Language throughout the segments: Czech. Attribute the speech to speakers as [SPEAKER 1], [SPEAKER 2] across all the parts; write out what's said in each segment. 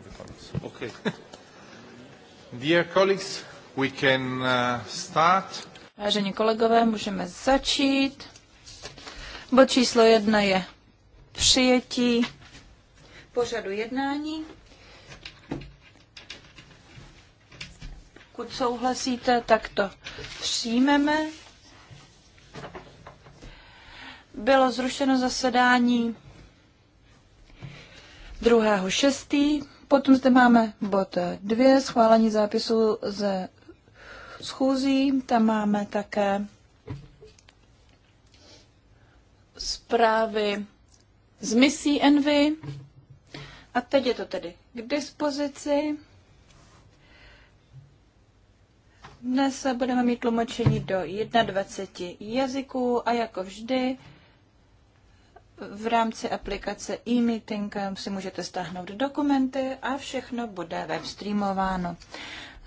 [SPEAKER 1] for the colleagues. Okay. Dear colleagues, we can uh, start.
[SPEAKER 2] Vážení kolegové, můžeme začít. Bod číslo jedna je přijetí pořadu jednání. Pokud souhlasíte, tak to přijmeme. Bylo zrušeno zasedání 2.6. Potom zde máme bod 2, schválení zápisu ze schůzí. Tam máme také zprávy z misí Envy. A teď je to tedy k dispozici. Dnes budeme mít tlumočení do 21 jazyků a jako vždy v rámci aplikace e-meeting eh, si můžete stáhnout dokumenty a všechno bude streamováno.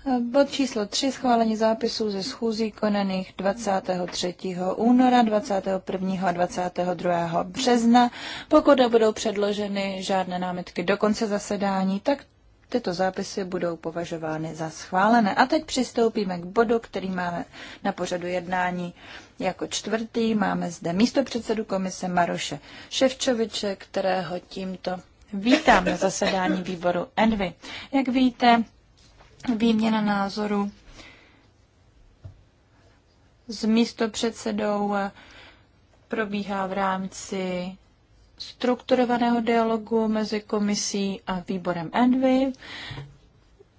[SPEAKER 2] Eh, Bod číslo 3. Schválení zápisů ze schůzí konaných 23. února, 21. a 22. března. Pokud nebudou předloženy žádné námitky do konce zasedání, tak Tyto zápisy budou považovány za schválené. A teď přistoupíme k bodu, který máme na pořadu jednání jako čtvrtý. Máme zde místo předsedu komise Maroše Ševčoviče, kterého tímto vítám na zasedání výboru Envy. Jak víte, výměna názoru s místopředsedou probíhá v rámci strukturovaného dialogu mezi komisí a výborem ENVY.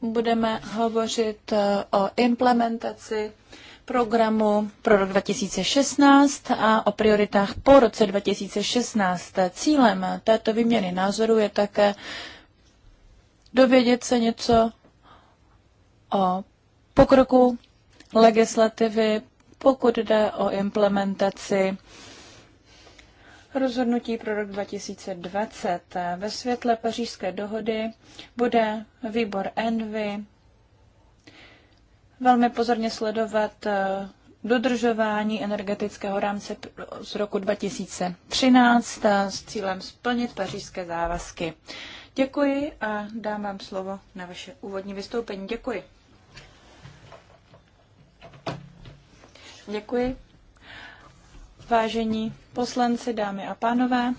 [SPEAKER 2] Budeme hovořit eh, o implementaci programu pro rok 2016 a o prioritách po roce 2016. Cílem této výměny názorů je také dovědět se něco o pokroku legislativy, pokud jde o implementaci rozhodnutí pro rok 2020. Ve světle pařížské dohody bude výbor Envy velmi pozorně sledovat eh, dodržování energetického rámce z roku 2013 eh, s cílem splnit pařížské závazky. Děkuji a dám vám slovo na vaše úvodní vystoupení. Děkuji. Děkuji vážení poslanci, dámy a pánové.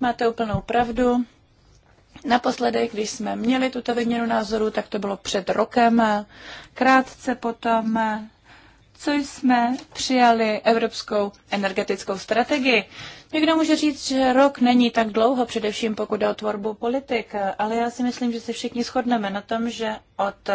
[SPEAKER 2] Máte úplnou pravdu. Naposledy, když jsme měli tuto vyměnu názoru, tak to bylo před rokem, krátce potom, co jsme přijali Evropskou energetickou strategii. Někdo může říct, že rok není tak dlouho, především pokud jde o tvorbu politik, ale já si myslím, že se všichni shodneme na tom, že od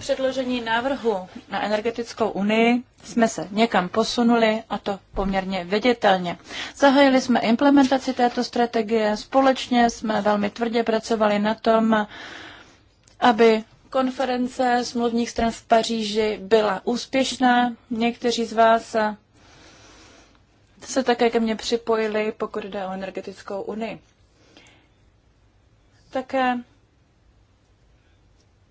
[SPEAKER 2] předložení návrhu na energetickou unii jsme se někam posunuli a to poměrně viditelně. Zahájili jsme implementaci této strategie, společně jsme velmi tvrdě pracovali na tom, aby konference smluvních stran v Paříži byla úspěšná. Někteří z vás se také ke mně připojili, pokud jde o energetickou unii. Také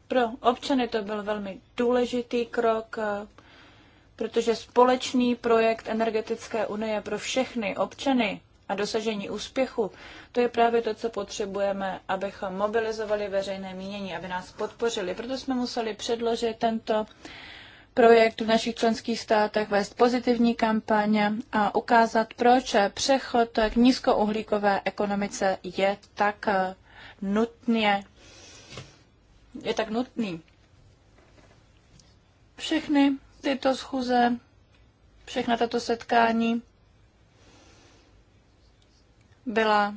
[SPEAKER 2] pro občany to byl velmi důležitý krok, eh, protože společný projekt energetické unie pro všechny občany a dosažení úspěchu, to je právě to, co potřebujeme, abychom mobilizovali veřejné mínění, aby nás podpořili. Proto jsme museli předložit tento projekt v našich členských státech, vést pozitivní kampaně a ukázat, proč přechod k nízkouhlíkové ekonomice je tak eh, nutně je tak nutný. Všechny tyto schůze, všechna tato setkání byla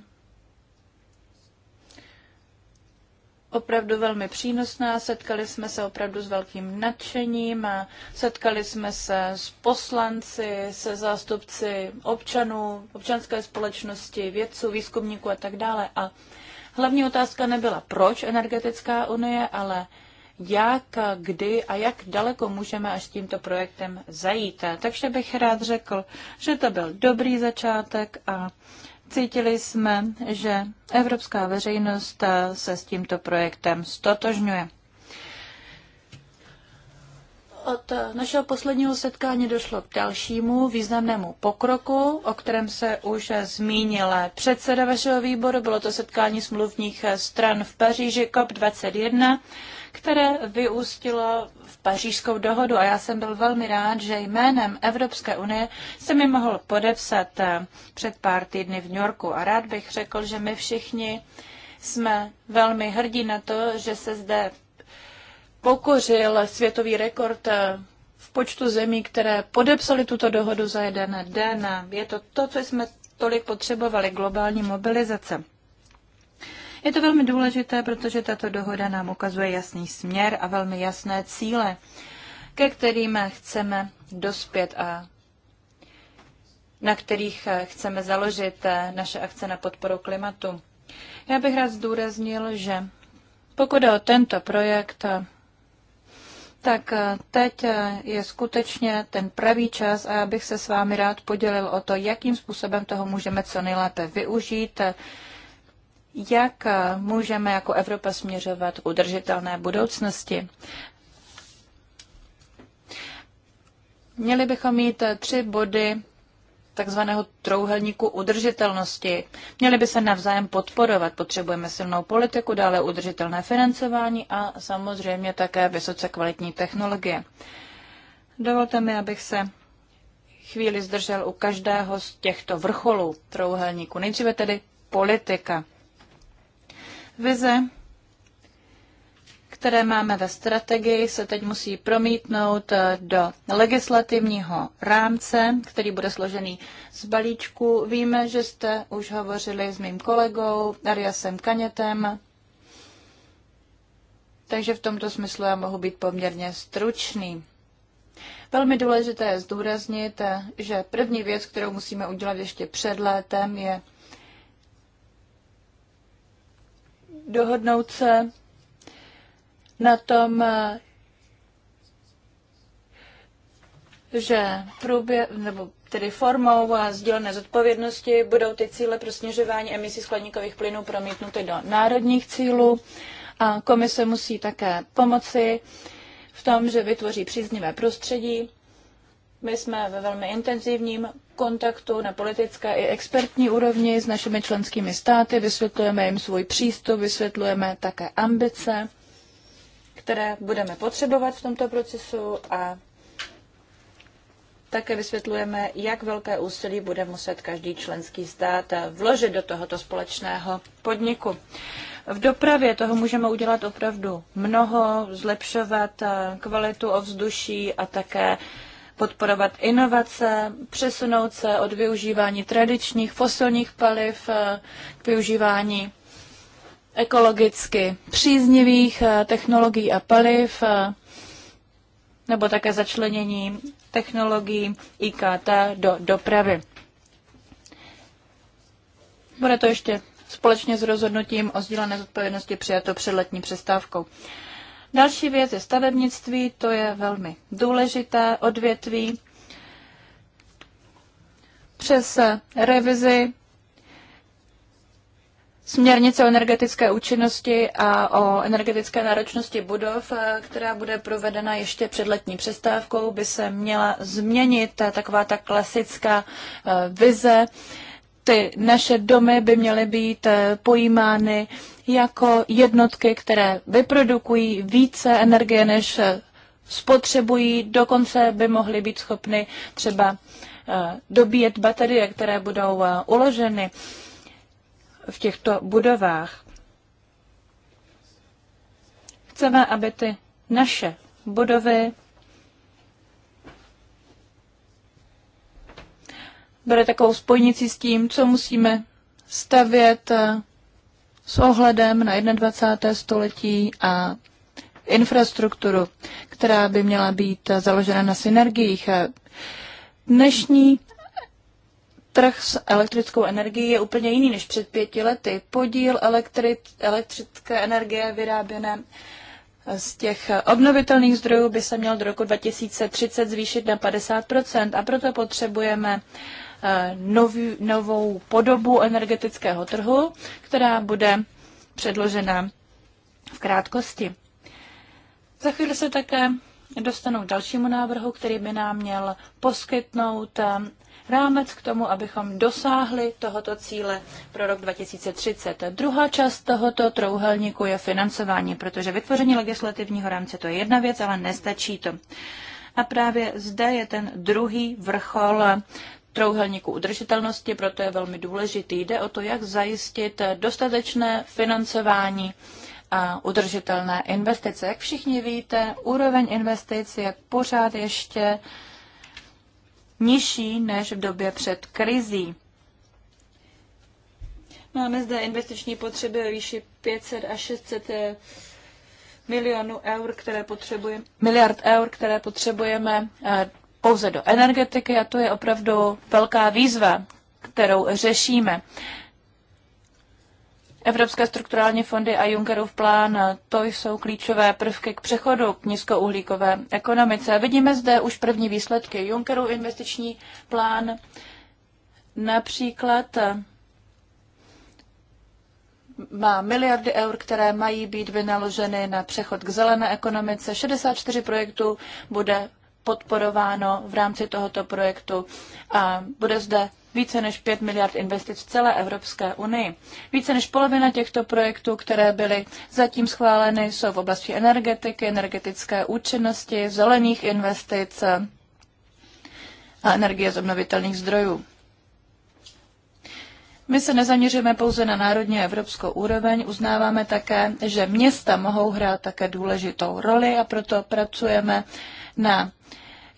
[SPEAKER 2] opravdu velmi přínosná. Setkali jsme se opravdu s velkým nadšením, a setkali jsme se s poslanci, se zástupci občanů, občanské společnosti, vědců, výzkumníků a tak dále. A Hlavní otázka nebyla, proč energetická unie, ale jak, kdy a jak daleko můžeme až s tímto projektem zajít. Takže bych rád řekl, že to byl dobrý začátek a cítili jsme, že evropská veřejnost se s tímto projektem stotožňuje. Od našeho posledního setkání došlo k dalšímu významnému pokroku, o kterém se už zmínil předseda vašeho výboru. Bylo to setkání smluvních stran v Paříži COP21, které vyústilo v pařížskou dohodu a já jsem byl velmi rád, že jménem Evropské unie se mi mohl podepsat před pár týdny v New Yorku. A rád bych řekl, že my všichni jsme velmi hrdí na to, že se zde pokořil světový rekord eh, v počtu zemí, které podepsali tuto dohodu za jeden den. Je to to, co jsme tolik potřebovali, globální mobilizace. Je to velmi důležité, protože tato dohoda nám ukazuje jasný směr a velmi jasné cíle, ke kterým chceme dospět a na kterých eh, chceme založit eh, naše akce na podporu klimatu. Já bych rád zdůraznil, že pokud je o tento projekt, tak eh, teď eh, je skutečně ten pravý čas a já bych se s vámi rád podělil o to, jakým způsobem toho můžeme co nejlépe využít, jak eh, můžeme jako Evropa směřovat k udržitelné budoucnosti. Měli bychom mít tři body takzvaného trouhelníku udržitelnosti. Měly by se navzájem podporovat. Potřebujeme silnou politiku, dále udržitelné financování a samozřejmě také vysoce kvalitní technologie. Dovolte mi, abych se chvíli zdržel u každého z těchto vrcholů trouhelníku. Nejdříve tedy politika. Vize které máme ve strategii, se teď musí promítnout eh, do legislativního rámce, který bude složený z balíčku. Víme, že jste už hovořili s mým kolegou Ariasem Kanětem, takže v tomto smyslu já mohu být poměrně stručný. Velmi důležité je zdůraznit, eh, že první věc, kterou musíme udělat ještě před létem, je dohodnout se na tom, eh, že průběh, nebo tedy formou a sdílené zodpovědnosti budou ty cíle pro snižování emisí skladníkových plynů promítnuty do národních cílů a komise musí také pomoci v tom, že vytvoří příznivé prostředí. My jsme ve velmi intenzivním kontaktu na politické i expertní úrovni s našimi členskými státy, vysvětlujeme jim svůj přístup, vysvětlujeme také ambice které budeme potřebovat v tomto procesu a také vysvětlujeme, jak velké úsilí bude muset každý členský stát vložit do tohoto společného podniku. V dopravě toho můžeme udělat opravdu mnoho, zlepšovat eh, kvalitu ovzduší a také podporovat inovace, přesunout se od využívání tradičních fosilních paliv eh, k využívání ekologicky příznivých eh, technologií a paliv, eh, nebo také začlenění technologií IKT do dopravy. Bude to ještě společně s rozhodnutím o sdílené zodpovědnosti přijato před letní přestávkou. Další věc je stavebnictví, to je velmi důležité odvětví. Přes revizi směrnice o energetické účinnosti a o energetické náročnosti budov, eh, která bude provedena ještě před letní přestávkou, by se měla změnit taková ta klasická eh, vize. Ty naše domy by měly být eh, pojímány jako jednotky, které vyprodukují více energie, než spotřebují, dokonce by mohly být schopny třeba dobíjet baterie, které budou uloženy v těchto budovách. Chceme, aby ty naše budovy byly takovou spojnicí s tím, co musíme stavět eh, s ohledem na 21. století a infrastrukturu, která by měla být eh, založena na synergiích. Eh, Dnešní Trh s elektrickou energií je úplně jiný než před pěti lety. Podíl elektrické energie vyráběné z těch obnovitelných zdrojů by se měl do roku 2030 zvýšit na 50 a proto potřebujeme eh, nový, novou podobu energetického trhu, která bude předložena v krátkosti. Za chvíli se také dostanou k dalšímu návrhu, který by nám měl poskytnout eh, rámec k tomu, abychom dosáhli tohoto cíle pro rok 2030. Druhá část tohoto trouhelníku je financování, protože vytvoření legislativního rámce to je jedna věc, ale nestačí to. A právě zde je ten druhý vrchol trouhelníku udržitelnosti, proto je velmi důležitý. Jde o to, jak zajistit dostatečné financování a udržitelné investice. Jak všichni víte, úroveň investic je pořád ještě uh, nižší než v době před krizí. Máme zde investiční potřeby ve výši 500 až 600 eh, milionů eur, které potřebujeme, miliard eur, které potřebujeme eh, pouze do energetiky a to je opravdu velká výzva, kterou řešíme. Evropské strukturální fondy a Junckerův plán, to jsou klíčové prvky k přechodu k nízkouhlíkové ekonomice. Vidíme zde už první výsledky. Junckerův investiční plán například má miliardy eur, které mají být vynaloženy na přechod k zelené ekonomice. 64 projektů bude podporováno v rámci tohoto projektu a bude zde více než 5 miliard investic v celé Evropské unii. Více než polovina těchto projektů, které byly zatím schváleny, jsou v oblasti energetiky, energetické účinnosti, zelených investic a energie z obnovitelných zdrojů. My se nezaměříme pouze na národní a evropskou úroveň, uznáváme také, že města mohou hrát také důležitou roli a proto pracujeme na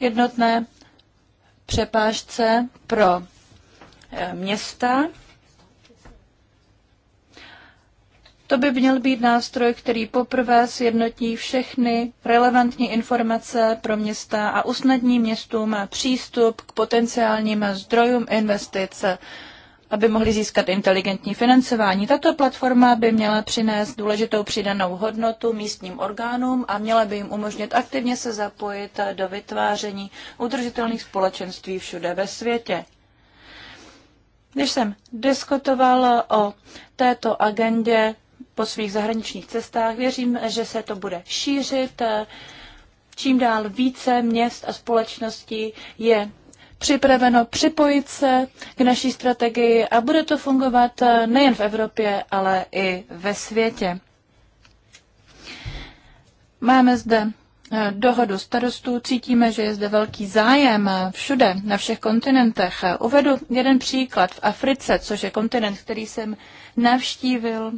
[SPEAKER 2] jednotné přepážce pro Eh, města. To by měl být nástroj, který poprvé sjednotí všechny relevantní informace pro města a usnadní městům přístup k potenciálním zdrojům investice, aby mohli získat inteligentní financování. Tato platforma by měla přinést důležitou přidanou hodnotu místním orgánům a měla by jim umožnit aktivně se zapojit do vytváření udržitelných společenství všude ve světě. Když jsem diskutoval o této agendě po svých zahraničních cestách, věřím, že se to bude šířit. Čím dál více měst a společností je připraveno připojit se k naší strategii a bude to fungovat nejen v Evropě, ale i ve světě. Máme zde Eh, dohodu starostů. Cítíme, že je zde velký zájem eh, všude, na všech kontinentech. Eh, uvedu jeden příklad v Africe, což je kontinent, který jsem navštívil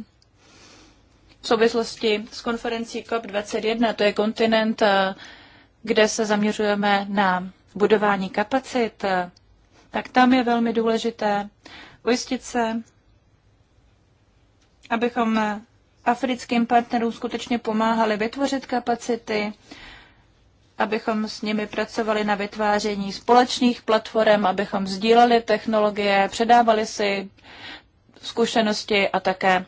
[SPEAKER 2] v souvislosti s konferencí COP21. To je kontinent, kde se zaměřujeme na budování kapacit, tak tam je velmi důležité ujistit se, abychom africkým partnerům skutečně pomáhali vytvořit kapacity, abychom s nimi pracovali na vytváření společných platform, abychom sdíleli technologie, předávali si zkušenosti a také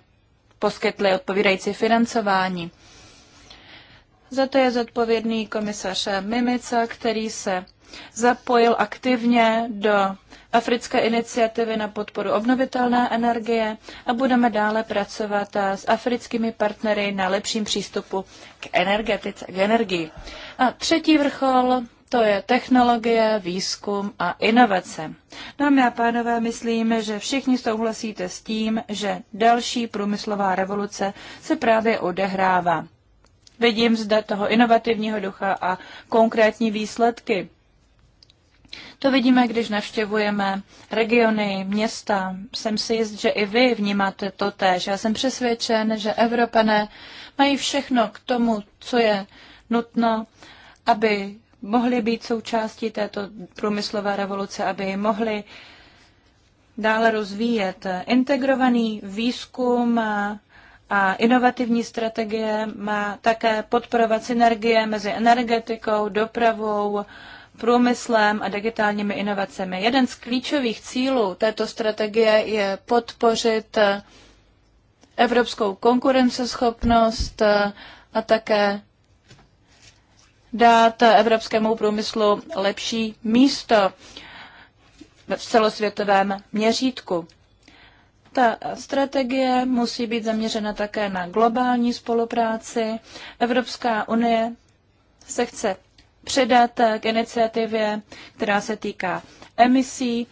[SPEAKER 2] poskytli odpovídající financování. Za to je zodpovědný komisař Mimica, který se zapojil aktivně do Africké iniciativy na podporu obnovitelné energie a budeme dále pracovat s africkými partnery na lepším přístupu k energetice, k energii. A třetí vrchol to je technologie, výzkum a inovace. Dámy a pánové, myslíme, že všichni souhlasíte s tím, že další průmyslová revoluce se právě odehrává. Vidím zde toho inovativního ducha a konkrétní výsledky. To vidíme, když navštěvujeme regiony, města. Jsem si jist, že i vy vnímáte to též. Já jsem přesvědčen, že Evropané mají všechno k tomu, co je nutno, aby mohli být součástí této průmyslové revoluce, aby mohli dále rozvíjet integrovaný výzkum, a inovativní strategie má také podporovat synergie mezi energetikou, dopravou, průmyslem a digitálními inovacemi. Jeden z klíčových cílů této strategie je podpořit evropskou konkurenceschopnost a také dát evropskému průmyslu lepší místo v celosvětovém měřítku. Ta strategie musí být zaměřena také na globální spolupráci. Evropská unie se chce předat k iniciativě, která se týká emisí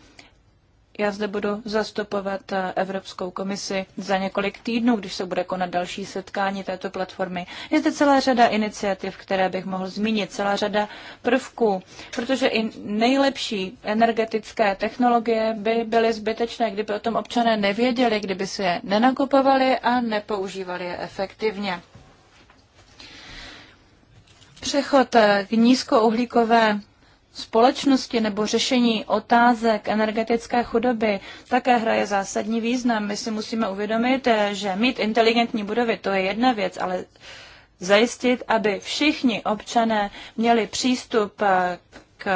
[SPEAKER 2] já zde budu zastupovat eh, Evropskou komisi za několik týdnů, když se bude konat další setkání této platformy. Je zde celá řada iniciativ, které bych mohl zmínit, celá řada prvků, protože i nejlepší energetické technologie by byly zbytečné, kdyby o tom občané nevěděli, kdyby si je nenakupovali a nepoužívali je efektivně. Přechod eh, k nízkouhlíkové společnosti nebo řešení otázek energetické chudoby také hraje zásadní význam. My si musíme uvědomit, že mít inteligentní budovy to je jedna věc, ale zajistit, aby všichni občané měli přístup eh, k,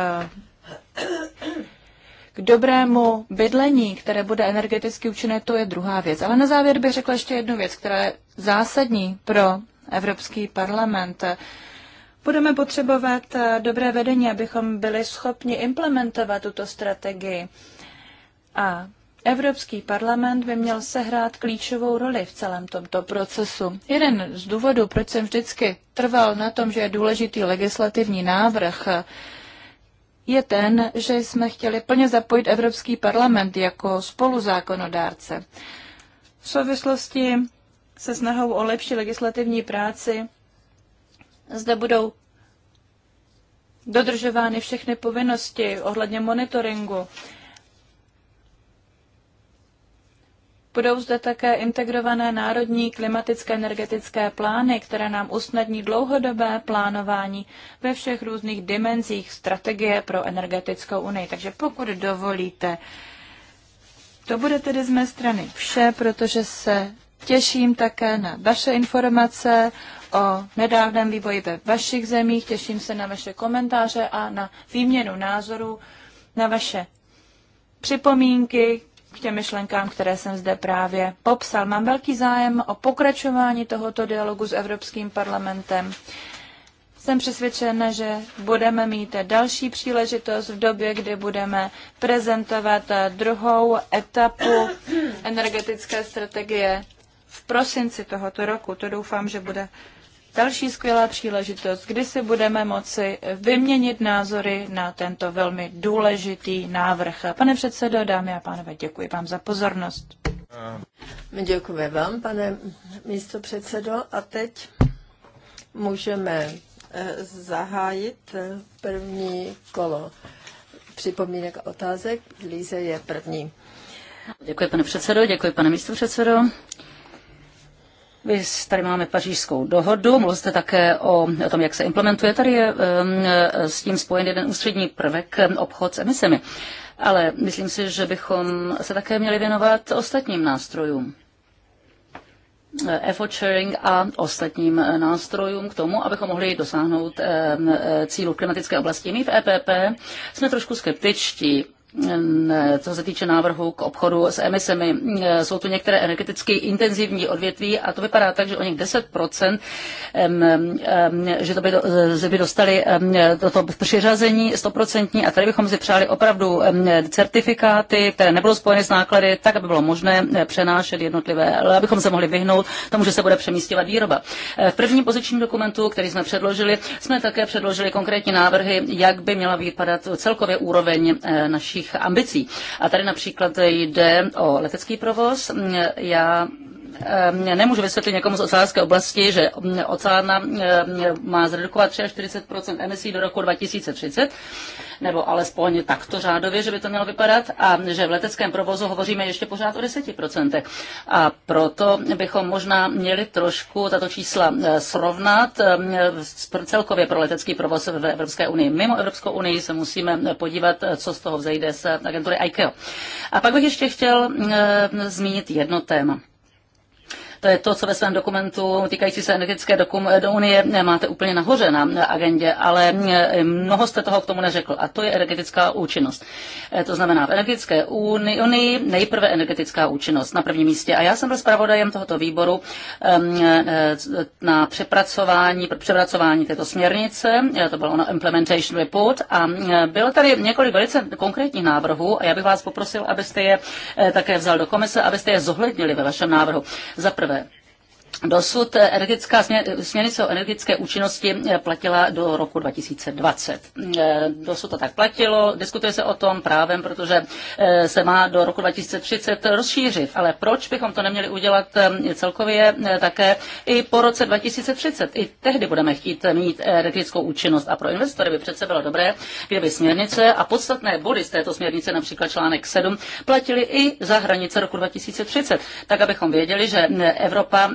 [SPEAKER 2] k dobrému bydlení, které bude energeticky účinné, to je druhá věc. Ale na závěr bych řekla ještě jednu věc, která je zásadní pro Evropský parlament. Budeme potřebovat eh, dobré vedení, abychom byli schopni implementovat tuto strategii. A Evropský parlament by měl sehrát klíčovou roli v celém tomto procesu. Jeden z důvodů, proč jsem vždycky trval na tom, že je důležitý legislativní návrh, je ten, že jsme chtěli plně zapojit Evropský parlament jako spoluzákonodárce. V souvislosti se snahou o lepší legislativní práci zde budou dodržovány všechny povinnosti ohledně monitoringu. Budou zde také integrované národní klimatické energetické plány, které nám usnadní dlouhodobé plánování ve všech různých dimenzích strategie pro energetickou unii. Takže pokud dovolíte, to bude tedy z mé strany vše, protože se těším také na vaše informace o nedávném vývoji ve vašich zemích, těším se na vaše komentáře a na výměnu názorů, na vaše připomínky k těm myšlenkám, které jsem zde právě popsal. Mám velký zájem o pokračování tohoto dialogu s Evropským parlamentem. Jsem přesvědčena, že budeme mít další příležitost v době, kdy budeme prezentovat druhou etapu energetické strategie v prosinci tohoto roku. To doufám, že bude další skvělá příležitost, kdy si budeme moci vyměnit názory na tento velmi důležitý návrh. Pane předsedo, dámy a pánové, děkuji vám za pozornost.
[SPEAKER 3] Děkuji vám, pane místo předsedo. A teď můžeme eh, zahájit eh, první kolo připomínek a otázek. Líze je první. Děkuji, pane
[SPEAKER 4] předsedo, děkuji, pane místo předsedo. Vy tady máme pařížskou dohodu, mluvil jste také o, tom, jak se implementuje. Tady je e, s tím spojen jeden ústřední prvek, obchod s emisemi. Ale myslím si, že bychom se také měli věnovat ostatním nástrojům e, effort sharing a ostatním e, nástrojům k tomu, abychom mohli dosáhnout cílu klimatické oblasti. My v EPP jsme trošku skeptičtí co se týče návrhu k obchodu s emisemi. E, jsou tu některé energeticky intenzivní odvětví a to vypadá tak, že o nich 10%, že, to by, že by dostali toto přiřazení 100% a tady bychom si přáli opravdu certifikáty, které nebudou spojeny s náklady, tak, aby bylo možné e, přenášet jednotlivé, ale abychom se mohli vyhnout tomu, že se bude přemístěvat výroba. E, v prvním pozičním dokumentu, který jsme předložili, jsme také předložili konkrétní návrhy, jak by měla vypadat celkově úroveň naší našich ambicí. A tady například jde o letecký provoz. Já Ehm, nemůžu vysvětlit někomu z ocelářské oblasti, že mm, oceána ehm, má zredukovat 43 emisí do roku 2030, nebo alespoň takto řádově, že by to mělo vypadat, a že v leteckém provozu hovoříme ještě pořád o 10 A proto bychom možná měli trošku tato čísla e, srovnat ehm, celkově pro letecký provoz v Evropské unii. Mimo Evropskou unii se musíme podívat, e, co z toho vzejde z agentury ICAO. A pak bych ještě chtěl e, zmínit jedno téma. To je to, co ve svém dokumentu týkající se energetické do unie máte úplně nahoře na agendě, ale eh, mnoho jste toho k tomu neřekl. A to je energetická účinnost. Eh, to znamená v energetické unii nejprve energetická účinnost na prvním místě. A já jsem byl zpravodajem tohoto výboru ehm, eh, na přepracování, přepracování této směrnice. To bylo ono Implementation Report. A bylo tady několik velice konkrétních návrhů a já bych vás poprosil, abyste je také vzal do komise, abyste je zohlednili ve vašem návrhu. Za prvé, zajímavé. Dosud energetická směrnice o energetické účinnosti eh, platila do roku 2020. Eh, dosud to tak platilo, diskutuje se o tom právem, protože eh, se má do roku 2030 rozšířit. Ale proč bychom to neměli udělat celkově také i po roce 2030? I tehdy budeme chtít mít energetickou účinnost. A pro investory by přece bylo dobré, kdyby směrnice a podstatné body z této směrnice, například článek 7, platili i za hranice roku 2030. Tak, abychom věděli, že Evropa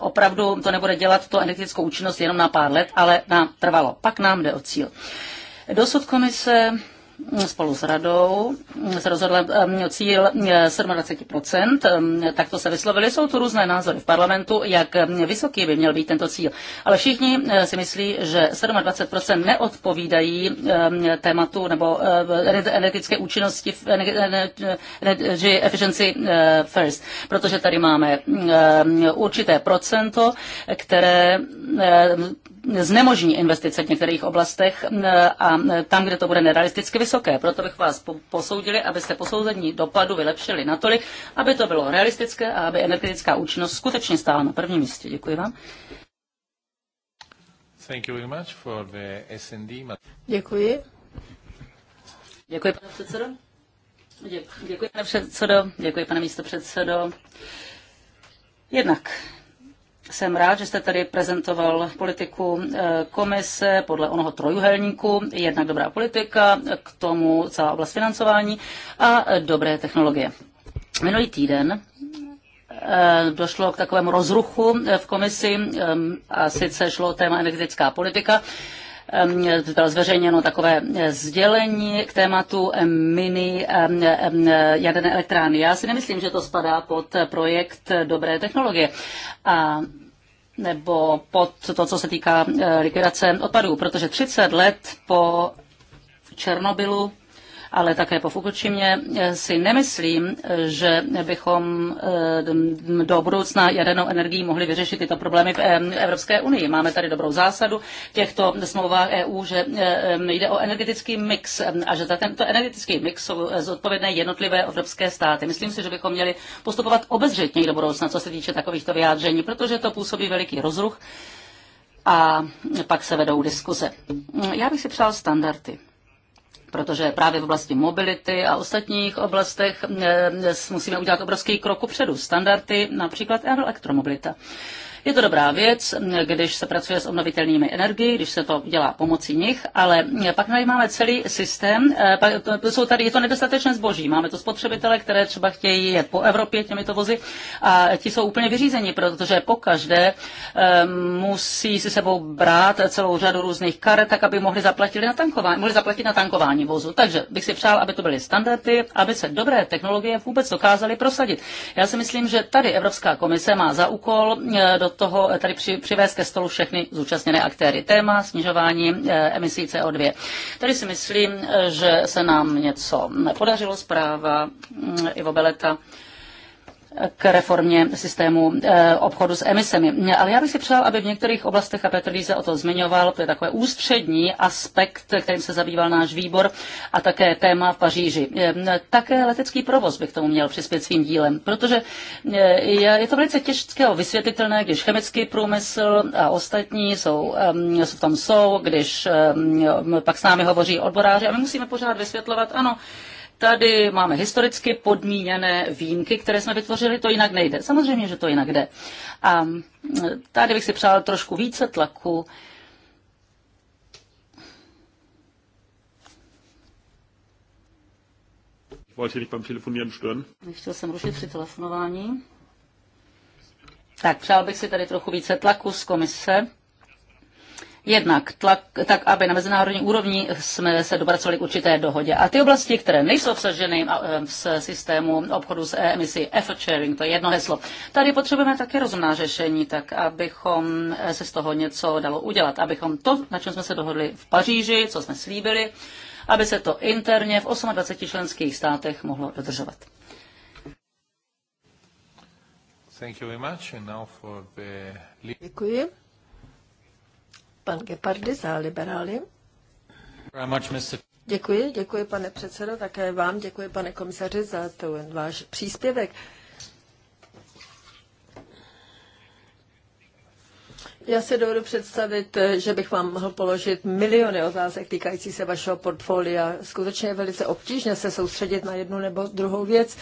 [SPEAKER 4] opravdu to nebude dělat to energetickou účinnost jenom na pár let, ale na trvalo. Pak nám jde o cíl. Dosud komise spolu s radou se rozhodla cíl 27%, tak to se vyslovili. Jsou tu různé názory v parlamentu, jak vysoký by měl být tento cíl. Ale všichni si myslí, že 27% neodpovídají tématu nebo energetické účinnosti energy efficiency eh, first, protože tady máme určité procento, které znemožní investice v některých oblastech eh, a eh, tam, kde to bude nerealisticky vysoké. Proto bych vás posoudili, abyste posouzení dopadu vylepšili natolik, aby to bylo realistické a aby energetická účinnost skutečně stála na prvním místě. Děkuji vám.
[SPEAKER 3] Thank you very much for the
[SPEAKER 4] Děkuji. Děkuji, pane předsedo. Děkuji, pane předsedo. Děkuji, pane místo předsedo. Jednak jsem rád, že jste tady prezentoval politiku eh, komise podle onoho trojuhelníku, jednak dobrá politika, k tomu celá oblast financování a eh, dobré technologie. Minulý týden eh, došlo k takovému rozruchu v komisi a sice šlo téma energetická politika bylo zveřejněno takové eh, sdělení k tématu mini jaderné elektrárny. Já si nemyslím, že to spadá pod eh, projekt eh, dobré technologie. A nebo pod to, co se týká likvidace odpadů, protože 30 let po Černobylu ale také po Fukushimě, eh, si nemyslím, že bychom eh, do budoucna jadernou energií mohli vyřešit tyto problémy v eh, Evropské unii. Máme tady dobrou zásadu těchto smlouvách EU, že jde o energetický mix a že za tento energetický mix jsou zodpovědné jednotlivé evropské státy. Myslím si, že bychom měli postupovat obezřetně do budoucna, co se týče takovýchto vyjádření, protože to působí veliký rozruch a pak se vedou diskuze. Já bych si přál standardy protože právě v oblasti mobility a ostatních oblastech eh, musíme udělat obrovský krok upředu. Standardy, například elektromobilita. Je to dobrá věc, když se pracuje s obnovitelnými energii, když se to dělá pomocí nich, ale pak tady máme celý systém, eh, to jsou tady, je to nedostatečné zboží, máme to spotřebitele, které třeba chtějí jet po Evropě těmito vozy a ti jsou úplně vyřízení, protože pokaždé eh, musí si sebou brát celou řadu různých karet, tak aby mohli zaplatit na tankování, mohli zaplatit na tankování vozu. Takže bych si přál, aby to byly standardy, aby se dobré technologie vůbec dokázaly prosadit. Já si myslím, že tady Evropská komise má za úkol eh, do toho eh, tady při, přivést ke stolu všechny zúčastněné aktéry. Téma snižování eh, emisí CO2. Tady si myslím, eh, že se nám něco podařilo, zpráva mm, Ivo Beleta k reformě systému eh, obchodu s emisemi. Ale já bych si přál, aby v některých oblastech, a Petr se o to zmiňoval, to je takový ústřední aspekt, kterým se zabýval náš výbor a také téma v Paříži. Eh, také letecký provoz bych tomu měl přispět svým dílem, protože eh, je to velice těžké vysvětlitelné, když chemický průmysl a ostatní jsou, v tom jsou, když pak s námi hovoří odboráři a my musíme pořád vysvětlovat, ano, Tady máme historicky podmíněné výjimky, které jsme vytvořili, to jinak nejde. Samozřejmě, že to jinak jde. A tady bych si přál trošku více tlaku Nechtěl jsem rušit při telefonování. Tak přál bych si tady trochu více tlaku z komise. Jednak tlak, tak, aby na mezinárodní úrovni jsme se dopracovali k určité dohodě. A ty oblasti, které nejsou obsaženy e, v systému obchodu s emisí, effort sharing, to je jedno heslo. Tady potřebujeme také rozumná řešení, tak abychom e, se z toho něco dalo udělat. Abychom to, na čem jsme se dohodli v Paříži, co jsme slíbili, aby se to interně v 28 členských státech mohlo dodržovat.
[SPEAKER 1] Thank you very much. And now for the... Děkuji.
[SPEAKER 3] Pan Gepardy za liberály. Děkuji, děkuji pane předsedo, také vám děkuji pane komisaři za ten váš příspěvek. Já si dovedu představit, že bych vám mohl položit miliony otázek týkající se vašeho portfolia. Skutečně je velice obtížné se soustředit na jednu nebo druhou věc.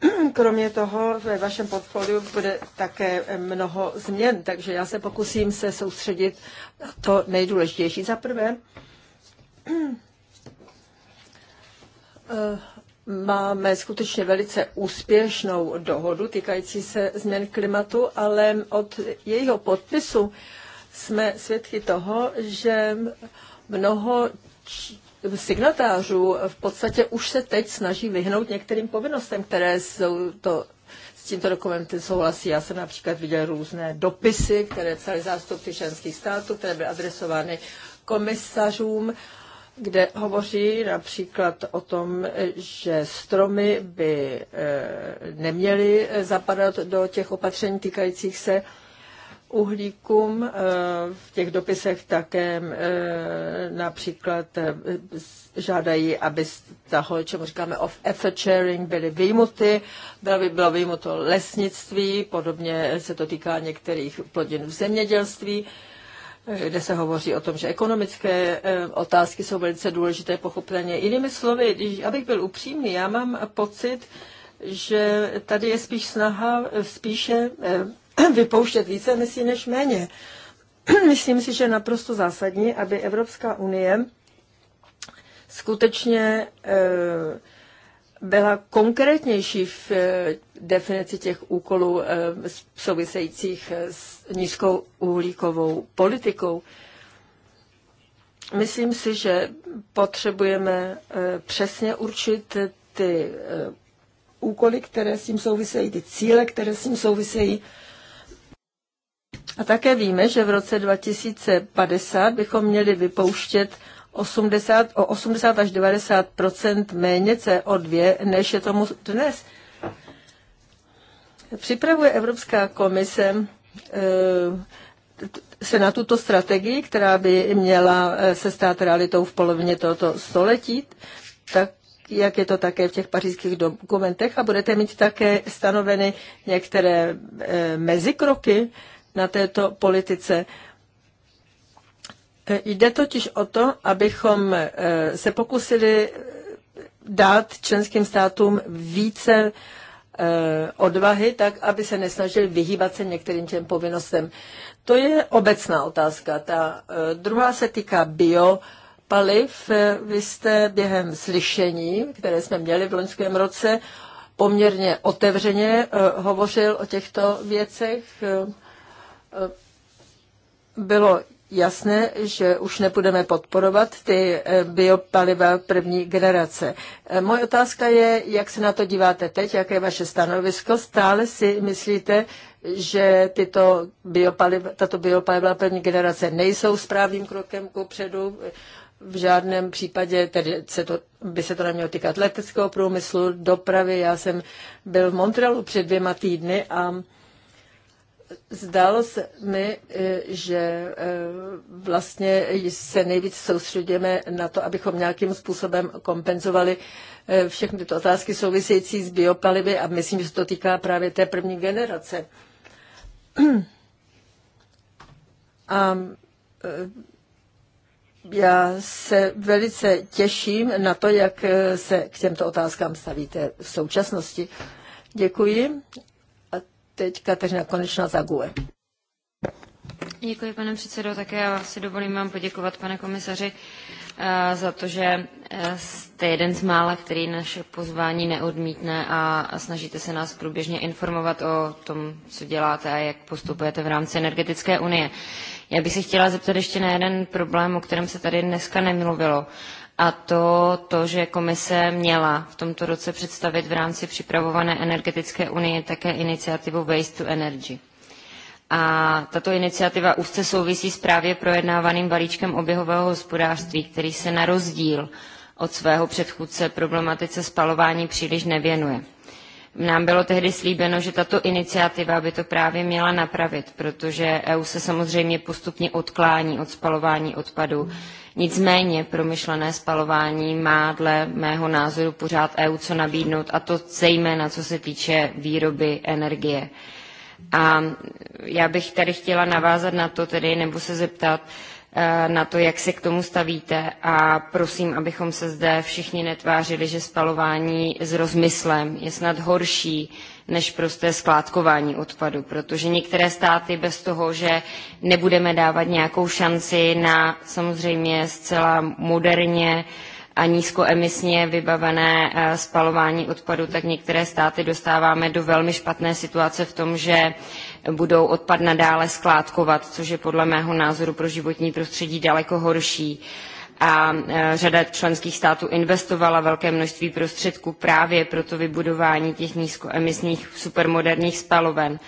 [SPEAKER 3] Kromě toho ve vašem portfoliu bude také mnoho změn, takže já se pokusím se soustředit na to nejdůležitější. Za prvé, eh, máme skutečně velice úspěšnou dohodu týkající se změn klimatu, ale od jejího podpisu jsme svědky toho, že mnoho signatářů v podstatě už se teď snaží vyhnout některým povinnostem, které jsou to s tímto dokumentem souhlasí. Já jsem například viděl různé dopisy, které psali zástupci členských států, které byly adresovány komisařům, kde hovoří například o tom, že stromy by eh, neměly zapadat do těch opatření týkajících se uhlíkům. Eh, v těch dopisech také eh, například eh, žádají, aby z toho, čemu říkáme of effort sharing, byly výjimuty. Bylo, by, bylo výjimuto lesnictví, podobně se to týká některých plodin v zemědělství kde se hovoří o tom, že ekonomické otázky jsou velice důležité, pochopitelně. Jinými slovy, když, abych byl upřímný, já mám pocit, že tady je spíš snaha spíše vypouštět více emisí než méně. Myslím si, že je naprosto zásadní, aby Evropská unie skutečně eh, byla konkrétnější v eh, definici těch úkolů eh, souvisejících s nízkou uhlíkovou politikou. Myslím si, že potřebujeme přesně určit ty úkoly, které s tím souvisejí, ty cíle, které s tím souvisejí. A také víme, že v roce 2050 bychom měli vypouštět 80, o 80 až 90 méně CO2, než je tomu dnes. Připravuje Evropská komise eh, se na tuto strategii, která by měla eh, se stát realitou v polovině tohoto století, tak jak je to také v těch pařížských dokumentech a budete mít také stanoveny některé eh, mezikroky, na této politice. E, jde totiž o to, abychom e, se pokusili dát členským státům více e, odvahy, tak aby se nesnažili vyhýbat se některým těm povinnostem. To je obecná otázka. Ta druhá se týká bio paliv. Vy jste během slyšení, které jsme měli v loňském roce, poměrně otevřeně hovořil o těchto věcech. Eh, bylo jasné, že už nebudeme podporovat ty eh, biopaliva první generace. Eh, moje otázka je, jak se na to díváte teď, jaké je vaše stanovisko. Stále si myslíte, že tyto biopaliva, tato biopaliva první generace nejsou správným krokem ku předu? V žádném případě tedy se to, by se to nemělo týkat leteckého průmyslu, dopravy. Já jsem byl v Montrealu před dvěma týdny a zdálo se mi, e, že e, vlastně se nejvíc soustředíme na to, abychom nějakým způsobem kompenzovali e, všechny tyto otázky související s biopalivy a myslím, že se to týká právě té první generace. A já se velice těším na to, jak se k těmto otázkám stavíte v současnosti. Děkuji. Teď Kateřina Konečná za GUE.
[SPEAKER 5] Děkuji, pane předsedo. Také já si dovolím vám poděkovat, pane komisaři, eh, za to, že eh, jste jeden z mála, který naše pozvání neodmítne a snažíte se nás průběžně informovat o tom, co děláte a jak postupujete v rámci energetické unie. Já bych se chtěla zeptat ještě na jeden problém, o kterém se tady dneska nemluvilo a to, to, že komise měla v tomto roce představit v rámci připravované energetické unie také iniciativu Waste to Energy. A tato iniciativa úzce souvisí s právě projednávaným balíčkem oběhového hospodářství, který se na rozdíl od svého předchůdce problematice spalování příliš nevěnuje. Nám bylo tehdy slíbeno, že tato iniciativa by to právě měla napravit, protože EU se samozřejmě postupně odklání od spalování odpadu. Nicméně promyšlené spalování má dle mého názoru pořád EU co nabídnout, a to zejména co se týče výroby energie. A já bych tady chtěla navázat na to tedy, nebo se zeptat, uh, Eh, na to, jak se k tomu stavíte a prosím, abychom se zde všichni netvářili, že spalování s rozmyslem je snad horší než prosté skládkování odpadu, protože některé státy bez toho, že nebudeme dávat nějakou šanci na samozřejmě zcela moderně a nízkoemisně vybavené eh, spalování odpadu, tak některé státy dostáváme do velmi špatné situace v tom, že budou odpad nadále skládkovat, což je podle mého názoru pro životní prostředí daleko horší a e, řada členských států investovala velké množství prostředků právě pro to vybudování těch nízkoemisních supermoderních spaloven.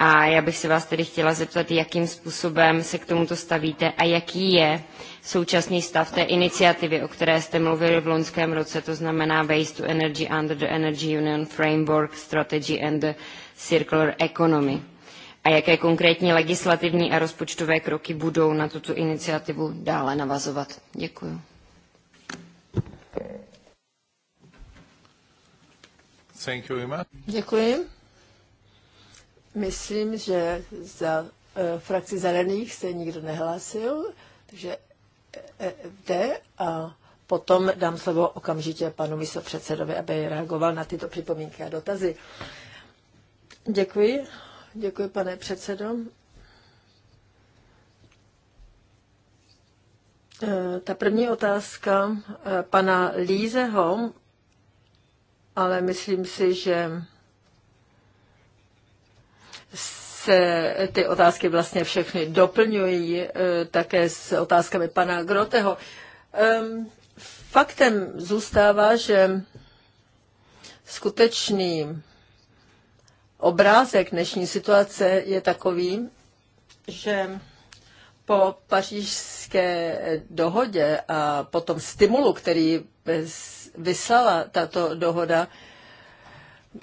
[SPEAKER 5] A já bych se vás tedy chtěla zeptat, jakým způsobem se k tomuto stavíte a jaký je současný stav té iniciativy, o které jste mluvili v loňském roce, to znamená Waste to Energy under the Energy Union Framework Strategy and the Circular Economy a jaké konkrétní legislativní a rozpočtové kroky budou na tuto iniciativu dále navazovat. Děkuji.
[SPEAKER 3] Děkuji. Myslím, že za uh, frakci zelených se nikdo nehlásil, takže eh, eh, jde a potom dám slovo okamžitě panu místopředsedovi, aby reagoval na tyto připomínky a dotazy. Děkuji. Děkuji, pane předsedo. Eh, ta první otázka eh, pana Lízeho, ale myslím si, že se ty otázky vlastně všechny doplňují eh, také s otázkami pana Groteho. Ehm, faktem zůstává, že skutečný obrázek dnešní situace je takový, že po pařížské dohodě a po tom stimulu, který vyslala tato dohoda,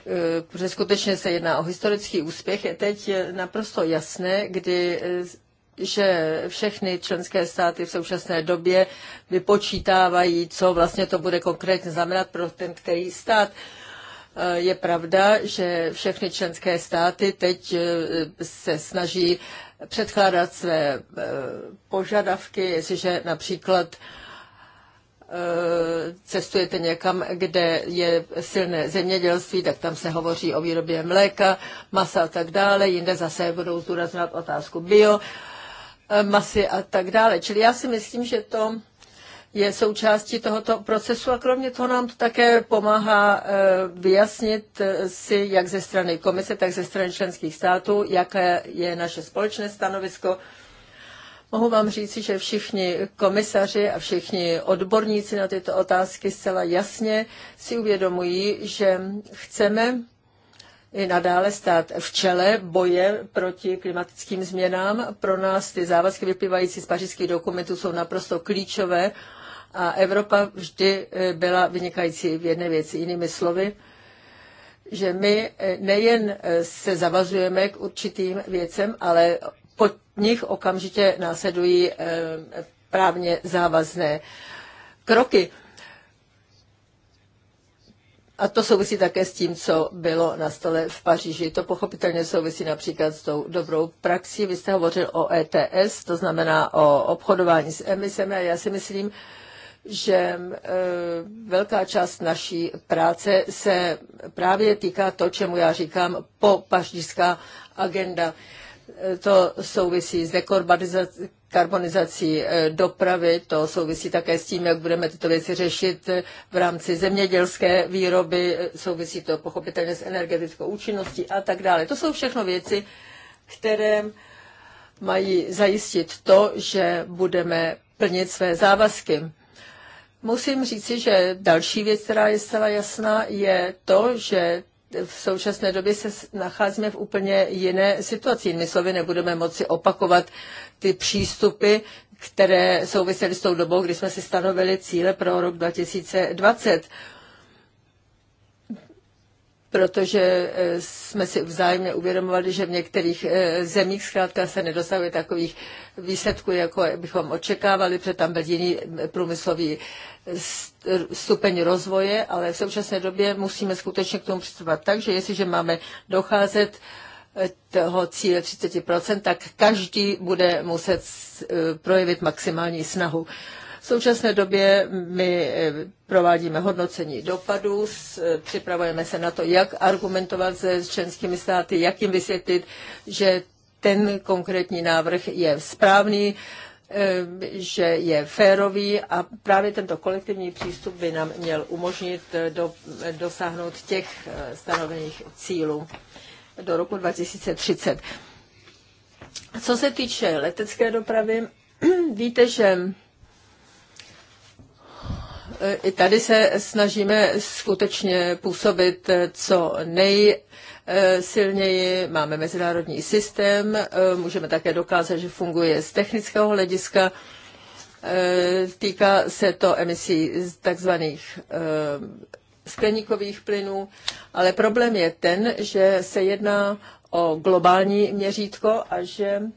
[SPEAKER 3] eh, protože skutečně se jedná o historický úspěch, je teď naprosto jasné, kdy eh, že všechny členské státy v současné době vypočítávají, co vlastně to bude konkrétně znamenat pro ten který stát. Je pravda, že všechny členské státy teď eh, se snaží předkládat své eh, požadavky, jestliže například eh, cestujete někam, kde je silné zemědělství, tak tam se hovoří o výrobě mléka, masa a tak dále, jinde zase budou zdůrazňovat otázku bio, masy a tak dále. Čili já si myslím, že to je součástí tohoto procesu a kromě toho nám to také pomáhá eh, vyjasnit eh, si, jak ze strany komise, tak ze strany členských států, jaké je naše společné stanovisko. Mohu vám říci, že všichni komisaři a všichni odborníci na tyto otázky zcela jasně si uvědomují, že chceme i nadále stát v čele boje proti klimatickým změnám. Pro nás ty závazky vyplývající z pařížských dokumentů jsou naprosto klíčové a Evropa vždy e, byla vynikající v jedné věci. Jinými slovy, že my e, nejen e, se zavazujeme k určitým věcem, ale po nich okamžitě následují právně závazné kroky. A to souvisí také s tím, co bylo na stole v Paříži. To pochopitelně souvisí například s tou dobrou praxí. Vy jste hovořil o ETS, to znamená o obchodování s emisemi a já si myslím, že eh, velká část naší práce se právě týká to, čemu já říkám popaždická agenda. Eh, to souvisí s dekarbonizací eh, dopravy, to souvisí také s tím, jak budeme tyto věci řešit v rámci zemědělské výroby, souvisí to pochopitelně s energetickou účinností a tak dále. To jsou všechno věci, které mají zajistit to, že budeme plnit své závazky. Musím říci, že další věc, která je zcela jasná, je to, že v současné době se nacházíme v úplně jiné situaci. My slovy, nebudeme moci opakovat ty přístupy, které souvisely s tou dobou, kdy jsme si stanovili cíle pro rok 2020 protože eh, jsme si vzájemně uvědomovali, že v některých eh, zemích zkrátka se nedosahuje takových výsledků, jako bychom očekávali, protože tam byl jiný eh, průmyslový stupeň rozvoje, ale v současné době musíme skutečně k tomu přistupovat tak, že jestliže máme docházet toho cíle 30%, tak každý bude muset projevit maximální snahu. V současné době my eh, provádíme hodnocení dopadů, eh, připravujeme se na to, jak argumentovat se s členskými státy, jak jim vysvětlit, že ten konkrétní návrh je správný, eh, že je férový a právě tento kolektivní přístup by nám měl umožnit do, dosáhnout těch stanovených cílů do roku 2030. Co se týče letecké dopravy, víte, že i tady se snažíme skutečně působit co nejsilněji. Máme mezinárodní systém, můžeme také dokázat, že funguje z technického hlediska. Týká se to emisí z takzvaných eh, skleníkových plynů, ale problém je ten, že se jedná o globální měřítko a že eh,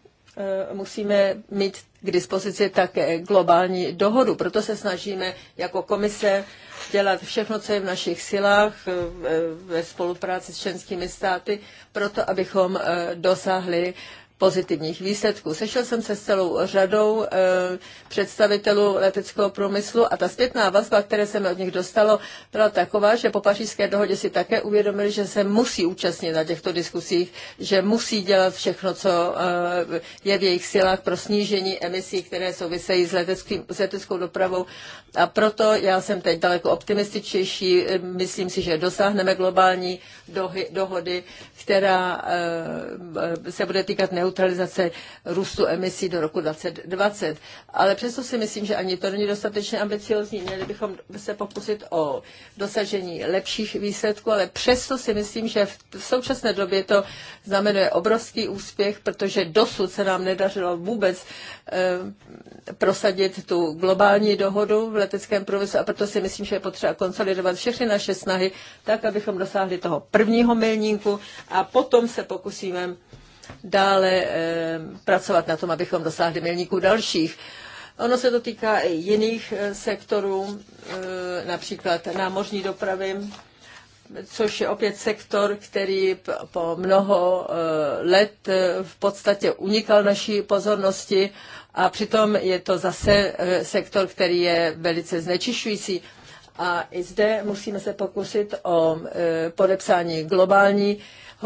[SPEAKER 3] musíme mít k dispozici také globální dohodu. Proto se snažíme jako komise dělat všechno, co je v našich silách eh, ve spolupráci s členskými státy, proto abychom eh, dosáhli pozitivních výsledků. Sešel jsem se s celou řadou eh, představitelů leteckého průmyslu a ta zpětná vazba, které jsem od nich dostalo, byla taková, že po pařížské dohodě si také uvědomili, že se musí účastnit na těchto diskusích, že musí dělat všechno, co eh, je v jejich silách pro snížení emisí, které souvisejí s, leteckým, s leteckou dopravou. A proto já jsem teď daleko optimističtější. Myslím si, že dosáhneme globální dohy, dohody, která eh, se bude týkat neustále neutralizace růstu emisí do roku 2020. Ale přesto si myslím, že ani to není dostatečně ambiciozní. Měli bychom se pokusit o dosažení lepších výsledků, ale přesto si myslím, že v současné době to znamenuje obrovský úspěch, protože dosud se nám nedařilo vůbec eh, prosadit tu globální dohodu v leteckém průmyslu a proto si myslím, že je potřeba konsolidovat všechny naše snahy tak, abychom dosáhli toho prvního milníku a potom se pokusíme dále eh, pracovat na tom, abychom dosáhli milníků dalších. Ono se to týká i jiných eh, sektorů, eh, například námořní dopravy, což je opět sektor, který po mnoho let v podstatě unikal naší pozornosti a přitom je to zase sektor, který je velice znečišťující. A i zde musíme se pokusit o podepsání globální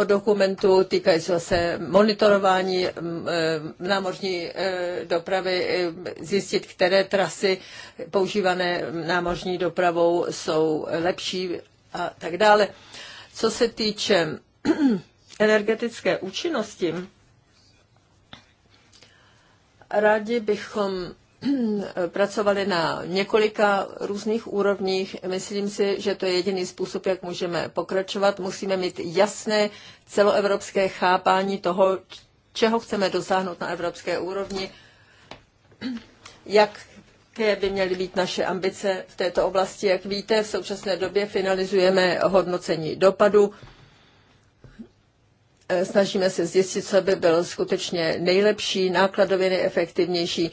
[SPEAKER 3] dokumentu týkají se monitorování mm, eh, námořní eh, dopravy, eh, zjistit, které trasy používané námořní dopravou jsou lepší a tak dále. Co se týče energetické účinnosti, rádi bychom pracovali na několika různých úrovních. Myslím si, že to je jediný způsob, jak můžeme pokračovat. Musíme mít jasné celoevropské chápání toho, čeho chceme dosáhnout na evropské úrovni, jak jaké by měly být naše ambice v této oblasti. Jak víte, v současné době finalizujeme hodnocení dopadu. Snažíme se zjistit, co by byl skutečně nejlepší, nákladově nejefektivnější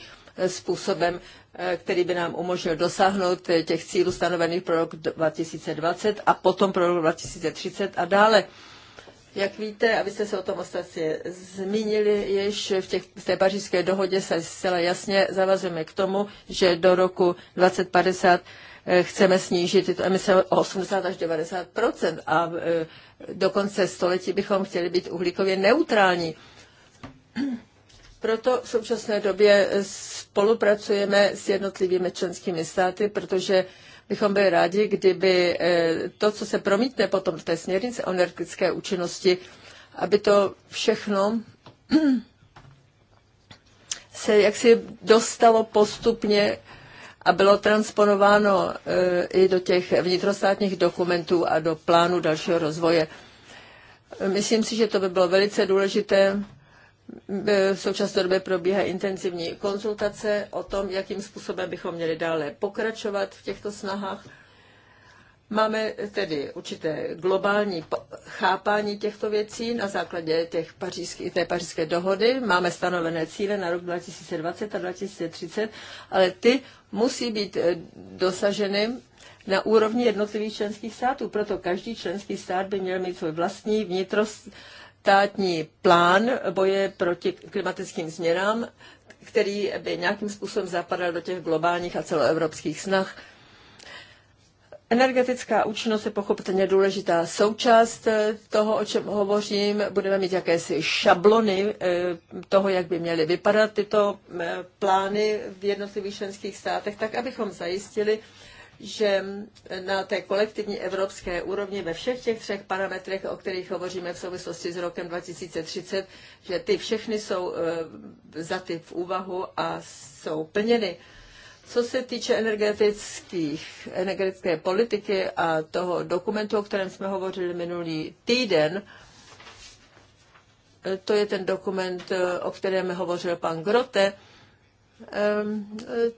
[SPEAKER 3] způsobem, eh, který by nám umožnil dosáhnout eh, těch cílů stanovených pro rok 2020 a potom pro rok 2030 a dále. Jak víte, a vy jste se o tom ostatně zmínili, již v, těch, v té pařížské dohodě se zcela jasně zavazujeme k tomu, že do roku 2050 eh, chceme snížit tyto emise o 80 až 90 a do konce století bychom chtěli být uhlíkově neutrální. Proto v současné době spolupracujeme s jednotlivými členskými státy, protože bychom byli rádi, kdyby eh, to, co se promítne potom v té směrnici o energetické účinnosti, aby to všechno se jaksi dostalo postupně a bylo transponováno eh, i do těch vnitrostátních dokumentů a do plánu dalšího rozvoje. Myslím si, že to by bylo velice důležité v současné době probíhají intenzivní konzultace o tom, jakým způsobem bychom měli dále pokračovat v těchto snahách. Máme tedy určité globální chápání těchto věcí na základě těch pařížský, té pařížské dohody. Máme stanovené cíle na rok 2020 a 2030, ale ty musí být eh, dosaženy na úrovni jednotlivých členských států. Proto každý členský stát by měl mít svůj vlastní vnitrost státní plán boje proti klimatickým změnám, který by nějakým způsobem zapadal do těch globálních a celoevropských snah. Energetická účinnost je pochopitelně důležitá součást eh, toho, o čem hovořím. Budeme mít jakési šablony eh, toho, jak by měly vypadat tyto eh, plány v jednotlivých členských státech, tak abychom zajistili, že na té kolektivní evropské úrovni ve všech těch třech parametrech, o kterých hovoříme v souvislosti s rokem 2030, že ty všechny jsou eh, vzaty v úvahu a jsou plněny. Co se týče energetických, energetické politiky a toho dokumentu, o kterém jsme hovořili minulý týden, eh, to je ten dokument, eh, o kterém hovořil pan Grote, Ehm,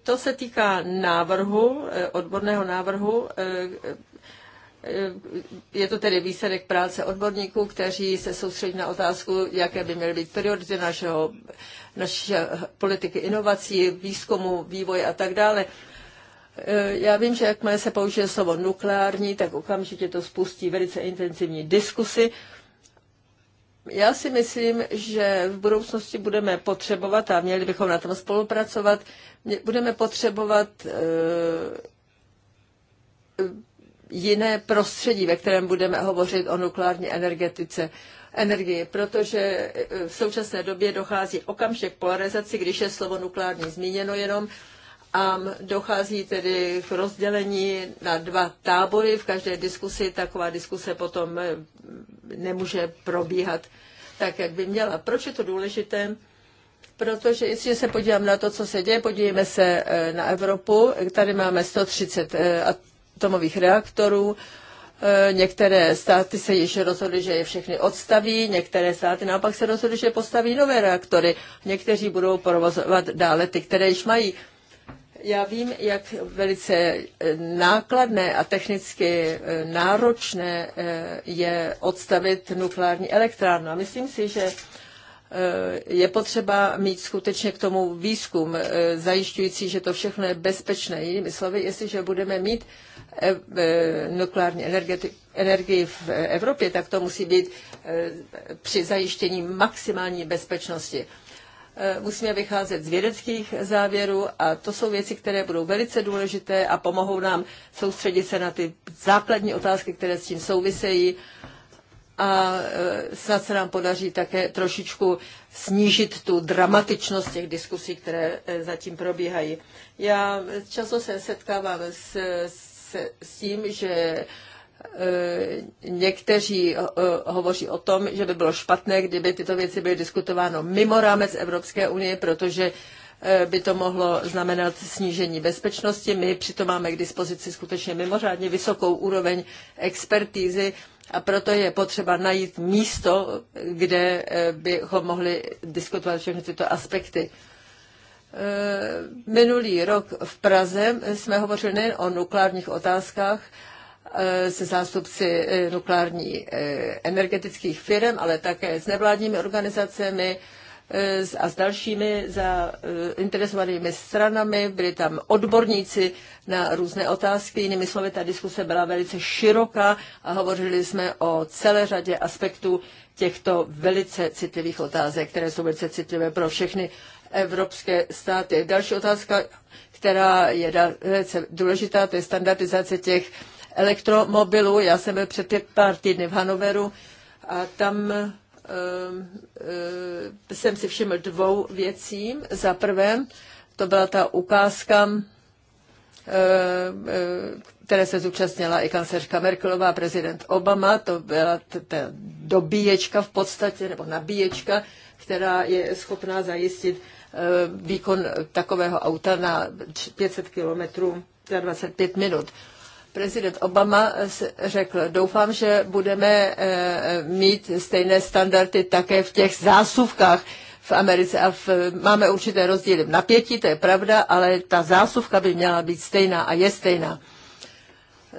[SPEAKER 3] to se týká návrhu, eh, odborného návrhu. Eh, eh, je to tedy výsledek práce odborníků, kteří se soustředí na otázku, jaké by měly být priority našeho, naší politiky inovací, výzkumu, vývoje a tak dále. Já vím, že jakmile se použije slovo nukleární, tak okamžitě to spustí velice intenzivní diskusy. Já si myslím, že v budoucnosti budeme potřebovat, a měli bychom na tom spolupracovat, budeme potřebovat eh, jiné prostředí, ve kterém budeme hovořit o nukleární energetice, energie, protože eh, v současné době dochází okamžik polarizaci, když je slovo nukleární zmíněno jenom, a dochází tedy k rozdělení na dva tábory. V každé diskusi taková diskuse potom eh, nemůže probíhat tak, jak by měla. Proč je to důležité? Protože jestliže se podívám na to, co se děje, podívejme se eh, na Evropu. Tady máme 130 eh, atomových reaktorů. Některé státy se již rozhodly, že je všechny odstaví, některé státy naopak se rozhodly, že postaví nové reaktory. Někteří budou provozovat dále ty, které již mají. Já vím, jak velice eh, nákladné a technicky eh, náročné eh, je odstavit nukleární elektrárnu. A myslím si, že je potřeba mít skutečně k tomu výzkum zajišťující, že to všechno je bezpečné. Jinými slovy, jestliže budeme mít nukleární energii v Evropě, tak to musí být při zajištění maximální bezpečnosti. Eh, musíme vycházet z vědeckých závěrů a to jsou věci, které budou velice důležité a pomohou nám soustředit se na ty základní otázky, které s tím souvisejí a eh, snad se nám podaří také trošičku snížit tu dramatičnost těch diskusí, které eh, zatím probíhají. Já často se setkávám s, s, s tím, že Eh, někteří eh, hovoří o tom, že by bylo špatné, kdyby tyto věci byly diskutováno mimo rámec Evropské unie, protože eh, by to mohlo znamenat snížení bezpečnosti. My přitom máme k dispozici skutečně mimořádně vysokou úroveň expertízy a proto je potřeba najít místo, kde bychom mohli diskutovat všechny tyto aspekty. Minulý rok v Praze jsme hovořili nejen o nukleárních otázkách, Eh, se zástupci eh, nukleární eh, energetických firm, ale také s nevládními organizacemi a s dalšími zainteresovanými stranami. Byli tam odborníci na různé otázky. Jinými slovy, ta diskuse byla velice široká a hovořili jsme o celé řadě aspektů těchto velice citlivých otázek, které jsou velice citlivé pro všechny evropské státy. Další otázka, která je velice důležitá, to je standardizace těch elektromobilů. Já jsem byl před pět pár týdny v Hanoveru a tam ehm, ehm, jsem si všiml dvou věcí. Za prvé, to byla ta ukázka, ehm, které se zúčastnila i kancelářka Merkelová, prezident Obama. To byla ta dobíječka v podstatě, nebo nabíječka, která je schopná zajistit výkon takového auta na 500 kilometrů za 25 minut prezident Obama řekl, doufám, že budeme eh, mít stejné standardy také v těch zásuvkách v Americe a v, máme určité rozdíly v napětí, to je pravda, ale ta zásuvka by měla být stejná a je stejná.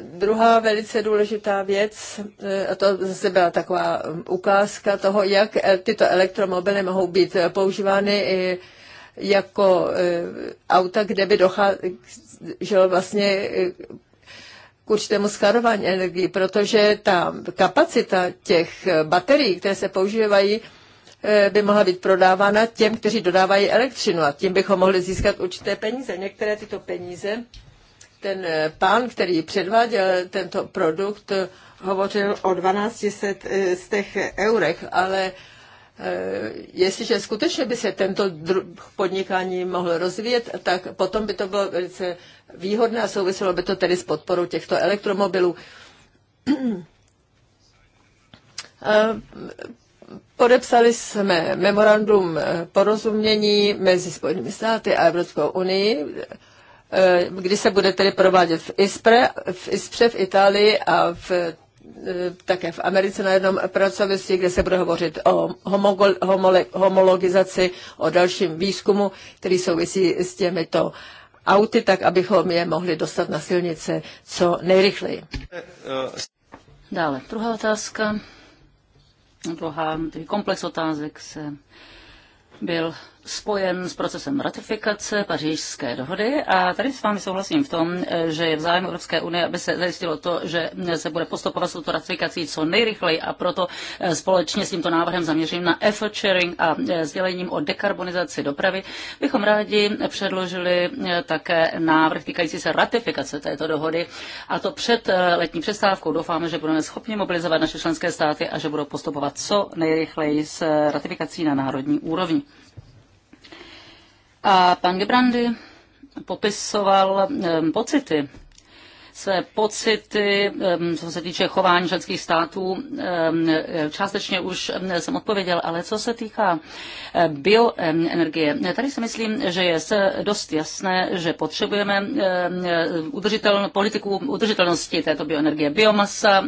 [SPEAKER 3] Druhá velice důležitá věc, eh, a to zase byla taková mm, ukázka toho, jak eh, tyto elektromobily mohou být používány i jako auta, kde by docházelo vlastně určitému schvarování energii, protože ta kapacita těch baterií, které se používají, eh, by mohla být prodávána těm, kteří dodávají elektřinu a tím bychom mohli získat určité peníze. Některé tyto peníze, ten eh, pán, který předváděl tento produkt, eh, hovořil o 1200 z těch eurech, ale jestliže skutečně by se tento podnikání mohl rozvíjet, tak potom by to bylo velice výhodné a souviselo by to tedy s podporou těchto elektromobilů. Eh, podepsali jsme memorandum porozumění mezi Spojenými státy a Evropskou unii, eh, kdy se bude tedy provádět v ISPRE, v ISPRE v Itálii a v, eh, také v Americe na jednom pracovišti, kde se bude hovořit o homologizaci, o dalším výzkumu, který souvisí s těmito auty, tak abychom je mohli dostat na silnice co nejrychleji. Dále, druhá otázka,
[SPEAKER 4] druhá, komplex otázek se byl spojen s procesem ratifikace pařížské dohody a tady s vámi souhlasím v tom, že je v zájmu Evropské unie, aby se zajistilo to, že se bude postupovat s touto ratifikací co nejrychleji a proto eh, společně s tímto návrhem zaměřím na effort sharing a eh, sdělením o dekarbonizaci dopravy bychom rádi předložili eh, také návrh týkající se ratifikace této dohody a to před letní přestávkou. Doufáme, že budeme schopni mobilizovat naše členské státy a že budou postupovat co nejrychleji s ratifikací na národní úrovni. A pan Gebrandy popisoval eh, pocity, své pocity, co se týče chování členských států. Částečně už jsem odpověděl, ale co se týká bioenergie, tady si myslím, že je dost jasné, že potřebujeme udržitel, politiku udržitelnosti této bioenergie. Biomasa,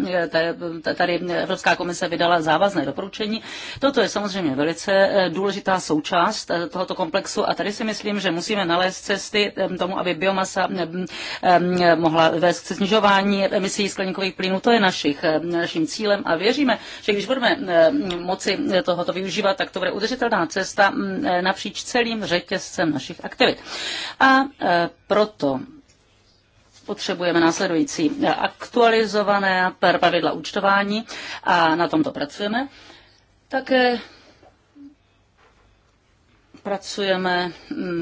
[SPEAKER 4] tady Evropská komise vydala závazné doporučení. Toto je samozřejmě velice e, důležitá součást e, tohoto komplexu a tady si myslím, že musíme nalézt cesty tomu, aby biomasa mohla vést snižování emisí skleníkových plynů. To je našich, eh, naším cílem a věříme, že když budeme eh, moci tohoto využívat, tak to bude udržitelná cesta mm, eh, napříč celým řetězcem našich aktivit. A proto potřebujeme následující aktualizované pravidla účtování a na tomto pracujeme. Také pracujeme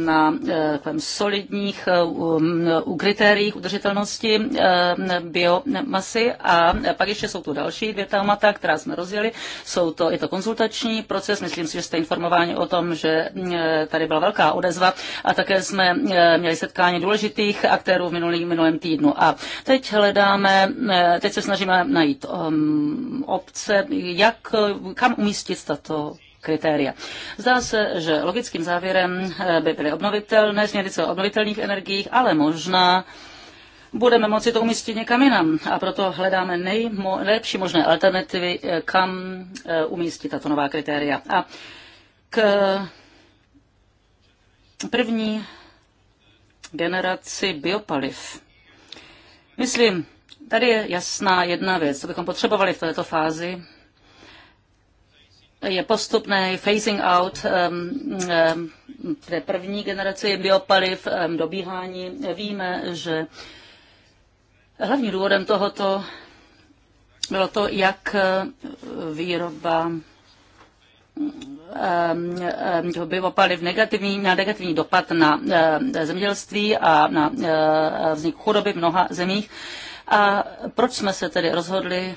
[SPEAKER 4] na eh, takovém solidních eh, kritériích udržitelnosti eh, biomasy a pak ještě jsou tu další dvě témata, která jsme rozjeli. Jsou to, je to konzultační proces, myslím si, že jste informováni o tom, že tady byla velká odezva a také jsme měli setkání důležitých aktérů v minulý, minulém týdnu. A teď hledáme, teď se snažíme najít um, obce, jak, kam umístit tato kritéria. Zdá se, že logickým závěrem eh, by byly obnovitelné směrnice o obnovitelných energiích, ale možná budeme moci to umístit někam jinam a proto hledáme nejlepší možné alternativy, eh, kam eh, umístit tato nová kritéria. A k první generaci biopaliv. Myslím, tady je jasná jedna věc, co bychom potřebovali v této fázi, je postupný phasing out té první generaci biopaliv, dobíhání. Víme, že hlavním důvodem tohoto bylo to, jak eh, výroba biopaliv negativní, na negativní dopad na eh, zemědělství a na eh, vznik chudoby v mnoha zemích. A proč jsme se tedy rozhodli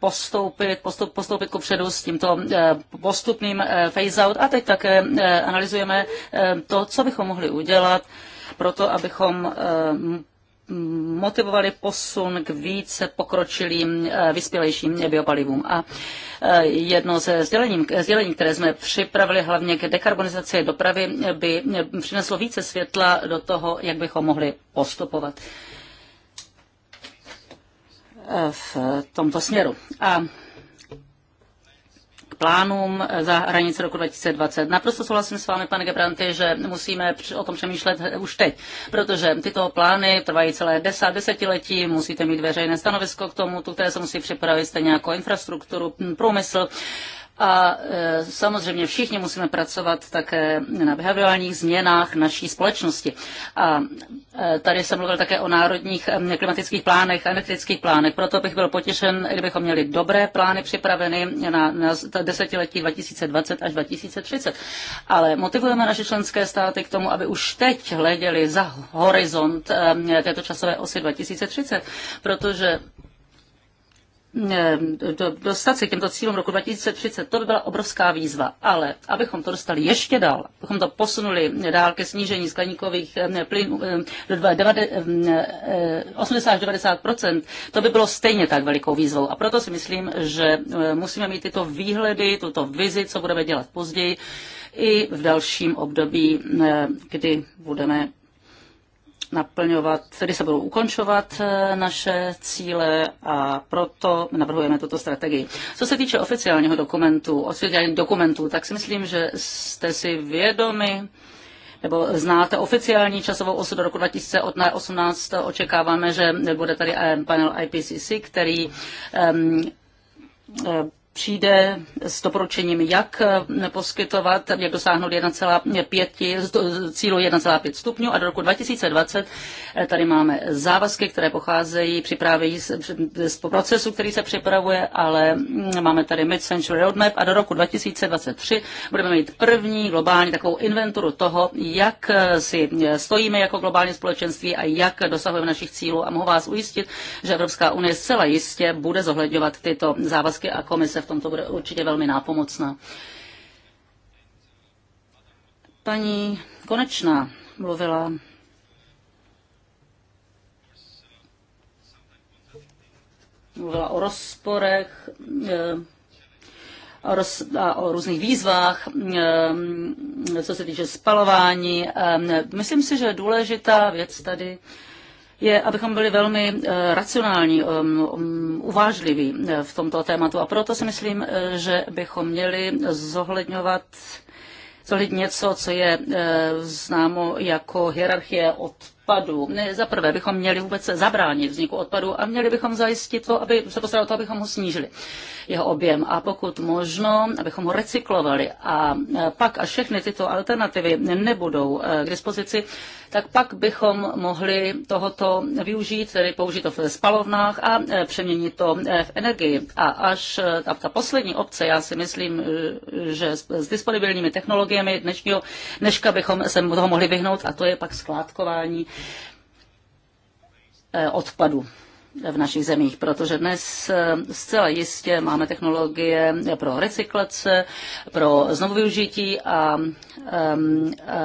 [SPEAKER 4] postoupit, postup, postoupit ku předu s tímto eh, postupným eh, phase-out a teď také eh, analyzujeme to, co bychom mohli udělat pro to, abychom motivovali posun k více pokročilým, vyspělejším biopalivům. A jedno ze sdělení, sdělení, které jsme připravili hlavně k dekarbonizaci dopravy, by přineslo více světla do toho, jak bychom mohli postupovat v tomto směru. A k plánům za hranice roku 2020. Naprosto souhlasím s vámi, pane Gebranty, že musíme o tom přemýšlet už teď, protože tyto plány trvají celé desát, desetiletí, musíte mít veřejné stanovisko k tomu, které se musí připravit, stejně jako infrastrukturu, průmysl. A e, samozřejmě všichni musíme pracovat také na behaviorálních změnách naší společnosti. A e, tady jsem mluvil také o národních klimatických plánech, energetických plánech. Proto bych byl potěšen, kdybychom měli dobré plány připraveny na, na desetiletí 2020 až 2030. Ale motivujeme naše členské státy k tomu, aby už teď hleděli za horizont této časové osy 2030, protože Ehm, dostat se k těmto cílům roku 2030, to by byla obrovská výzva. Ale abychom to dostali ještě dál, abychom to posunuli dál ke snížení skleníkových ehm, plynů ehm, do 80 90 eh, to by bylo stejně tak velikou výzvou. A proto si myslím, že eh, musíme mít tyto výhledy, tuto vizi, co budeme dělat později, i v dalším období, kdy budeme naplňovat, tedy se budou ukončovat eh, naše cíle a proto navrhujeme tuto strategii. Co se týče oficiálního dokumentu, oficiálních dokumentů, tak si myslím, že jste si vědomi, nebo znáte oficiální časovou osu do roku 2018. Očekáváme, že bude tady eh, panel IPCC, který um, přijde s doporučením, jak poskytovat, jak dosáhnout 1,5, cílu 1,5 stupňů a do roku 2020 eh, tady máme závazky, které pocházejí, připravují z procesu, který se připravuje, ale mm, máme tady Mid-Century Roadmap a do roku 2023 budeme mít první globální takovou inventuru toho, jak eh, si eh, stojíme jako globální společenství a jak dosahujeme našich cílů a mohu vás ujistit, že Evropská unie zcela jistě bude zohledňovat tyto závazky a komise v tomto bude určitě velmi nápomocná. Paní Konečná mluvila mluvila o rozporech, eh, o, roz, a o různých výzvách, eh, co se týče spalování. Eh, myslím si, že důležitá věc tady je, abychom byli velmi eh, racionální, um, um, uvážliví eh, v tomto tématu. A proto si myslím, eh, že bychom měli zohledňovat zohlednit něco, co je známo jako hierarchie od odpadu. Za prvé bychom měli vůbec zabránit vzniku odpadu a měli bychom zajistit to, aby se postaralo to, abychom ho snížili, jeho objem. A pokud možno, abychom ho recyklovali. A e, pak, až všechny tyto alternativy nebudou e, k dispozici, tak pak bychom mohli tohoto využít, tedy použít to v spalovnách a e, přeměnit to v energii. A až a ta poslední obce, já si myslím, že s, s disponibilními technologiemi dnešního dneška bychom se toho mohli vyhnout, a to je pak skládkování Eh, odpadu v našich zemích, protože dnes eh, zcela jistě máme technologie pro recyklace, pro znovuvyužití a um,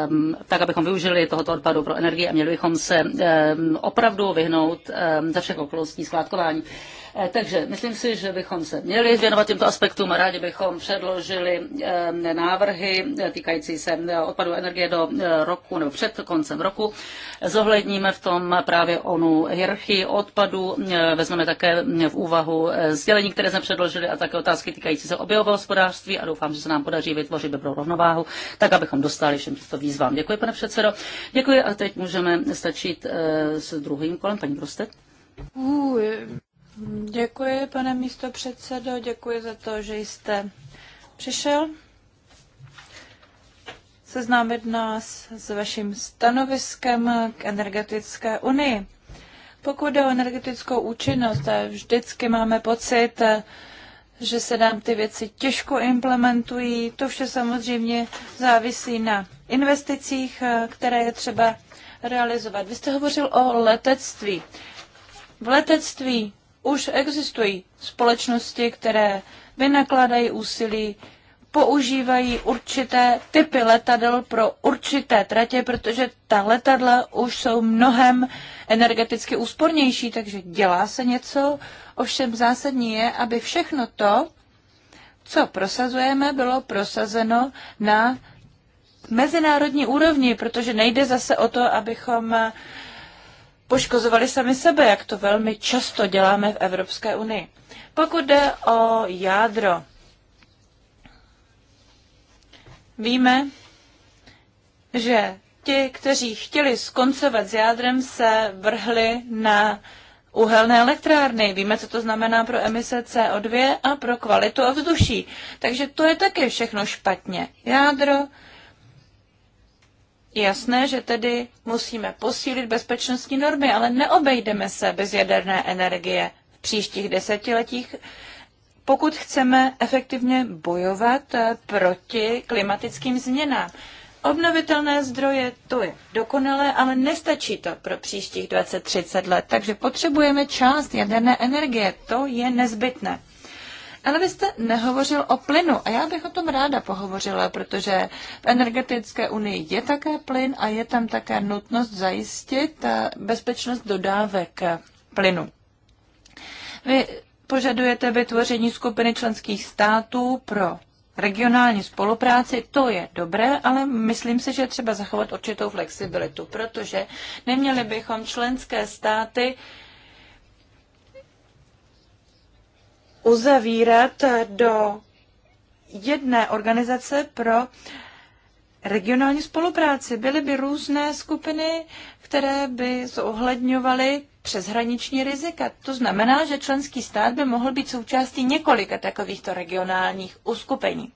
[SPEAKER 4] um, tak, abychom využili tohoto odpadu pro energii a měli bychom se um, opravdu vyhnout um, za všech okolností skládkování. Eh, takže myslím si, že bychom se měli věnovat těmto aspektům. Rádi bychom předložili eh, návrhy eh, týkající se odpadu energie do roku nebo před koncem roku. Zohledníme v tom právě onu hierarchii odpadu. Vezmeme také v úvahu sdělení, které jsme předložili a také otázky týkající se hospodářství a doufám, že se nám podaří vytvořit dobrou rovnováhu, tak abychom dostali všem těmto výzvám. Děkuji, pane předsedo. Děkuji a teď můžeme stačit s druhým kolem, paní Prostet.
[SPEAKER 2] Děkuji, pane místo předsedo, děkuji za to, že jste přišel seznámit nás s vaším stanoviskem k energetické unii. Pokud jde o energetickou účinnost, vždycky máme pocit, že se nám ty věci těžko implementují. To vše samozřejmě závisí na investicích, které je třeba realizovat. Vy jste hovořil o letectví. V letectví už existují společnosti, které vynakládají úsilí, používají určité typy letadel pro určité tratě, protože ta letadla už jsou mnohem energeticky úspornější, takže dělá se něco. Ovšem zásadní je, aby všechno to, co prosazujeme, bylo prosazeno na mezinárodní úrovni, protože nejde zase o to, abychom poškozovali sami sebe, jak to velmi často děláme v Evropské unii. Pokud jde o jádro, víme, že ti, kteří chtěli skoncovat s jádrem, se vrhli na uhelné elektrárny. Víme, co to znamená pro emise CO2 a pro kvalitu ovzduší. Takže to je také všechno špatně. Jádro je jasné, že tedy musíme posílit bezpečnostní normy, ale neobejdeme se bez jaderné energie v příštích desetiletích, pokud chceme efektivně bojovat eh, proti klimatickým změnám. Obnovitelné zdroje, to je dokonalé, ale nestačí to pro příštích 20-30 let, takže potřebujeme část jaderné energie, to je nezbytné. Ale vy jste nehovořil o plynu a já bych o tom ráda pohovořila, protože v energetické unii je také plyn a je tam také nutnost zajistit eh, bezpečnost dodávek eh, plynu. Vy požadujete vytvoření skupiny členských států pro regionální spolupráci, to je dobré, ale myslím si, že třeba zachovat určitou flexibilitu, protože neměli bychom členské státy uh, uzavírat do jedné organizace pro regionální spolupráci. Byly by různé skupiny, které by zohledňovaly přeshraniční rizika. To znamená, že členský stát by mohl být součástí několika takovýchto regionálních uskupení.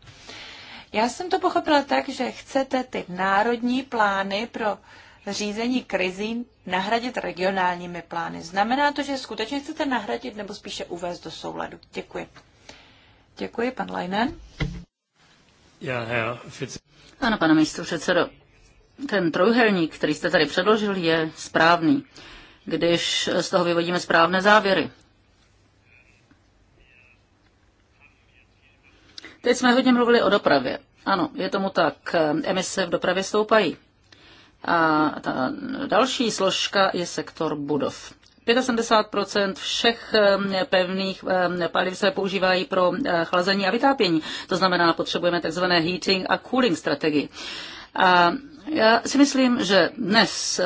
[SPEAKER 2] Já jsem to pochopila tak, že chcete ty národní plány pro řízení krizí nahradit regionálními plány. Znamená to, že skutečně chcete nahradit nebo
[SPEAKER 4] spíše uvést do souladu? Děkuji. Děkuji, pan Leinen. Já, já, ano, pane místo předsedo. Ten trojuhelník, který jste tady předložil, je správný, když z toho vyvodíme správné závěry. Teď jsme hodně mluvili o dopravě. Ano, je tomu tak. Emise v dopravě stoupají. A ta další složka je sektor budov. 75 všech pevných paliv se používají pro eh, chlazení a vytápění. To znamená, potřebujeme tzv. heating a cooling strategii. A já si myslím, že dnes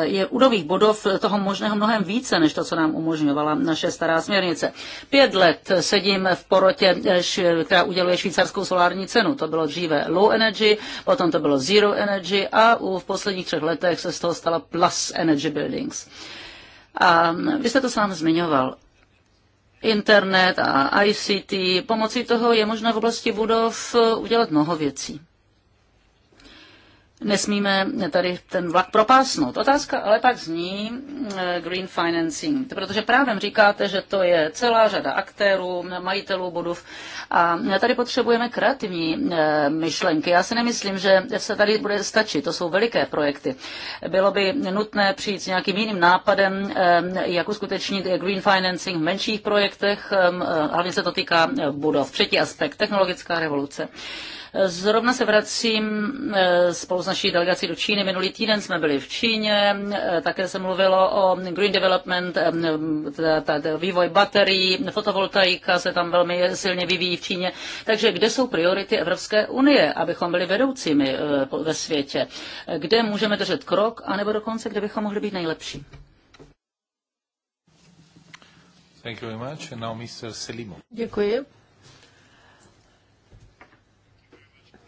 [SPEAKER 4] je u nových budov toho možného mnohem více, než to, co nám umožňovala naše stará směrnice. Pět let sedím v porotě, eh, která uděluje švýcarskou solární cenu. To bylo dříve low energy, potom to bylo zero energy a v posledních třech letech se z toho stala plus energy buildings. A vy jste to sám zmiňoval internet a ICT. Pomocí toho je možné v oblasti budov eh, udělat mnoho věcí nesmíme tady ten vlak propásnout. Otázka ale pak zní eh, green financing, protože právě říkáte, že to je celá řada aktérů, majitelů budov a tady potřebujeme kreativní eh, myšlenky. Já si nemyslím, že se tady bude stačit, to jsou veliké projekty. Bylo by nutné přijít s nějakým jiným nápadem, eh, jak uskutečnit green financing v menších projektech, hlavně se to týká budov. Třetí aspekt, technologická revoluce. Zrovna se vracím eh, spolu s naší delegací do Číny. Minulý týden jsme byli v Číně, eh, také se mluvilo o green development, eh, vývoj baterií, fotovoltaika se tam velmi silně vyvíjí v Číně. Takže kde jsou priority Evropské unie, abychom byli vedoucími ve světě? Kde můžeme držet krok, anebo dokonce kde bychom mohli být nejlepší?
[SPEAKER 1] Thank you very much. And now Mr. Selimo.
[SPEAKER 3] Děkuji.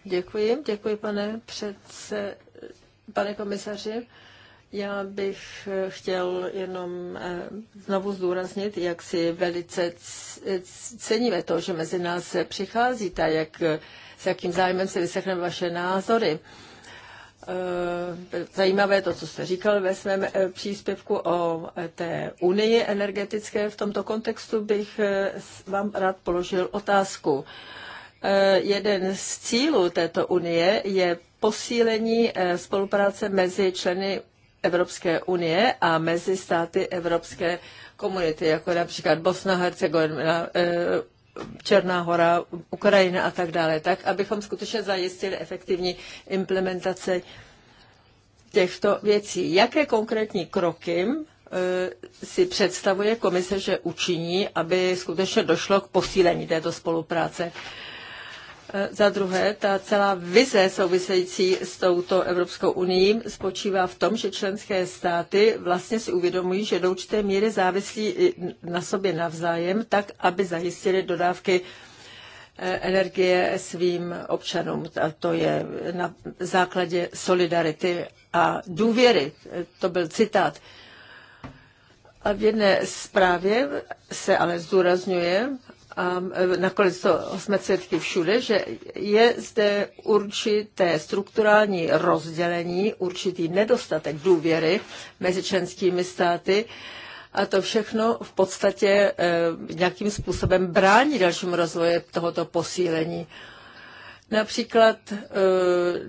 [SPEAKER 3] Děkuji, děkuji pane předse, pane komisaři. Já bych chtěl jenom eh, znovu zdůraznit, jak si velice ceníme to, že mezi nás přicházíte, jak, s jakým zájmem si vyslechneme vaše názory. Eh, zajímavé to, co jste říkal ve svém eh, příspěvku o té unii energetické. V tomto kontextu bych vám rád položil otázku. Eh, jeden z cílů této unie je posílení eh, spolupráce mezi členy Evropské unie a mezi státy Evropské komunity, jako například Bosna, Hercegovina, eh, Černá hora, Ukrajina a tak dále, tak abychom skutečně zajistili efektivní implementaci těchto věcí. Jaké konkrétní kroky si představuje komise, že učiní, aby skutečně došlo k posílení této spolupráce? Za druhé, ta celá vize související s touto Evropskou unii spočívá v tom, že členské státy vlastně si uvědomují, že do určité míry závislí na sobě navzájem, tak, aby zajistili dodávky eh, energie svým občanům. A to je na základě solidarity a důvěry. Eh, to byl citát. A v jedné zprávě se ale zdůrazňuje, a e, nakonec to jsme svědky všude, že je zde určité strukturální rozdělení, určitý nedostatek důvěry mezi členskými státy a to všechno v podstatě e, nějakým způsobem brání dalšímu rozvoji tohoto posílení. Například eh,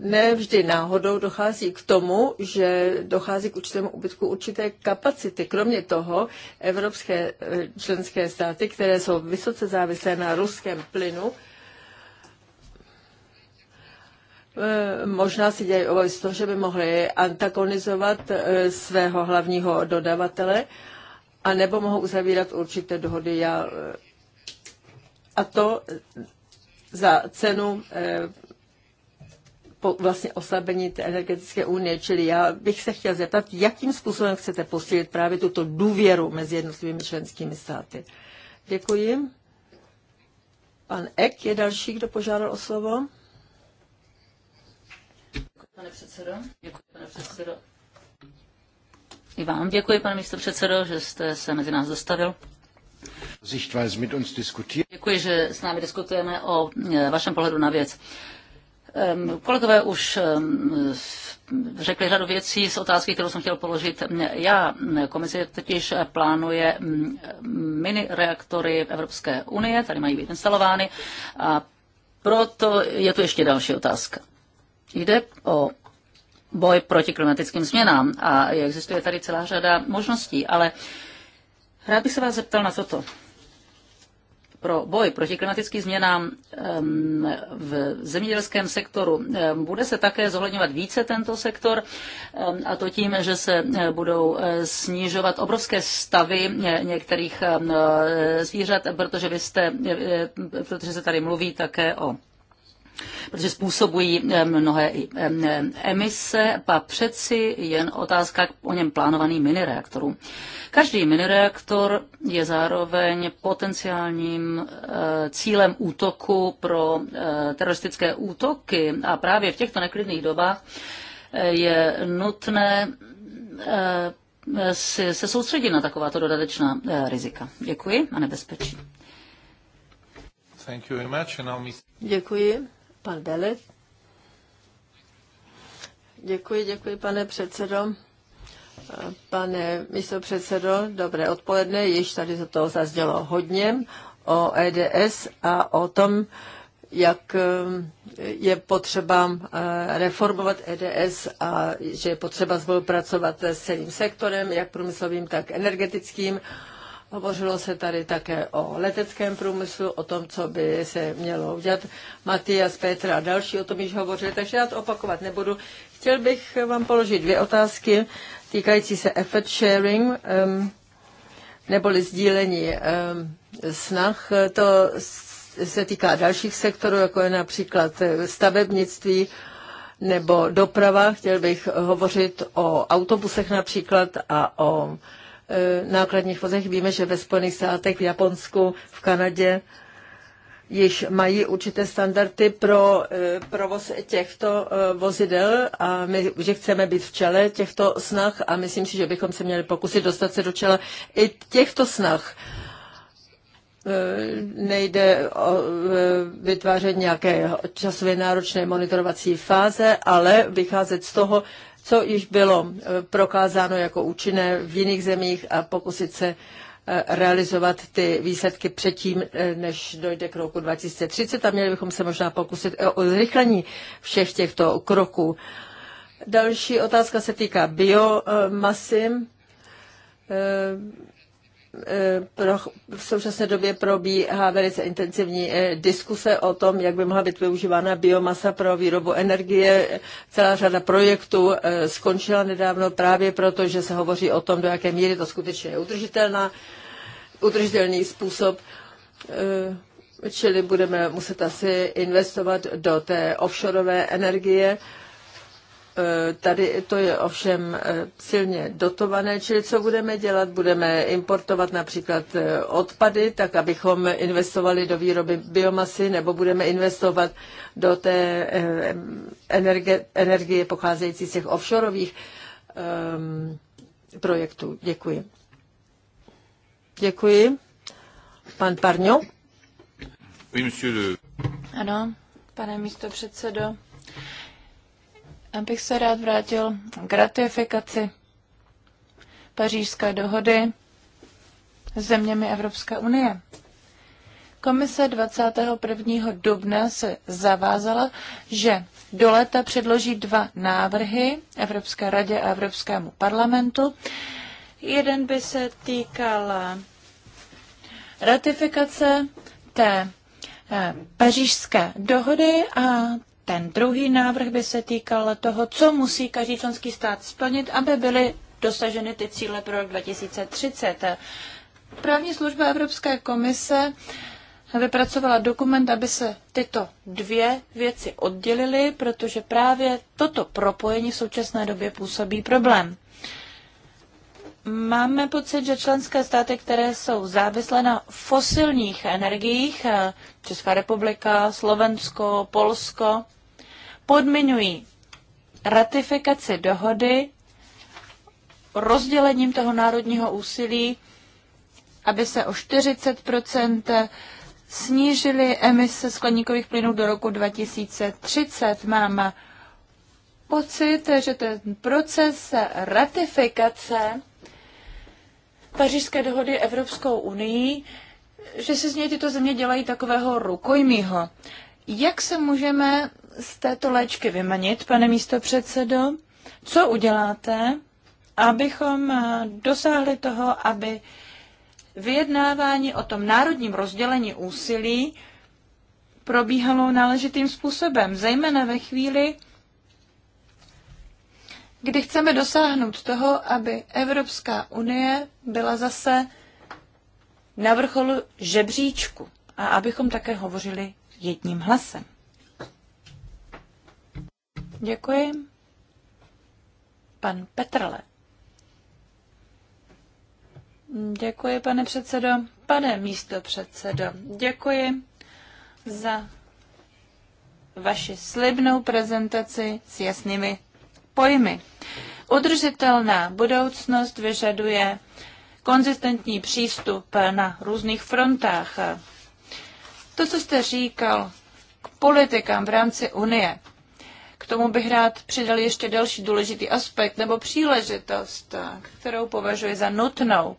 [SPEAKER 3] ne vždy náhodou dochází k tomu, že dochází k určitému ubytku určité kapacity. Kromě toho, evropské eh, členské státy, které jsou vysoce závislé na ruském plynu, eh, možná si dělají obavy z toho, že by mohli antagonizovat svého hlavního dodavatele, a nebo mohou uzavírat určité dohody. Já a to za cenu eh, po vlastně oslabení té energetické unie. Čili já bych se chtěl zeptat, jakým způsobem chcete posílit právě tuto důvěru mezi jednotlivými členskými státy. Děkuji. Pan Ek je další, kdo požádal o slovo.
[SPEAKER 4] Děkuji, pane předsedo. Děkuji, pane předsedo. I vám děkuji, pane místo předsedo, že jste se mezi nás dostavil. Děkuji, že s námi diskutujeme o e, vašem pohledu na věc. Kolegové už řekli řadu věcí z otázky, kterou jsem chtěl položit. Já, komise totiž plánuje mini reaktory Evropské unie, tady mají být instalovány, a proto je tu ještě další otázka. Jde o boj proti klimatickým změnám a existuje tady celá řada možností, ale uh, Rád bych se vás zeptal na toto. Pro boj proti klimatickým změnám v zemědělském sektoru bude se také zohledňovat více tento sektor a to tím, že se e, budou e, snižovat obrovské stavy některých e, zvířat, protože, vy jste, protože se tady mluví také o protože způsobují mnohé emise, a přeci jen otázka k o něm plánovaným minireaktorům. Každý minireaktor je zároveň potenciálním eh, cílem útoku pro eh, teroristické útoky a právě v těchto neklidných dobách eh, je nutné se soustředit na takováto dodatečná rizika. Děkuji a
[SPEAKER 3] nebezpečí. Děkuji. Pan Belet. Děkuji, děkuji, pane předsedo. Pane místopředsedo, dobré odpoledne. Již tady za toho zazdělo hodně o EDS a o tom, jak um, je potřeba uh, reformovat EDS a že je potřeba spolupracovat s celým sektorem, jak průmyslovým, tak energetickým. Hovořilo se tady také o leteckém průmyslu, o tom, co by se mělo udělat. Matias, Petra a další o tom již hovořili, takže já to opakovat nebudu. Chtěl bych vám položit dvě otázky týkající se effort sharing, um, neboli sdílení um, snah. To se týká dalších sektorů, jako je například stavebnictví, nebo doprava. Chtěl bych hovořit o autobusech například a o Eh, nákladních vozech. Víme, že ve Spojených státech, v Japonsku, v Kanadě již mají určité standardy pro eh, provoz těchto eh, vozidel a my, že chceme být v čele těchto snah a myslím si, že bychom se měli pokusit dostat se do čela i těchto snah nejde o vytvářet nějaké časově náročné monitorovací fáze, ale vycházet z toho, co již bylo eh, prokázáno jako účinné v jiných zemích a pokusit se eh, realizovat ty výsledky předtím, eh, než dojde k roku 2030 a měli bychom se možná pokusit o zrychlení všech těchto kroků. Další otázka se týká biomasy. Eh, pro, v současné době probíhá velice intenzivní eh, diskuse o tom, jak by mohla být využívána biomasa pro výrobu energie. Celá řada projektů eh, skončila nedávno právě proto, že se hovoří o tom, do jaké míry to skutečně je udržitelná, udržitelný způsob. Čili budeme muset asi investovat do té offshoreové energie. Eh, tady to je ovšem eh, silně dotované, čili co budeme dělat? Budeme importovat například eh, odpady, tak abychom investovali do výroby biomasy, nebo budeme investovat do té energie, energie pocházející z těch offshoreových projektů. Děkuji. Děkuji. Pan Parňo. Ano, pane místo
[SPEAKER 2] předsedo bych se rád vrátil k ratifikaci pařížské dohody s zeměmi Evropské unie. Komise 21. dubna se zavázala, že do léta předloží dva návrhy Evropské radě a Evropskému parlamentu. Jeden by se týkal ratifikace té eh, pařížské dohody a ten druhý návrh by se týkal toho, co musí každý členský stát splnit, aby byly dosaženy ty cíle pro rok 2030. Právní služba Evropské komise vypracovala dokument, aby se tyto dvě věci oddělily, protože právě toto propojení v současné době působí problém. Máme pocit, že členské státy, které jsou závislé na fosilních energiích, Česká republika, Slovensko, Polsko, podmiňují ratifikaci dohody rozdělením toho národního úsilí, aby se o 40 snížily emise skleníkových plynů do roku 2030. Mám pocit, že ten proces ratifikace Pařížské dohody Evropskou unii, že si z něj tyto země dělají takového rukojmího. Jak se můžeme z této léčky vymanit, pane místo předsedo? Co uděláte, abychom eh, dosáhli toho, aby vyjednávání o tom národním rozdělení úsilí probíhalo náležitým způsobem, zejména ve chvíli, kdy chceme dosáhnout toho, aby Evropská unie byla zase na vrcholu žebříčku a abychom také hovořili jedním hlasem. Děkuji. Pan Petrle. Děkuji, pane předsedo. Pane místo předsedo, děkuji za vaši slibnou prezentaci s jasnými pojmy. Udržitelná budoucnost vyžaduje konzistentní přístup na různých frontách. To, co jste říkal k politikám v rámci Unie, tomu bych rád přidal ještě další důležitý aspekt nebo příležitost, kterou považuji za nutnou.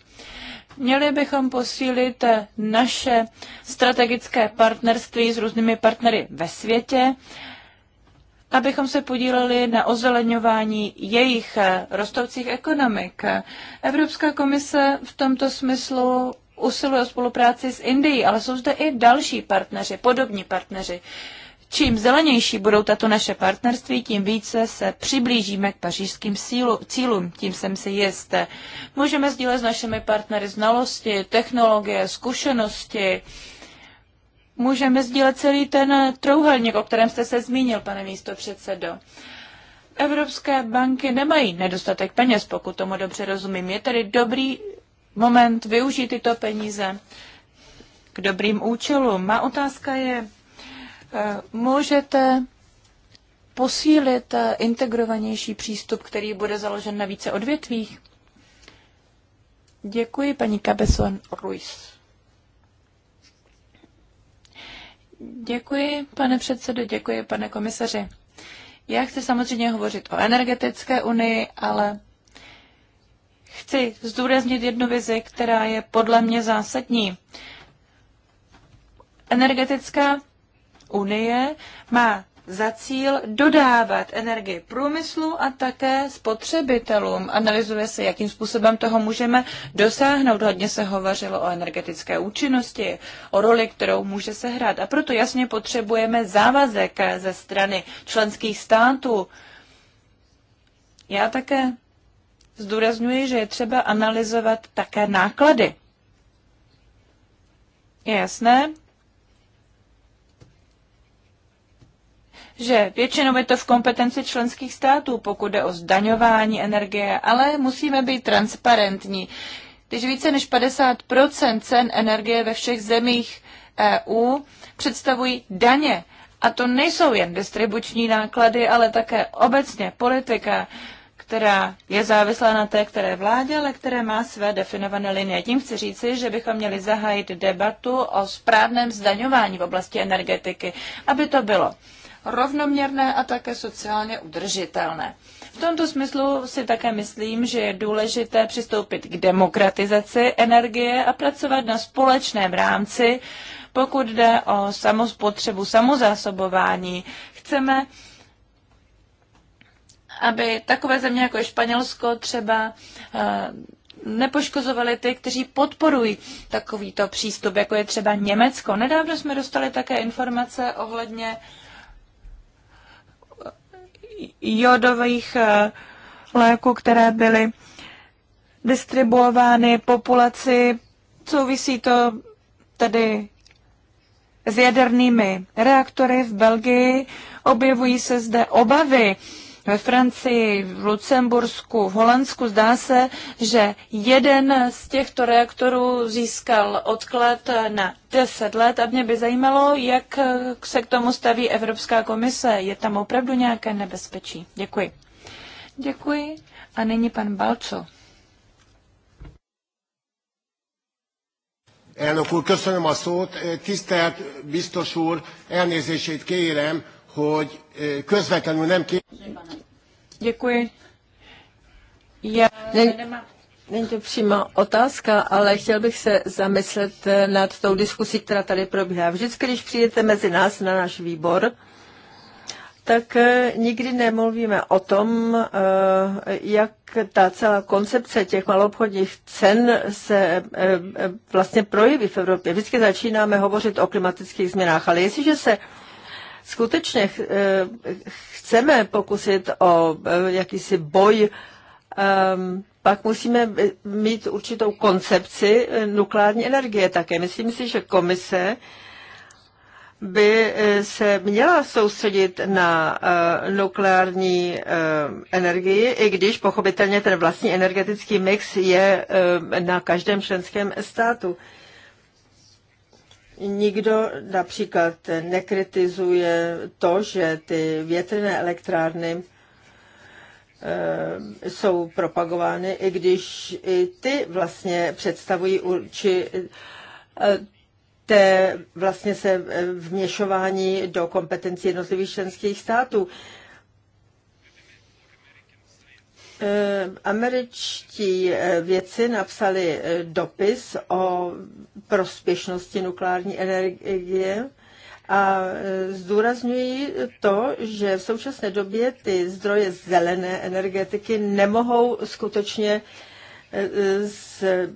[SPEAKER 2] Měli bychom posílit naše strategické partnerství s různými partnery ve světě, abychom se podíleli na ozeleňování jejich rostoucích ekonomik. Evropská komise v tomto smyslu usiluje o spolupráci s Indií, ale jsou zde i další partneři, podobní partneři. Čím zelenější budou tato naše partnerství, tím více se přiblížíme k pařížským sílu, cílům, tím jsem si jist. Můžeme sdílet s našimi partnery znalosti, technologie, zkušenosti, můžeme sdílet celý ten trouhelník, o kterém jste se zmínil, pane místo předsedo. Evropské banky nemají nedostatek peněz, pokud tomu dobře rozumím. Je tedy dobrý moment využít tyto peníze k dobrým účelům. Má otázka je, Eh, můžete posílit eh, integrovanější přístup, který bude založen na více odvětvích? Děkuji, paní Cabezon Ruiz. Děkuji, pane předsedo, děkuji, pane komisaři. Já chci samozřejmě hovořit o energetické unii, ale chci zdůraznit jednu vizi, která je podle mě zásadní. Energetická unie má za cíl dodávat energii průmyslu a také spotřebitelům. Analyzuje se, jakým způsobem toho můžeme dosáhnout. Hodně se hovořilo o energetické účinnosti, o roli, kterou může se hrát. A proto jasně potřebujeme závazek ze strany členských států. Já také zdůrazňuji, že je třeba analyzovat také náklady. Je jasné, že většinou je to v kompetenci členských států, pokud jde o zdaňování energie, ale musíme být transparentní. Když více než 50 cen energie ve všech zemích EU představují daně, a to nejsou jen distribuční náklady, ale také obecně politika, která je závislá na té, které vládě, ale které má své definované linie. Tím chci říci, že bychom měli zahájit debatu o správném zdaňování v oblasti energetiky, aby to bylo rovnoměrné a také sociálně udržitelné. V tomto smyslu si také myslím, že je důležité přistoupit k demokratizaci energie a pracovat na společném rámci, pokud jde o samospotřebu, samozásobování. Chceme, aby takové země jako je Španělsko třeba eh, nepoškozovali ty, kteří podporují takovýto přístup, jako je třeba Německo. Nedávno jsme dostali také informace ohledně uh, jodových eh, léků, které byly distribuovány populaci. Souvisí to tedy s jadernými reaktory v Belgii. Objevují se zde obavy ve Francii, v Lucembursku, v Holandsku. Zdá se, že jeden z těchto reaktorů získal odklad na 10 let a mě by zajímalo, jak se k tomu staví Evropská komise. Je tam opravdu nějaké nebezpečí? Děkuji. Děkuji. A nyní pan Balco.
[SPEAKER 1] Elnök úr, köszönöm a szót. Tisztelt biztos úr, elnézését kérem, hogy közvetlenül nem képviselő. Děkuji. Já
[SPEAKER 3] Není to přímá otázka, ale chtěl bych se zamyslet e, nad tou diskusí, která tady probíhá. Vždycky, když přijete mezi nás na náš výbor, tak e, nikdy nemluvíme o tom, e, jak ta celá koncepce těch maloobchodních cen se vlastně projeví v Evropě. Vždycky začínáme hovořit o klimatických změnách, ale jestliže se skutečně eh, chceme pokusit o eh, jakýsi boj, ehm, pak musíme mít určitou koncepci eh, nukleární energie také. Myslím si, že komise by se měla soustředit na nukleární energii, i když pochopitelně ten vlastní energetický mix je na každém členském státu. Nikdo například nekritizuje to, že ty větrné elektrárny eh, jsou propagovány, i když i ty vlastně představují určité eh, vlastně se eh, vměšování do kompetencí jednotlivých členských států. Eh, američtí eh, vědci napsali eh, dopis o prospěšnosti nukleární energie a zdůrazňují to, že v současné době ty zdroje zelené energetiky nemohou skutečně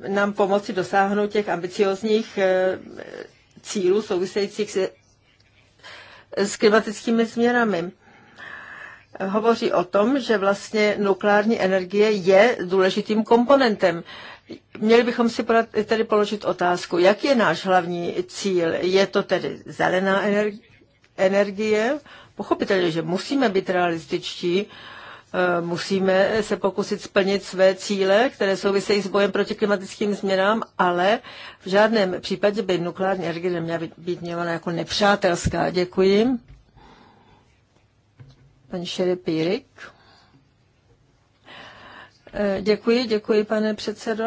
[SPEAKER 3] nám pomoci dosáhnout těch ambiciozních cílů souvisejících s klimatickými změnami hovoří o tom, že vlastně nukleární energie je důležitým komponentem. Měli bychom si tedy položit otázku, jak je náš hlavní cíl? Je to tedy zelená energie? Pochopitelně, že musíme být realističtí, eh, musíme se pokusit splnit své cíle, které souvisejí s bojem proti klimatickým změnám, ale v žádném případě by nukleární energie neměla být vnímána jako nepřátelská. Děkuji. Paní Šerepírik. Eh, děkuji, děkuji, pane předsedo.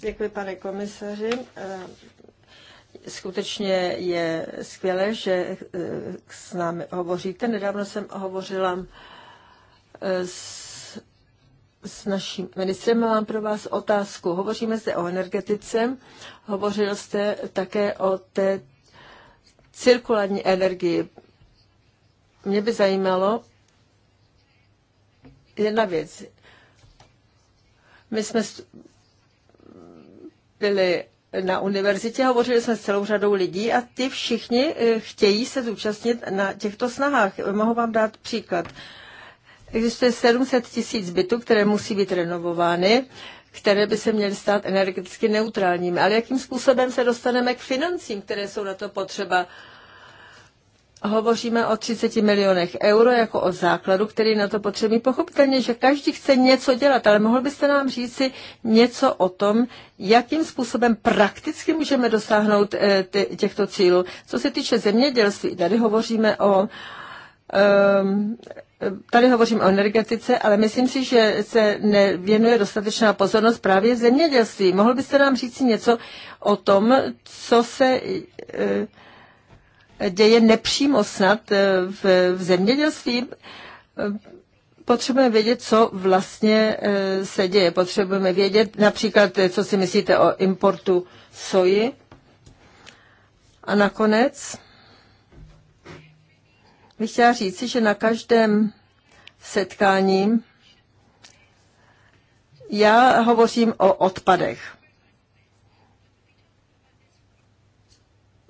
[SPEAKER 3] Děkuji, pane komisaři. Eh, skutečně je skvělé, že eh, s námi hovoříte. Nedávno jsem hovořila s, s naším ministrem a mám pro vás otázku. Hovoříme zde o energetice, hovořil jste také o té cirkulární energii. Mě by zajímalo jedna věc. My jsme byli na univerzitě, hovořili jsme s celou řadou lidí a ti všichni eh, chtějí se zúčastnit na těchto snahách. Mohu vám dát příklad. Existuje 700 tisíc bytů, které musí být renovovány, které by se měly stát energeticky neutrálními. Ale jakým způsobem se dostaneme k financím, které jsou na to potřeba? hovoříme o 30 milionech euro jako o základu, který na to potřebují. Pochopitelně, že každý chce něco dělat, ale mohl byste nám říci něco o tom, jakým způsobem prakticky můžeme dosáhnout eh, těchto cílů. Co se týče zemědělství, tady hovoříme o ehm, tady hovořím o energetice, ale myslím si, že se nevěnuje dostatečná pozornost právě v zemědělství. Mohl byste nám říct něco o tom, co se eh, děje nepřímo snad eh, v, v zemědělství. Potřebujeme vědět, co vlastně eh, se děje. Potřebujeme vědět například, eh, co si myslíte o importu soji. A nakonec bych chtěla říci, že na každém setkání já hovořím o odpadech.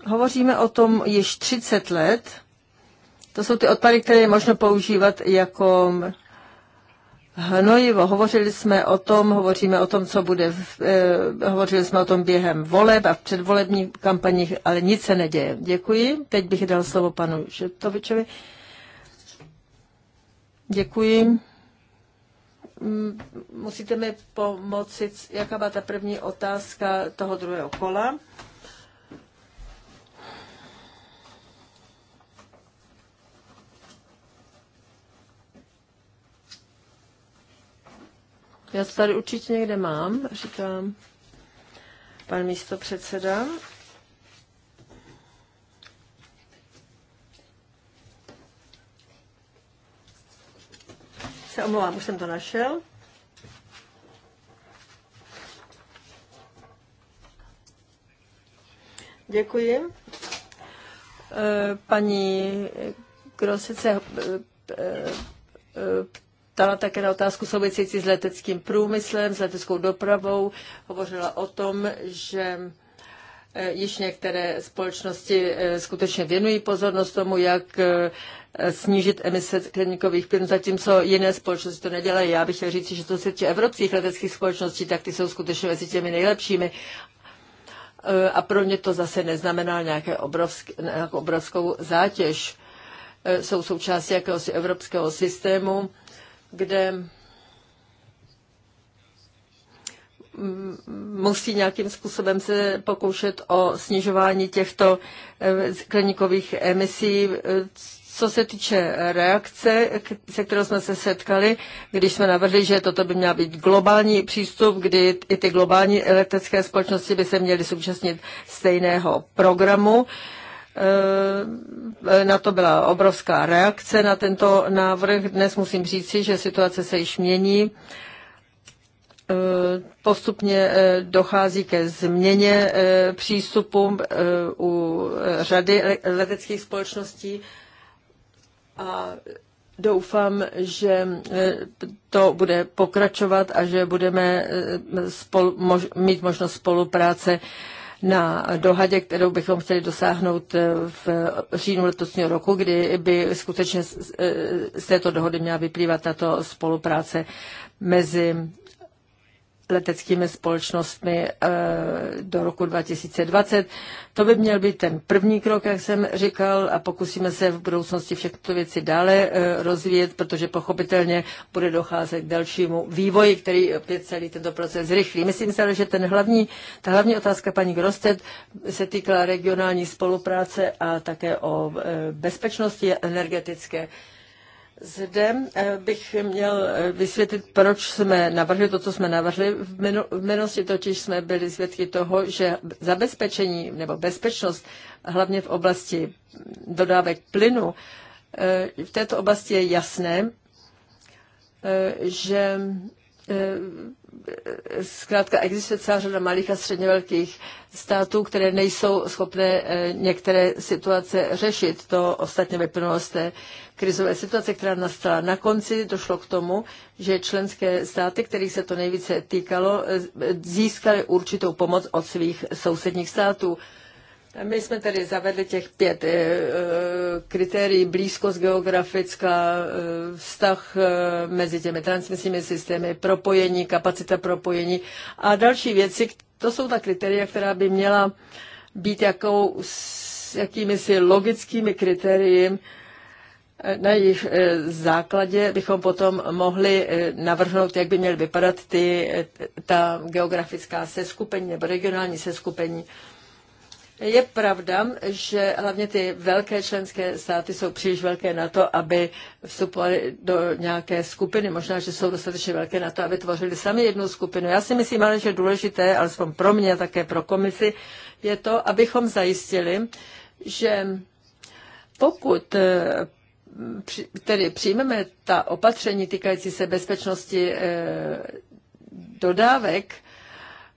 [SPEAKER 3] Hovoříme o tom již 30 let. To jsou ty odpady, které je možno používat jako hnojivo. Hovořili jsme o tom, hovoříme o tom, co bude, v, eh, hovořili jsme o tom během voleb a v předvolebních kampaních, ale nic se neděje. Děkuji. Teď bych dal slovo panu Žetovičovi. Děkuji. Mm, musíte mi pomoci, jaká byla ta první otázka toho druhého kola. Já to tady určitě někde mám, říkám pan místo předseda. Se omlouvám, už jsem to našel. Děkuji. Eh, paní Grosice eh, eh, ptala také na otázku související s leteckým průmyslem, s leteckou dopravou. Hovořila o tom, že eh, již některé společnosti eh, skutečně věnují pozornost tomu, jak eh, snížit emise skleníkových plynů, zatímco jiné společnosti to nedělají. Já bych chtěl říct, že to se týče evropských leteckých společností, tak ty jsou skutečně mezi těmi nejlepšími. A pro mě to zase neznamená nějaké nějakou obrovskou zátěž. Jsou součástí jakéhosi evropského systému kde musí nějakým způsobem se pokoušet o snižování těchto eh, skleníkových emisí. Co se týče reakce, se kterou jsme se setkali, když jsme navrhli, že toto by měl být globální přístup, kdy i ty globální elektrické společnosti by se měly současnit stejného programu, Eh, na to byla obrovská reakce na tento návrh. Dnes musím říci, že situace se již mění. Eh, postupně eh, dochází ke změně přístupu u řady leteckých společností a doufám, že to bude pokračovat a že budeme spolu, mož, mít možnost spolupráce na dohadě, kterou bychom chtěli dosáhnout eh, v říjnu letošního roku, kdy by skutečně z eh, této dohody měla vyplývat tato spolupráce mezi leteckými společnostmi eh, do roku 2020. To by měl být ten první krok, jak jsem říkal, a pokusíme se v budoucnosti všechny ty věci dále eh, rozvíjet, protože pochopitelně bude docházet k dalšímu vývoji, který opět celý tento proces zrychlí. Myslím si že ten hlavní, ta hlavní otázka paní Grostet se týkala regionální spolupráce a také o eh, bezpečnosti energetické. Zde eh, bych měl eh, vysvětlit, proč jsme navrhli to, co jsme navrhli. V minulosti totiž jsme byli svědky toho, že zabezpečení nebo bezpečnost, hlavně v oblasti dodávek plynu, eh, v této oblasti je jasné, že zkrátka existuje celá řada malých a středně velkých států, které nejsou schopné některé situace řešit. To ostatně vyplnulo z té krizové situace, která nastala na konci, došlo k tomu, že členské státy, kterých se to nejvíce týkalo, získaly určitou pomoc od svých sousedních států. My jsme tedy zavedli těch pět eh, eh, kritérií, blízkost geografická, eh, vztah mezi těmi transmisními systémy, propojení, kapacita propojení a další věci. To jsou ta kritéria, která by měla být jakou, jakými si logickými kritérii na jejich eh, základě bychom potom mohli eh, navrhnout, jak by měly vypadat ty, eh, ta geografická seskupení nebo regionální seskupení. Je pravda, že hlavně ty velké členské státy jsou příliš velké na to, aby vstupovaly do nějaké skupiny. Možná, že jsou dostatečně velké na to, aby tvořili sami jednu skupinu. Já si myslím ale, že důležité, alespoň pro mě a také pro komisi, je to, abychom zajistili, že pokud tedy přijmeme ta opatření týkající se bezpečnosti eh, dodávek,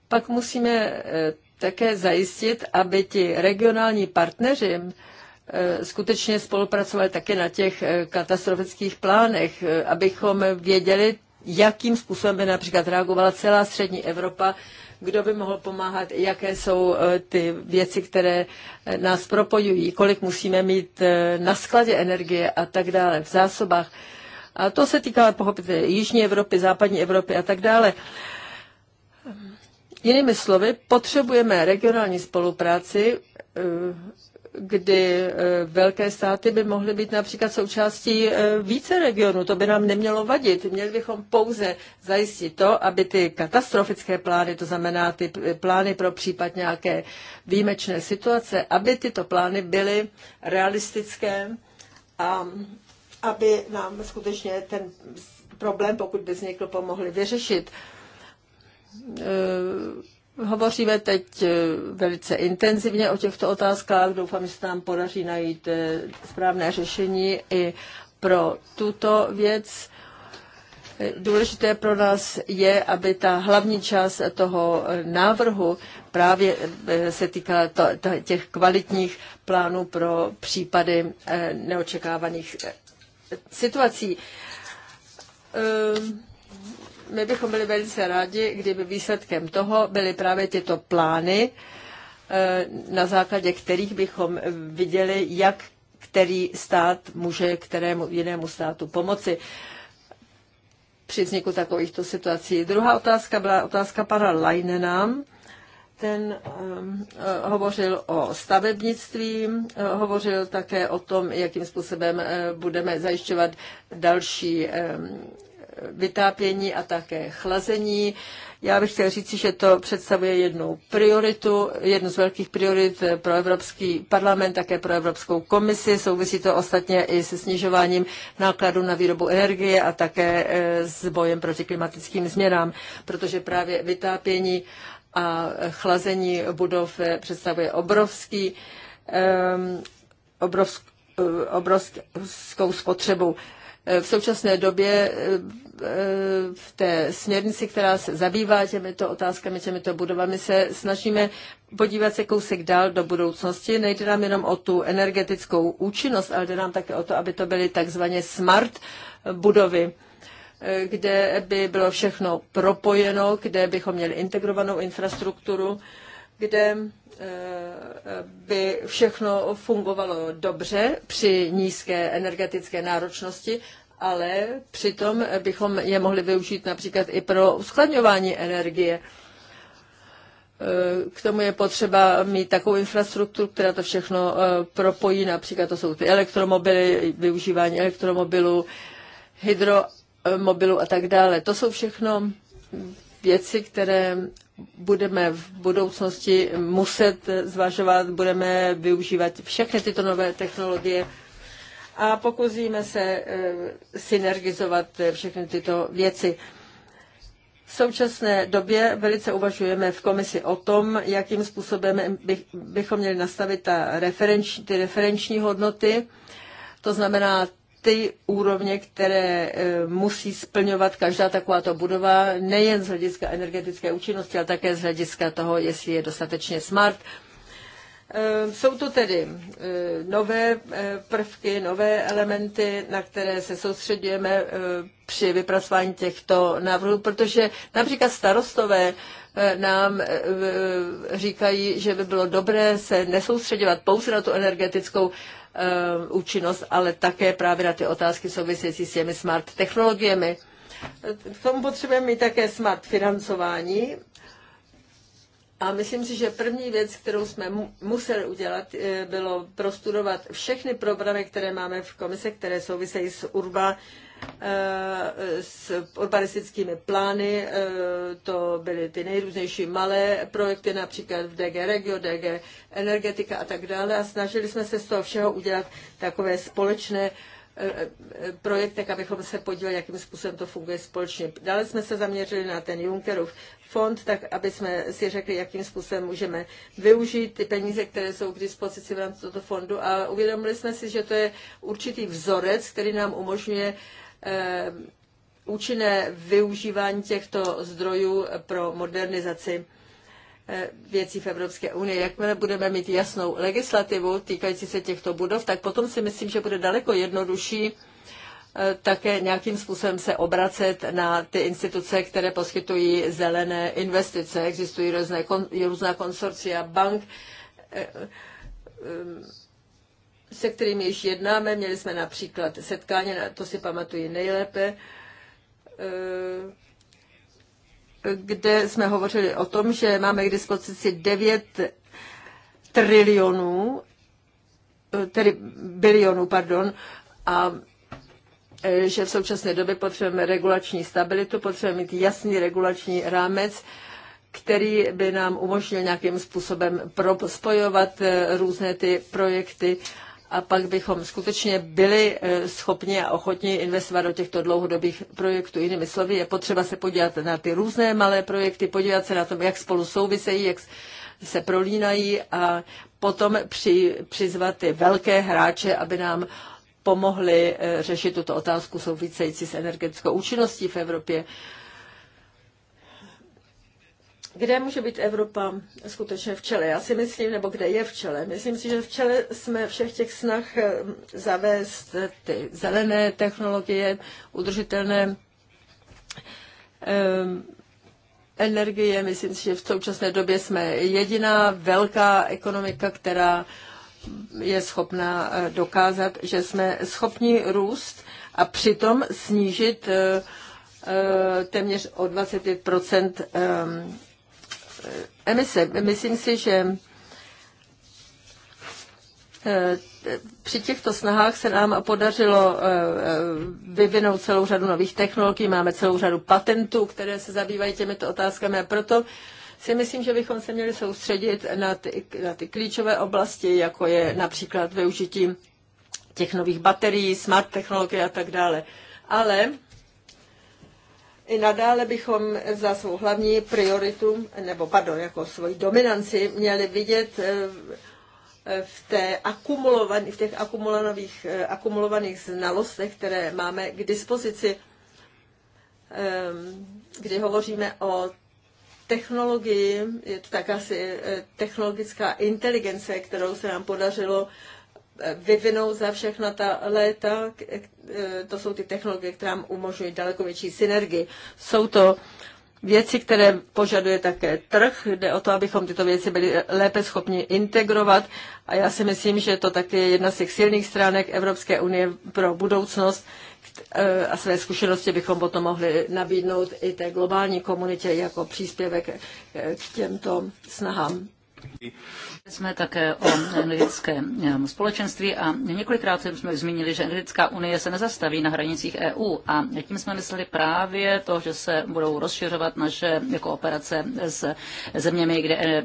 [SPEAKER 3] pak musíme eh, také zajistit, aby ti regionální partneři eh, skutečně spolupracovali také na těch katastrofických plánech, abychom věděli, jakým způsobem by například reagovala celá střední Evropa kdo by mohl pomáhat, jaké jsou e, ty věci, které e, nás propojují, kolik musíme mít e, na skladě energie a tak dále, v zásobách. A to se týká pochopit Jižní Evropy, Západní Evropy a tak dále. Jinými slovy, potřebujeme regionální spolupráci kdy e, velké státy by mohly být například součástí e, více regionů. To by nám nemělo vadit. Měli bychom pouze zajistit to, aby ty katastrofické plány, to znamená ty plány pro případ nějaké výjimečné situace, aby tyto plány byly realistické a aby nám skutečně ten problém, pokud by vznikl, pomohli vyřešit e, Hovoříme teď eh, velice intenzivně o těchto otázkách. Doufám, že se nám podaří najít eh, správné řešení i pro tuto věc. Eh, důležité pro nás je, aby ta hlavní část toho návrhu právě se týká těch kvalitních plánů pro případy neočekávaných situací. Ehm, my bychom byli velice rádi, kdyby výsledkem toho byly právě tyto plány, e, na základě kterých bychom viděli, jak který stát může kterému jinému státu pomoci při vzniku takovýchto situací. Druhá otázka byla otázka pana Leinena. Ten um, hovořil o stavebnictví, hovořil také o tom, jakým způsobem budeme zajišťovat další um, vytápění a také chlazení. Já bych chtěl říci, že to představuje jednu prioritu, jednu z velkých priorit pro Evropský parlament, také pro Evropskou komisi. Souvisí to ostatně i se snižováním nákladů na výrobu energie a také e, s bojem proti klimatickým změnám, protože právě vytápění a chlazení budov e, představuje obrovský, um, e, obrovský obrovskou spotřebu v současné době eh, v té směrnici, která se zabývá těmito otázkami, těmito budovami, se snažíme podívat se kousek dál do budoucnosti. Nejde nám jenom o tu energetickou účinnost, ale jde nám také o to, aby to byly takzvaně smart budovy eh, kde by bylo všechno propojeno, kde bychom měli integrovanou infrastrukturu kde eh, by všechno fungovalo dobře při nízké energetické náročnosti, ale přitom bychom je mohli využít například i pro uskladňování energie. Eh, k tomu je potřeba mít takovou infrastrukturu, která to všechno eh, propojí, například to jsou ty elektromobily, využívání elektromobilů, hydromobilů a tak dále. To jsou všechno věci, které budeme v budoucnosti muset zvažovat, budeme využívat všechny tyto nové technologie a pokusíme se eh, synergizovat všechny tyto věci. V současné době velice uvažujeme v komisi o tom, jakým způsobem bychom měli nastavit ta referenč, ty referenční hodnoty, to znamená ty úrovně, které eh, musí splňovat každá takováto budova, nejen z hlediska energetické účinnosti, ale také z hlediska toho, jestli je dostatečně smart. Eh, jsou to tedy eh, nové prvky, nové elementy, na které se soustředujeme při vypracování těchto návrhů, protože například starostové nám říkají, že by bylo dobré se nesoustředovat pouze na tu energetickou Eh, účinnost, ale také právě na ty otázky související s těmi smart technologiemi. K tomu potřebujeme mít také smart financování. A myslím si, že první věc, kterou jsme museli udělat, eh, bylo prostudovat všechny programy, které máme v komise, které souvisejí s urbanitní Eh, s urbanistickými plány. Eh, to byly ty nejrůznější malé projekty, například v DG Regio, DG Energetika a tak dále. A snažili jsme se z toho všeho udělat takové společné eh, projekty abychom se podívali, jakým způsobem to funguje společně. Dále jsme se zaměřili na ten Junckerův fond, tak aby jsme si řekli, jakým způsobem můžeme využít ty peníze, které jsou k dispozici v rámci tohoto fondu a uvědomili jsme si, že to je určitý vzorec, který nám umožňuje uh, Eh, účinné využívání těchto zdrojů pro modernizaci eh, věcí v Evropské unii. Jakmile budeme mít jasnou legislativu týkající se těchto budov, tak potom si myslím, že bude daleko jednodušší eh, také nějakým způsobem se obracet na ty instituce, které poskytují zelené investice. Existují různé, různá konsorcia bank, se kterými již jednáme. Měli jsme například setkání, na to si pamatuji nejlépe, eh, kde jsme hovořili o tom, že máme k dispozici 9 trilionů, eh, tedy bilionů, pardon, a eh, že v současné době potřebujeme regulační stabilitu, potřebujeme mít jasný regulační rámec, který by nám umožnil nějakým způsobem spojovat různé ty projekty a pak bychom skutečně byli eh, schopni a ochotni investovat do těchto dlouhodobých projektů. Jinými slovy, je potřeba se podívat na ty různé malé projekty, podívat se na to, jak spolu souvisejí, jak se prolínají a potom při, přizvat ty velké hráče, aby nám pomohli eh, řešit tuto otázku související s energetickou účinností v Evropě. Kde může být Evropa skutečně v čele? Já si myslím, nebo kde je v čele? Myslím si, že v čele jsme všech těch snah eh, zavést eh, ty zelené technologie, udržitelné eh, energie. Myslím si, že v současné době jsme jediná velká ekonomika, která je schopná dokázat, že jsme schopni růst a přitom snížit téměř o 25 emise. Myslím si, že eh, při těchto snahách se nám podařilo eh, eh, vyvinout celou řadu nových technologií, máme celou řadu patentů, které se zabývají těmito otázkami a proto si myslím, že bychom se měli soustředit na ty, na ty klíčové oblasti, jako je například využití těch nových baterií, smart technologie a tak dále. Ale i nadále bychom za svou hlavní prioritu, nebo pardon, jako svoji dominanci, měli vidět eh, v, té v těch akumulovaných, eh, akumulovaných znalostech, které máme k dispozici, ehm, kdy hovoříme o technologii, je to tak asi eh, technologická inteligence, kterou se nám podařilo vyvinou za všechna ta léta. To jsou ty technologie, které nám umožňují daleko větší synergii. Jsou to věci, které požaduje také trh. Jde o to, abychom tyto věci byli lépe schopni integrovat. A já si myslím, že to také je jedna z těch silných stránek Evropské unie pro budoucnost e, a své zkušenosti bychom potom mohli nabídnout i té globální komunitě jako příspěvek k těmto snahám. Jsme také o
[SPEAKER 4] energetickém eh, společenství a několikrát jsme zmínili, že energetická unie se nezastaví na hranicích EU a tím jsme mysleli právě to, že se budou rozšiřovat naše jako operace s zeměmi, kde, eh,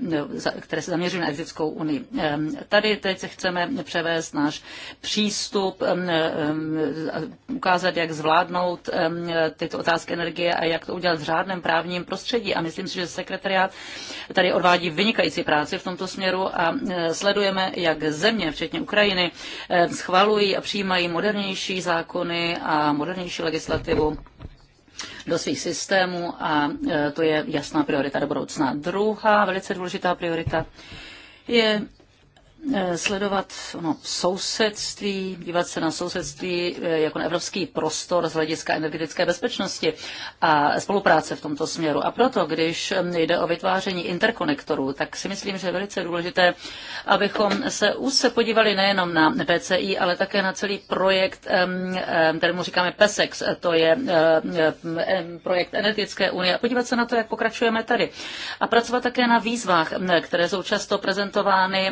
[SPEAKER 4] které se zaměřují na energetickou unii. Eh, tady teď chceme převést náš přístup, ukázat, jak zvládnout tyto otázky energie a jak to udělat v řádném právním prostředí a myslím si, že sekretariát tady odvádí vynikající práci práci v tomto směru a e, sledujeme, jak země, včetně Ukrajiny, e, schvalují a přijímají modernější zákony a modernější legislativu do svých systémů a e, to je jasná priorita do budoucna. Druhá velice důležitá priorita je Eh, sledovat ono, sousedství, dívat se na sousedství eh, jako na evropský prostor z hlediska energetické bezpečnosti a spolupráce v tomto směru. A proto, když eh, jde o vytváření interkonektorů, tak si myslím, že je velice důležité, abychom se už se podívali nejenom na PCI, ale také na celý projekt, kterému říkáme PESEX, to je projekt energetické unie, a podívat se na to, jak pokračujeme tady. A pracovat také na výzvách, které jsou často prezentovány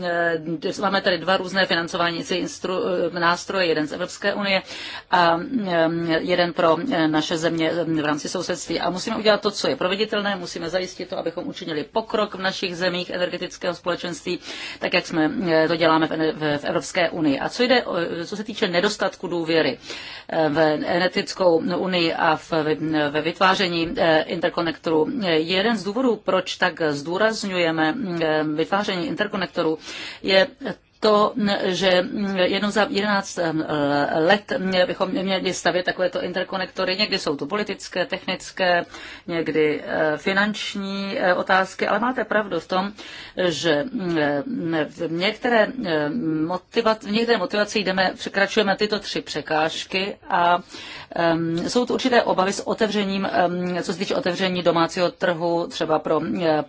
[SPEAKER 4] Eh, máme tady dva různé financovací eh, nástroje, jeden z Evropské unie a eh, jeden pro naše země v rámci sousedství. A musíme udělat to, co je proveditelné, musíme zajistit to, abychom učinili pokrok v našich zemích energetického společenství, tak jak jsme to děláme v Evropské unii. A co, jde, co se týče nedostatku důvěry v energetickou unii a ve vytváření interkonektorů, jeden z důvodů, proč tak zdůrazňujeme vytváření interkonektorů, je to, že jenom za 11 eh, let bychom měli stavět takovéto interkonektory. Někdy jsou to politické, technické, někdy eh, finanční eh, otázky, ale máte pravdu v tom, že v některé, motivaci, v některé motivaci jdeme, překračujeme tyto tři překážky a jsou tu určité obavy s otevřením, co se týče otevření domácího trhu, třeba pro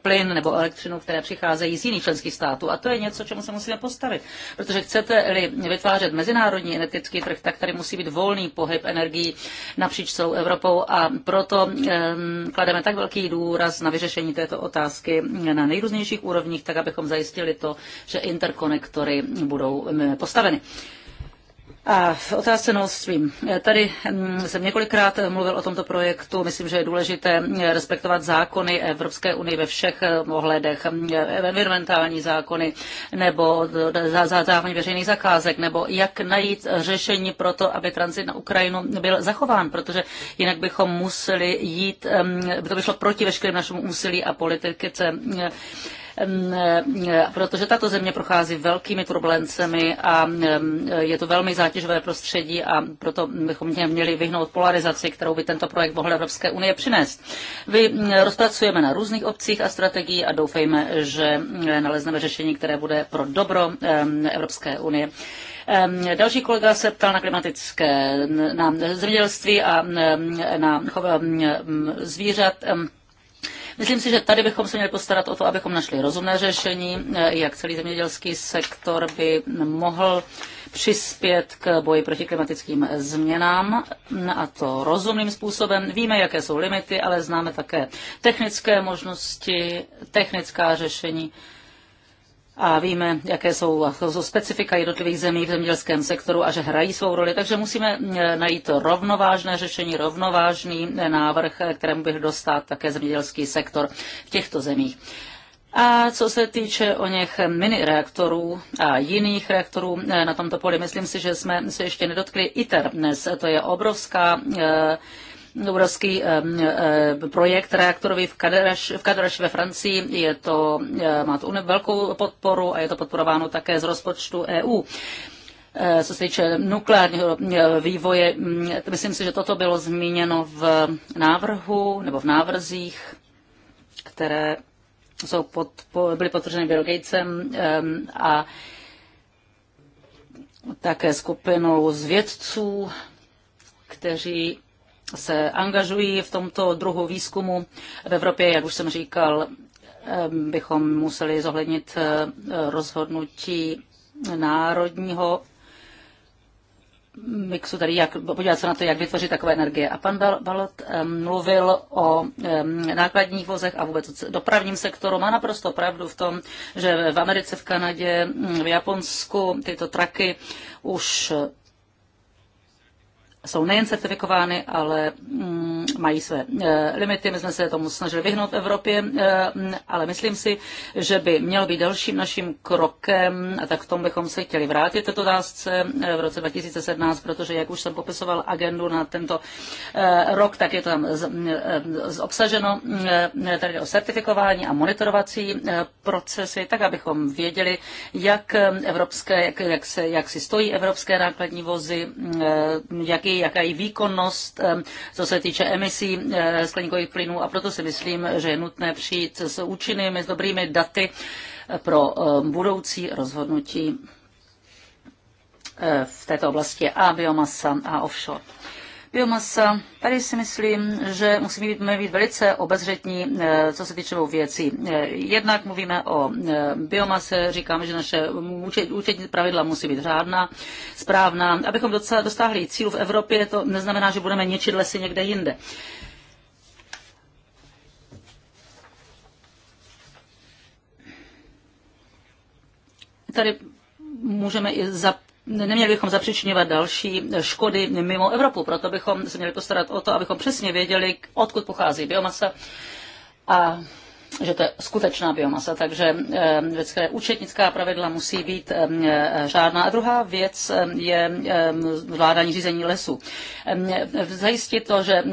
[SPEAKER 4] plyn nebo elektřinu, které přicházejí z jiných členských států. A to je něco, čemu se musíme postavit. Protože chcete-li vytvářet mezinárodní energetický trh, tak tady musí být volný pohyb energií napříč celou Evropou a proto klademe tak velký důraz na vyřešení této otázky na nejrůznějších úrovních, tak abychom zajistili to, že interkonektory budou postaveny. A v otázce Nord Stream. Tady mm, jsem několikrát mluvil o tomto projektu. Myslím, že je důležité respektovat zákony Evropské unie ve všech eh, ohledech. Mm, environmentální zákony nebo zadávání veřejných zakázek, nebo jak najít řešení pro to, aby transit na Ukrajinu byl zachován, protože jinak bychom museli jít, mm, by to by šlo proti veškerým našemu úsilí a politice E, protože tato země prochází velkými turbulencemi a je to velmi zátěžové prostředí a proto bychom měli vyhnout polarizaci, kterou by tento projekt mohl Evropské unie přinést. Vy rozpracujeme na různých obcích a strategií a doufejme, že nalezneme řešení, které bude pro dobro Evropské unie. Další kolega se ptal na klimatické, na zemědělství a na chov zvířat. Myslím si, že tady bychom se měli postarat o to, abychom našli rozumné řešení, eh, jak celý zemědělský sektor by mohl přispět k boji proti klimatickým změnám a to rozumným způsobem. Víme, jaké jsou limity, ale známe také technické možnosti, technická řešení a víme, jaké jsou, specifika jednotlivých zemí v zemědělském sektoru a že hrají svou roli. Takže musíme eh, najít rovnovážné řešení, rovnovážný eh, návrh, eh, kterému bych dostat také zemědělský sektor v těchto zemích. A co se týče o něch mini reaktorů a jiných reaktorů na tomto poli, myslím si, že jsme se ještě nedotkli ITER dnes. To je obrovská eh, obrovský eh, eh, projekt reaktorový v Kadaraši, v ve Francii. Je to, eh, má to velkou podporu a je to podporováno také z rozpočtu EU co se týče nukleárního vývoje, mm, myslím si, že toto bylo zmíněno v návrhu nebo v návrzích, které jsou pod, byly potvrzeny Bill Gatesem a také skupinou z vědců, kteří se angažují v tomto druhu výzkumu. V Evropě, jak už jsem říkal, bychom museli zohlednit eh, rozhodnutí národního mixu, tady jak, podívat se na to, jak vytvořit takové energie. A pan Balot mluvil o nákladních vozech a vůbec dopravním sektoru. Má naprosto pravdu v tom, že v Americe, v Kanadě, v Japonsku tyto traky už jsou nejen certifikovány, ale mm, mají své eh, limity. My jsme se tomu snažili vyhnout v Evropě, eh, mm, ale myslím si, že by mělo být dalším naším krokem, a tak k tomu bychom se chtěli vrátit této otázce eh, v roce 2017, protože jak už jsem popisoval agendu na tento rok, tak je to tam obsaženo mm, tady o certifikování a monitorovací procesy, tak abychom věděli, jak evropské, jak, jak, se, jak si stojí evropské nákladní vozy, jaký jaká je výkonnost, co se týče emisí eh, skleníkových plynů a proto si myslím, že je nutné přijít s účinnými, s dobrými daty pro eh, budoucí rozhodnutí eh, v této oblasti a biomasa a offshore biomasa, tady si myslím, že musíme být, být velice obezřetní, eh, co se týče věcí. Eh, jednak mluvíme o eh, biomase, říkáme, že naše účetní pravidla musí být řádná, správná. Abychom dostáhli cílu v Evropě, to neznamená, že budeme něčit lesy někde jinde. Tady můžeme i zap, Neměli bychom zapřičňovat další škody mimo Evropu, proto bychom se měli postarat o to, abychom přesně věděli, odkud pochází biomasa a že to je skutečná biomasa, takže eh, veškeré účetnická pravidla musí být eh, eh, řádná. A druhá věc je zvládání řízení lesů. Zajistit to, že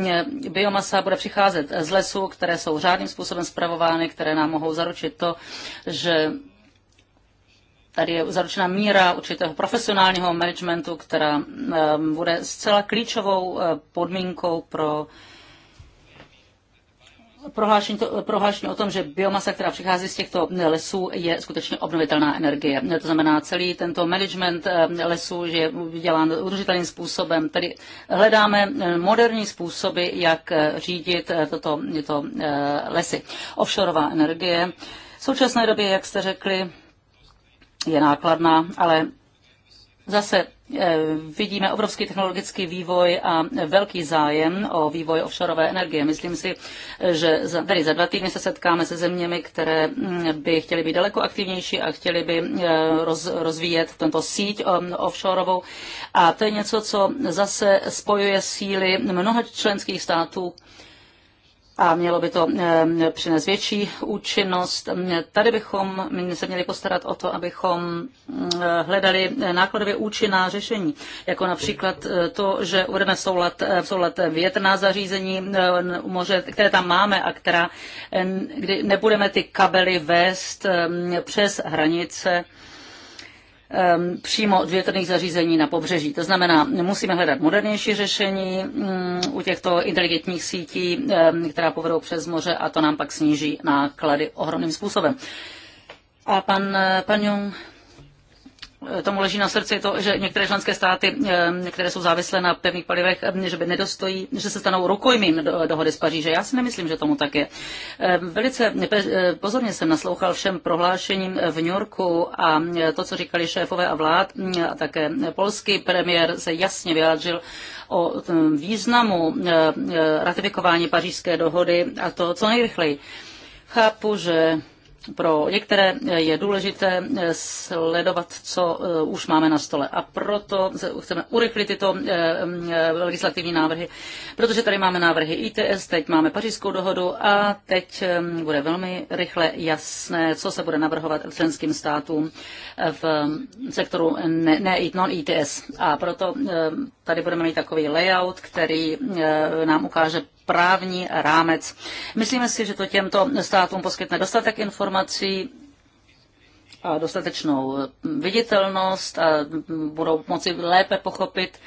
[SPEAKER 4] biomasa bude přicházet z lesů, které jsou řádným způsobem zpravovány, které nám mohou zaručit to, že Tady je zaručena míra určitého profesionálního managementu, která eh, bude zcela klíčovou eh, podmínkou pro prohlášení, to, eh, prohlášení o tom, že biomasa, která přichází z těchto lesů, je skutečně obnovitelná energie. To znamená, celý tento management lesů je dělán udržitelným způsobem. Tedy hledáme moderní způsoby, jak řídit toto, tyto lesy. Offshoreová energie. V současné době, jak jste řekli, je nákladná, ale zase eh, vidíme obrovský technologický vývoj a velký zájem o vývoj offshoreové energie. Myslím si, že za, tedy za dva týdny se setkáme se zeměmi, které mm, by chtěly být daleko aktivnější a chtěly by eh, roz, rozvíjet tento síť eh, offshoreovou. A to je něco, co zase spojuje síly mnoha členských států a mělo by to přines větší účinnost. Tady bychom se měli postarat o to, abychom hledali nákladově účinná řešení, jako například e, to, že budeme soulad, e, soulad větrná zařízení e, moře, které tam máme a která, kdy nebudeme ty kabely vést přes hranice Ehm, přímo od větrných zařízení na pobřeží. To znamená, musíme hledat modernější řešení mm, u těchto inteligentních sítí, ehm, která povedou přes moře a to nám pak sníží náklady ohromným způsobem. A pan, eh, pan Jung tomu leží na srdci to, že některé členské státy, eh, které jsou závislé na pevných palivech, eh, že by nedostojí, že se stanou rukojmím dohody z Paříže. Já si nemyslím, že tomu tak je. Eh, velice pozorně jsem naslouchal všem prohlášením v New Yorku a to, co říkali šéfové a vlád, mm, a také polský premiér se jasně vyjádřil o významu ratifikování pařížské dohody a to co nejrychleji. Chápu, že pro některé je důležité sledovat, co eh, už máme na stole. A proto chceme urychlit tyto eh, mm, eh, legislativní návrhy, protože tady máme návrhy ITS, teď máme pařížskou dohodu a teď bude velmi rychle jasné, co se bude navrhovat členským státům v sektoru non-ITS. A proto tady budeme mít takový layout, který nám ukáže právní rámec. Myslíme si, že to těmto státům poskytne dostatek informací a dostatečnou viditelnost a budou moci lépe pochopit,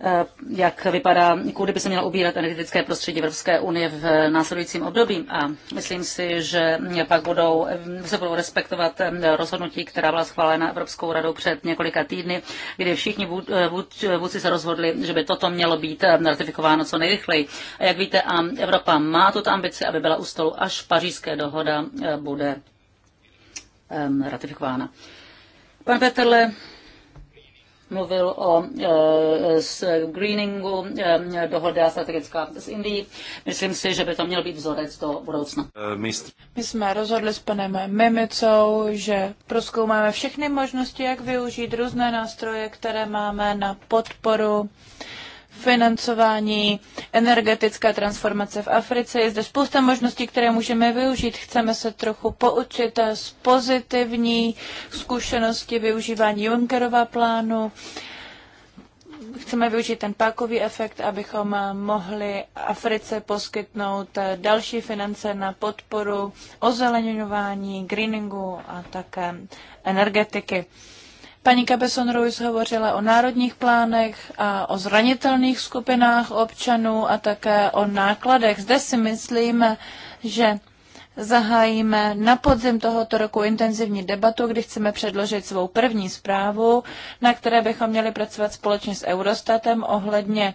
[SPEAKER 4] Eh, jak vypadá, kudy by se mělo ubírat energetické prostředí Evropské unie v následujícím období. A myslím si, že pak budou, eh, se budou respektovat eh, rozhodnutí, která byla schválena Evropskou radou před několika týdny, kdy všichni vůdci se rozhodli, že by toto mělo být ratifikováno co nejrychleji. A jak víte, Evropa má tuto ambici, aby byla u stolu, až pařížské dohoda bude ratifikována. Pan Petrle, mluvil o e, greeningu, e, dohoda strategická s Indií. Myslím si, že by to měl být vzorec do budoucna. E, mistr.
[SPEAKER 2] My jsme rozhodli s panem Mimicou, že proskoumáme všechny možnosti, jak využít různé nástroje, které máme na podporu financování, energetická transformace v Africe. Je zde spousta možností, které můžeme využít. Chceme se trochu poučit z pozitivní zkušenosti využívání Junckerova plánu. Chceme využít ten pákový efekt, abychom mohli Africe poskytnout další finance na podporu ozeleňování, greeningu a také energetiky. Paní Cabezon Ruiz hovořila o národních plánech a o zranitelných skupinách občanů a také o nákladech. Zde si myslím, že zahájíme na podzim tohoto roku intenzivní debatu, kdy chceme předložit svou první zprávu, na které bychom měli pracovat společně s Eurostatem ohledně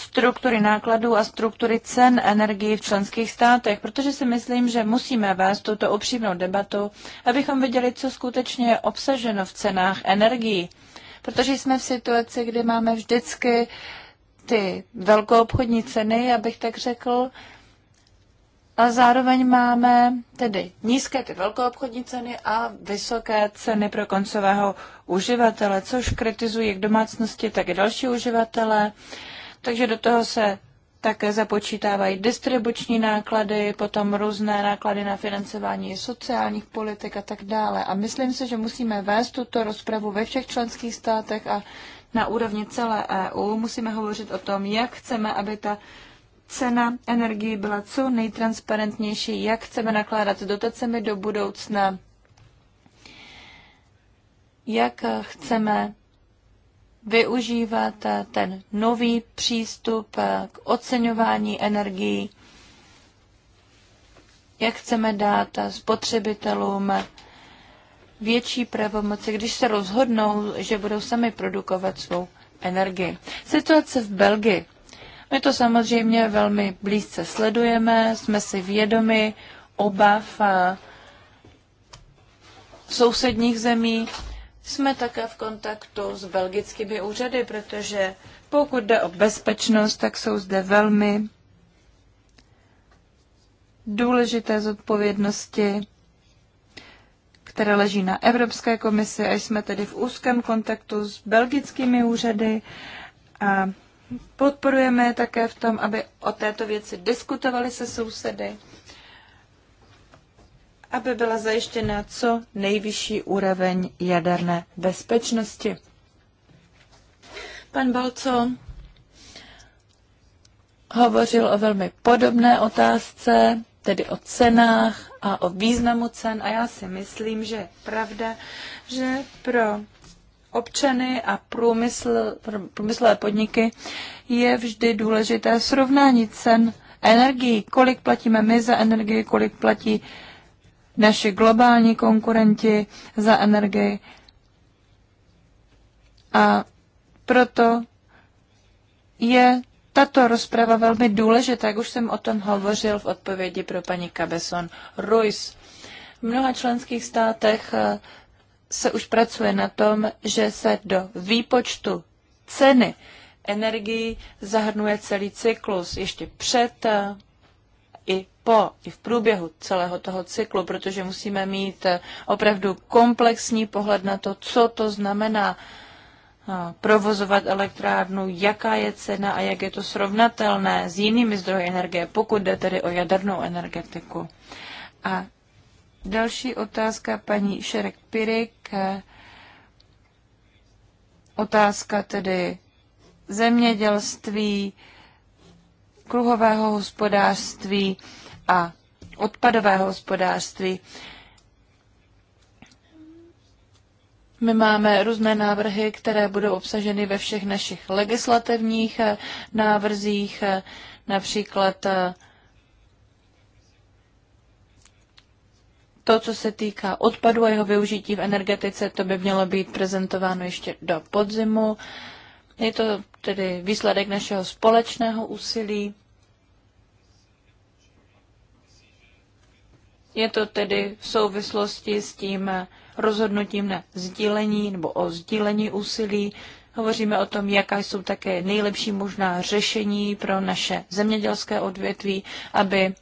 [SPEAKER 2] struktury nákladů a struktury cen energii v členských státech, protože si myslím, že musíme vést tuto upřímnou debatu, abychom viděli, co skutečně je obsaženo v cenách energií. Protože jsme v situaci, kdy máme vždycky ty velkou obchodní ceny, abych tak řekl, a zároveň máme tedy nízké ty velkoobchodní ceny a vysoké ceny pro koncového uživatele, což kritizují jak domácnosti, tak i další uživatele. Takže do toho se také započítávají distribuční náklady, potom různé náklady na financování sociálních politik a tak dále. A myslím si, že musíme vést tuto rozpravu ve všech členských státech a na úrovni celé EU. Musíme hovořit o tom, jak chceme, aby ta cena energii byla co nejtransparentnější, jak chceme nakládat s dotacemi do budoucna, jak chceme využívat eh, ten nový přístup eh, k oceňování energií, jak chceme dát eh, spotřebitelům větší pravomoci, když se rozhodnou, že budou sami produkovat svou energii. Situace v Belgii. My to samozřejmě velmi blízce sledujeme, jsme si vědomi obav sousedních zemí jsme také v kontaktu s belgickými úřady, protože pokud jde o bezpečnost, tak jsou zde velmi důležité zodpovědnosti, které leží na Evropské komisi a jsme tedy v úzkém kontaktu s belgickými úřady a podporujeme je také v tom, aby o této věci diskutovali se sousedy aby byla zajištěna co nejvyšší úroveň jaderné bezpečnosti. Pan Balco hovořil o velmi podobné otázce, tedy o cenách a o významu cen. A já si myslím, že je pravda, že pro občany a průmysl, průmyslové podniky je vždy důležité srovnání cen energií. Kolik platíme my za energii, kolik platí uh, naši globální konkurenti za energii. A proto je tato rozprava velmi důležitá, jak už jsem o tom hovořil v odpovědi pro paní Cabeson Ruiz. V mnoha členských státech eh, se už pracuje na tom, že se do výpočtu ceny energii zahrnuje celý cyklus ještě před eh, po i v průběhu celého toho cyklu, protože musíme mít eh, opravdu komplexní pohled na to, co to znamená eh, provozovat elektrárnu, jaká je cena a jak je to srovnatelné s jinými zdroji energie, pokud jde tedy o jadernou energetiku. A další otázka paní Šerek Pirik. Eh, otázka tedy zemědělství, kruhového hospodářství a odpadového hospodářství. My máme různé návrhy, které budou obsaženy ve všech našich legislativních eh, návrzích, eh, například eh, to, co se týká odpadu a jeho využití v energetice, to by mělo být prezentováno ještě do podzimu. Je to tedy výsledek našeho společného úsilí. Je to tedy v souvislosti s tím rozhodnutím na sdílení nebo o sdílení úsilí. Hovoříme o tom, jaká jsou také nejlepší možná řešení pro naše zemědělské odvětví, aby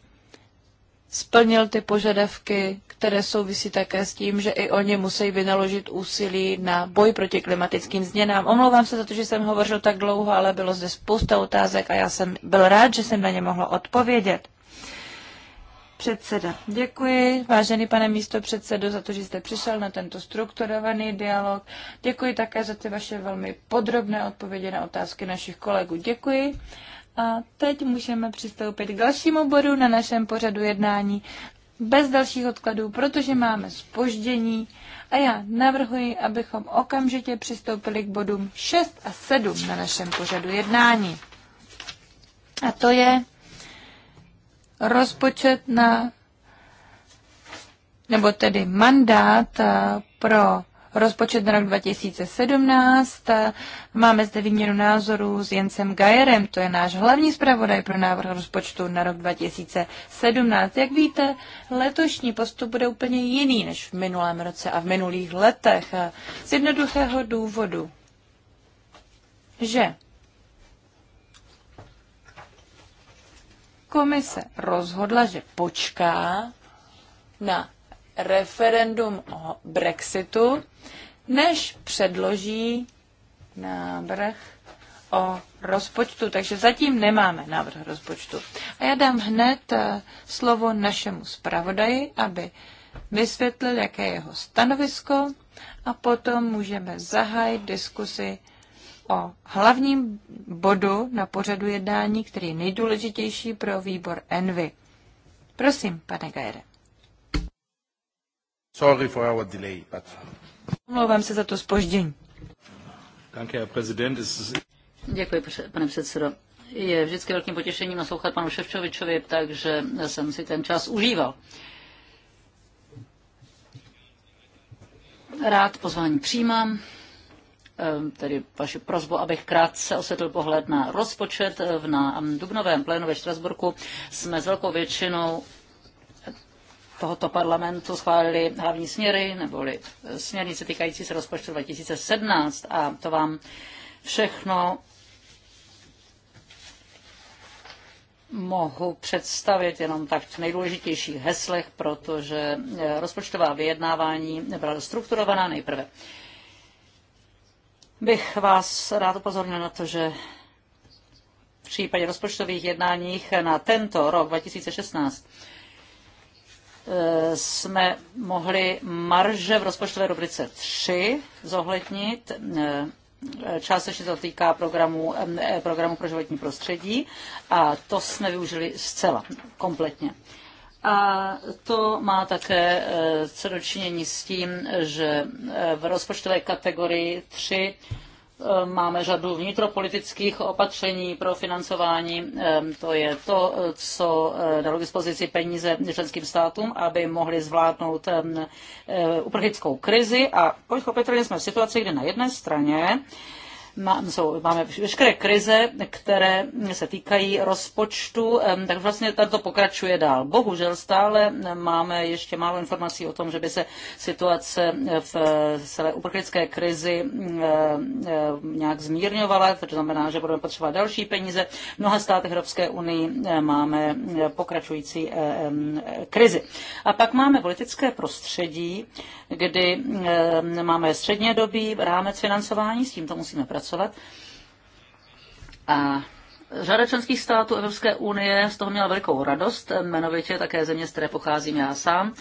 [SPEAKER 2] splnil ty požadavky, které souvisí také s tím, že i oni musí vynaložit úsilí na boj proti klimatickým změnám. Omlouvám se za to, že jsem hovořil tak dlouho, ale bylo zde spousta otázek a já jsem byl rád, že jsem na ně mohla odpovědět. Předseda, děkuji, vážený pane místo předsedo, za to, že jste přišel na tento strukturovaný dialog. Děkuji také za ty vaše velmi podrobné odpovědi na otázky našich kolegů. Děkuji. A teď můžeme přistoupit k dalšímu bodu na našem pořadu jednání bez dalších odkladů, protože máme spoždění a já navrhuji, abychom okamžitě přistoupili k bodům 6 a 7 na našem pořadu jednání. A to je rozpočet na, nebo tedy mandát eh, pro rozpočet na rok 2017. Eh, Máme zde výměnu názorů s Jencem Gajerem, to je náš hlavní zpravodaj pro návrh rozpočtu na rok 2017. Jak víte, letošní postup bude úplně jiný než v minulém roce a v minulých letech. Eh, Z jednoduchého důvodu, že komise rozhodla, že počká na referendum o Brexitu, než předloží návrh o rozpočtu. Takže zatím nemáme návrh rozpočtu. A já dám hned eh, slovo našemu zpravodaji, aby vysvětlil, jaké je jeho stanovisko a potom můžeme zahájit diskusi o hlavním bodu na pořadu jednání, který je nejdůležitější pro výbor Envy. Prosím, pane Gajere.
[SPEAKER 1] Sorry for our delay, but...
[SPEAKER 4] Omlouvám se za to spoždění. Děkuji, pane předsedo. Je vždycky velkým potěšením naslouchat panu Ševčovičovi, takže jsem si ten čas užíval. Rád pozvání přijímám. Ehm, tedy vaši prozbu, abych krátce osvětl pohled na rozpočet. Ehm, na ehm, Dubnovém plénu ve Štrasburku jsme s velkou většinou tohoto parlamentu schválili hlavní směry, neboli eh, směrnice týkající se rozpočtu 2017 a to vám všechno mohu představit jenom tak v nejdůležitějších heslech, protože eh, rozpočtová vyjednávání byla strukturovaná nejprve bych vás rád upozornil na to, že v případě rozpočtových jednáních na tento rok 2016 eh, jsme mohli marže v rozpočtové rubrice 3 zohlednit. Eh, částečně to týká programu, eh, programu pro životní prostředí a to jsme využili zcela, kompletně. A to má také eh, co dočinění s tím, že eh, v rozpočtové kategorii 3 eh, máme řadu vnitropolitických opatření pro financování. To je to, co dalo k dispozici peníze členským státům, aby mohli zvládnout uprchlickou krizi. A pochopitelně jsme v situaci, kde na jedné straně máme veškeré krize, které se týkají rozpočtu, tak vlastně tato pokračuje dál. Bohužel stále máme ještě málo informací o tom, že by se situace v eh, celé uprchlické krizi nějak zmírňovala, to znamená, že budeme potřebovat další peníze. V mnoha státech Evropské unii eh, máme eh, pokračující krizi. A pak máme politické prostředí, kdy máme střednědobý rámec financování, s tímto musíme pracovat pracovat. A Řada členských států Evropské unie z toho měla velikou radost, jmenovitě také země, z které pocházím já sám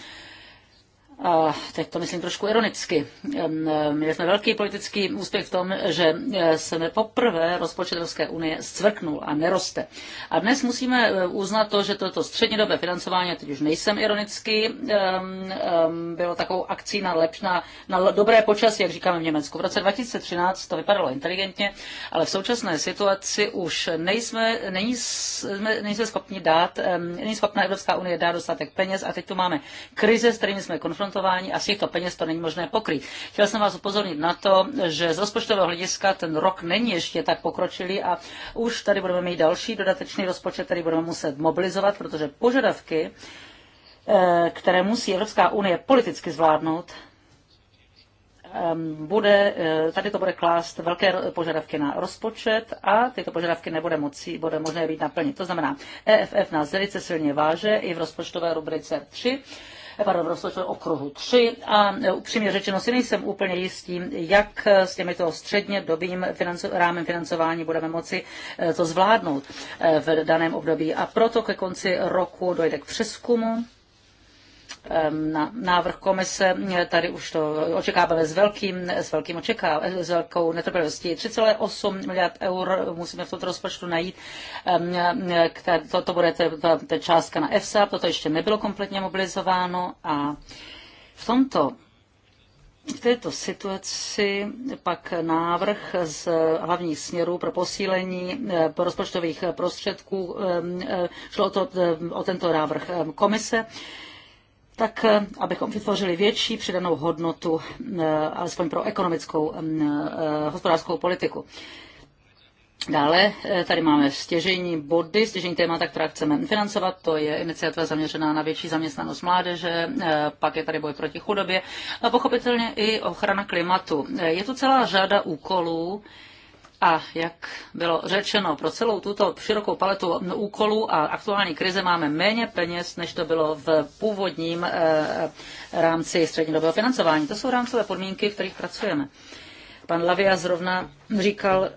[SPEAKER 4] a teď to myslím trošku ironicky, měli jsme velký politický úspěch v tom, že eh, se poprvé rozpočet Evropské unie zcvrknul a neroste. A dnes musíme eh, uznat to, že toto střednědobé financování, teď už nejsem ironicky, bylo takovou akcí na, lepš, na, na dobré počasí, jak říkáme v Německu. V roce 2013 to vypadalo inteligentně, ale v současné situaci už nejsme, není, nejsme schopni dát, není schopna Evropská unie dát dostatek peněz a teď tu máme krize, s kterými jsme konfrontováni konfrontováni a z těchto peněz to není možné pokryt. Chtěl jsem vás upozornit na to, že z rozpočtového hlediska ten rok není ještě tak pokročilý a už tady budeme mít další dodatečný rozpočet, který budeme muset mobilizovat, protože požadavky, eh, které musí Evropská unie politicky zvládnout, ehm, bude, eh, tady to bude klást velké požadavky na rozpočet a tyto požadavky nebude moci, bude možné být naplnit. To znamená, EFF nás velice silně váže i v rozpočtové rubrice 3 pardon, v okruhu 3 a e, upřímně řečeno si nejsem úplně jistý, jak e, s těmito středně dobým financo- rámem financování budeme moci e, to zvládnout v daném období. A proto ke konci roku dojde k přeskumu na návrh komise. Eh, tady už to očekáváme s velkým, s velkým očeká, eh, s velkou netrpělivostí. 3,8 miliard eur musíme v tomto rozpočtu najít. Eh, to, to bude ta, ta částka na EFSA, toto ještě nebylo kompletně mobilizováno a v tomto v této situaci pak návrh z hlavních směrů pro posílení rozpočtových prostředků šlo o, to, o tento návrh komise tak eh, abychom vytvořili větší přidanou hodnotu, eh, alespoň pro ekonomickou mm, eh, hospodářskou politiku. Dále tady máme stěžení body, stěžení témata, která chceme financovat, to je iniciativa zaměřená na větší zaměstnanost mládeže, pak je tady boj proti chudobě a pochopitelně i ochrana klimatu. Je tu celá řada úkolů, a jak bylo řečeno, pro celou tuto širokou paletu úkolů a aktuální krize máme méně peněz, než to bylo v původním eh, eh, rámci střednědobého financování. To jsou rámcové podmínky, v kterých pracujeme. Pan Lavia zrovna říkal,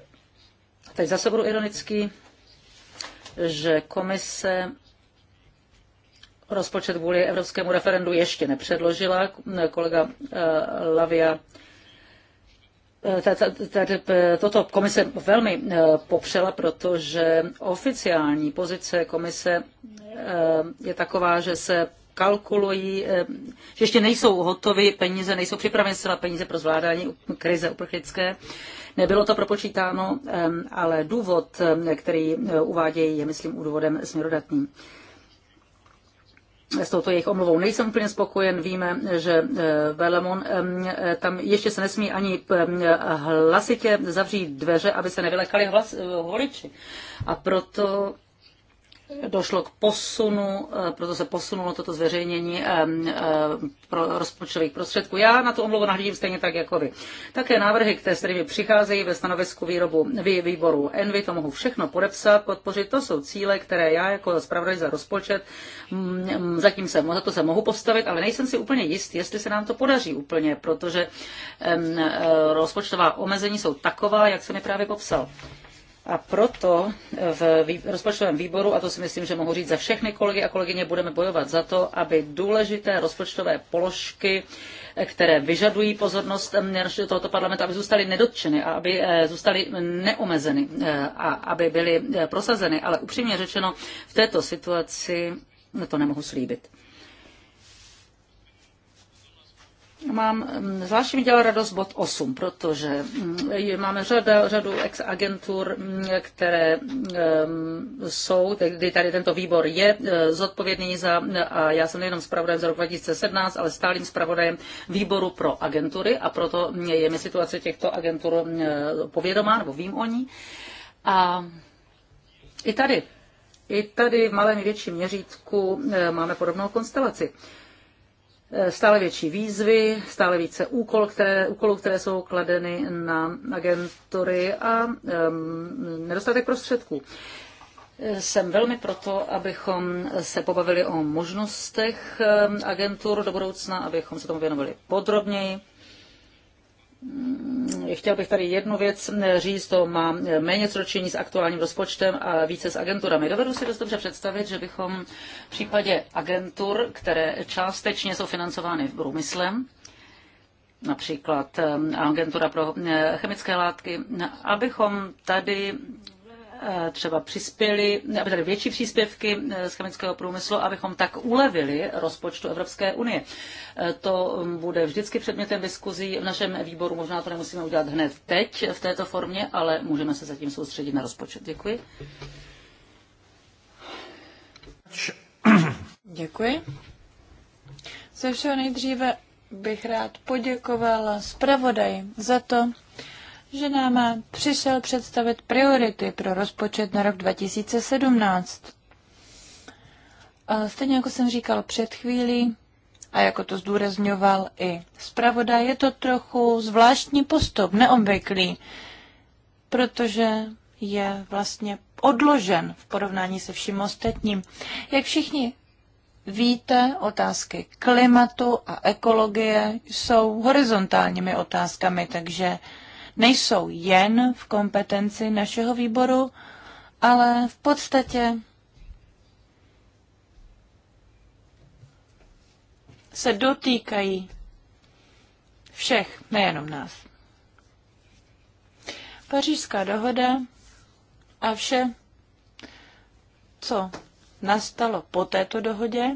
[SPEAKER 4] teď zase budu ironický, že komise rozpočet kvůli evropskému referendu ještě nepředložila. Kolega eh, Lavia Eh, eh, toto komise velmi eh, popřela, protože oficiální pozice komise je taková, že se kalkulují, že ještě nejsou hotovy peníze, nejsou připraveny zcela peníze pro zvládání krize uprchlické. Nebylo to propočítáno, ale důvod, který uvádějí, je, myslím, důvodem směrodatným s touto jejich omluvou nejsem úplně spokojen. Víme, že Belemon eh, eh, eh, tam ještě se nesmí ani hlasitě zavřít dveře, aby se nevylekali hlas, voliči. A proto došlo k posunu, eh, proto se posunulo toto zveřejnění eh, eh, pro rozpočtových prostředků. Já na tu omluvu nahlížím stejně tak jako vy. Také návrhy, které s kterými přicházejí ve stanovisku výrobu, výboru Envy, to mohu všechno podepsat, podpořit. To jsou cíle, které já jako zpravodaj za rozpočet mm, mm, zatím se, za to se mohu postavit, ale nejsem si úplně jist, jestli se nám to podaří úplně, protože rozpočtová omezení jsou taková, jak jsem je právě popsal. A proto eh, v rozpočtovém výboru, a to si myslím, že mohu říct za všechny kolegy a kolegyně, budeme bojovat za to, aby důležité rozpočtové položky, eh, které vyžadují pozornost eh, tohoto parlamentu, aby zůstaly nedotčeny a aby zůstaly neomezeny a aby byly prosazeny. Ale upřímně řečeno, v této situaci to nemohu slíbit. Mám mm, zvláště mi dělal radost bod 8, protože mm, máme řada, řadu ex-agentur, mm, které jsou, kdy tady tento výbor je e, zodpovědný za, a já jsem nejenom zpravodajem za rok 2017, ale stálým zpravodajem výboru pro agentury a proto je mi situace těchto agentur e, povědomá, nebo vím o ní. A i tady, i tady v malém i větším měřítku e, máme podobnou konstelaci stále větší výzvy, stále více úkol, které, úkolů, které jsou kladeny na agentury a um, nedostatek prostředků. Jsem velmi proto, abychom se pobavili o možnostech agentur do budoucna, abychom se tomu věnovali podrobněji Mm, chtěl bych tady jednu věc eh, říct, to má eh, méně sročení s aktuálním rozpočtem a více s agenturami. Dovedu si dost dobře představit, že bychom v případě agentur, které částečně jsou financovány v průmyslem, například eh, agentura pro chemické látky, abychom tady Eh, třeba přispěli, aby tady větší příspěvky eh, z chemického průmyslu, abychom tak ulevili rozpočtu Evropské unie. Eh, to mm, bude vždycky předmětem diskuzí v našem výboru. Možná to nemusíme udělat hned teď v této formě, ale můžeme se zatím soustředit na rozpočet. Děkuji. Děkuji.
[SPEAKER 2] Ze všeho nejdříve bych rád poděkoval zpravodaji za to, že nám přišel představit priority pro rozpočet na rok 2017. A stejně jako jsem říkal před chvílí, a jako to
[SPEAKER 3] zdůrazňoval
[SPEAKER 2] i zpravodaj, je to trochu zvláštní postup, neobvyklý, protože je vlastně odložen v porovnání se vším ostatním. Jak všichni víte, otázky klimatu a ekologie jsou horizontálními otázkami, takže nejsou jen v kompetenci našeho výboru, ale v podstatě se dotýkají všech, nejenom nás. Pařížská dohoda a vše, co nastalo po této dohodě,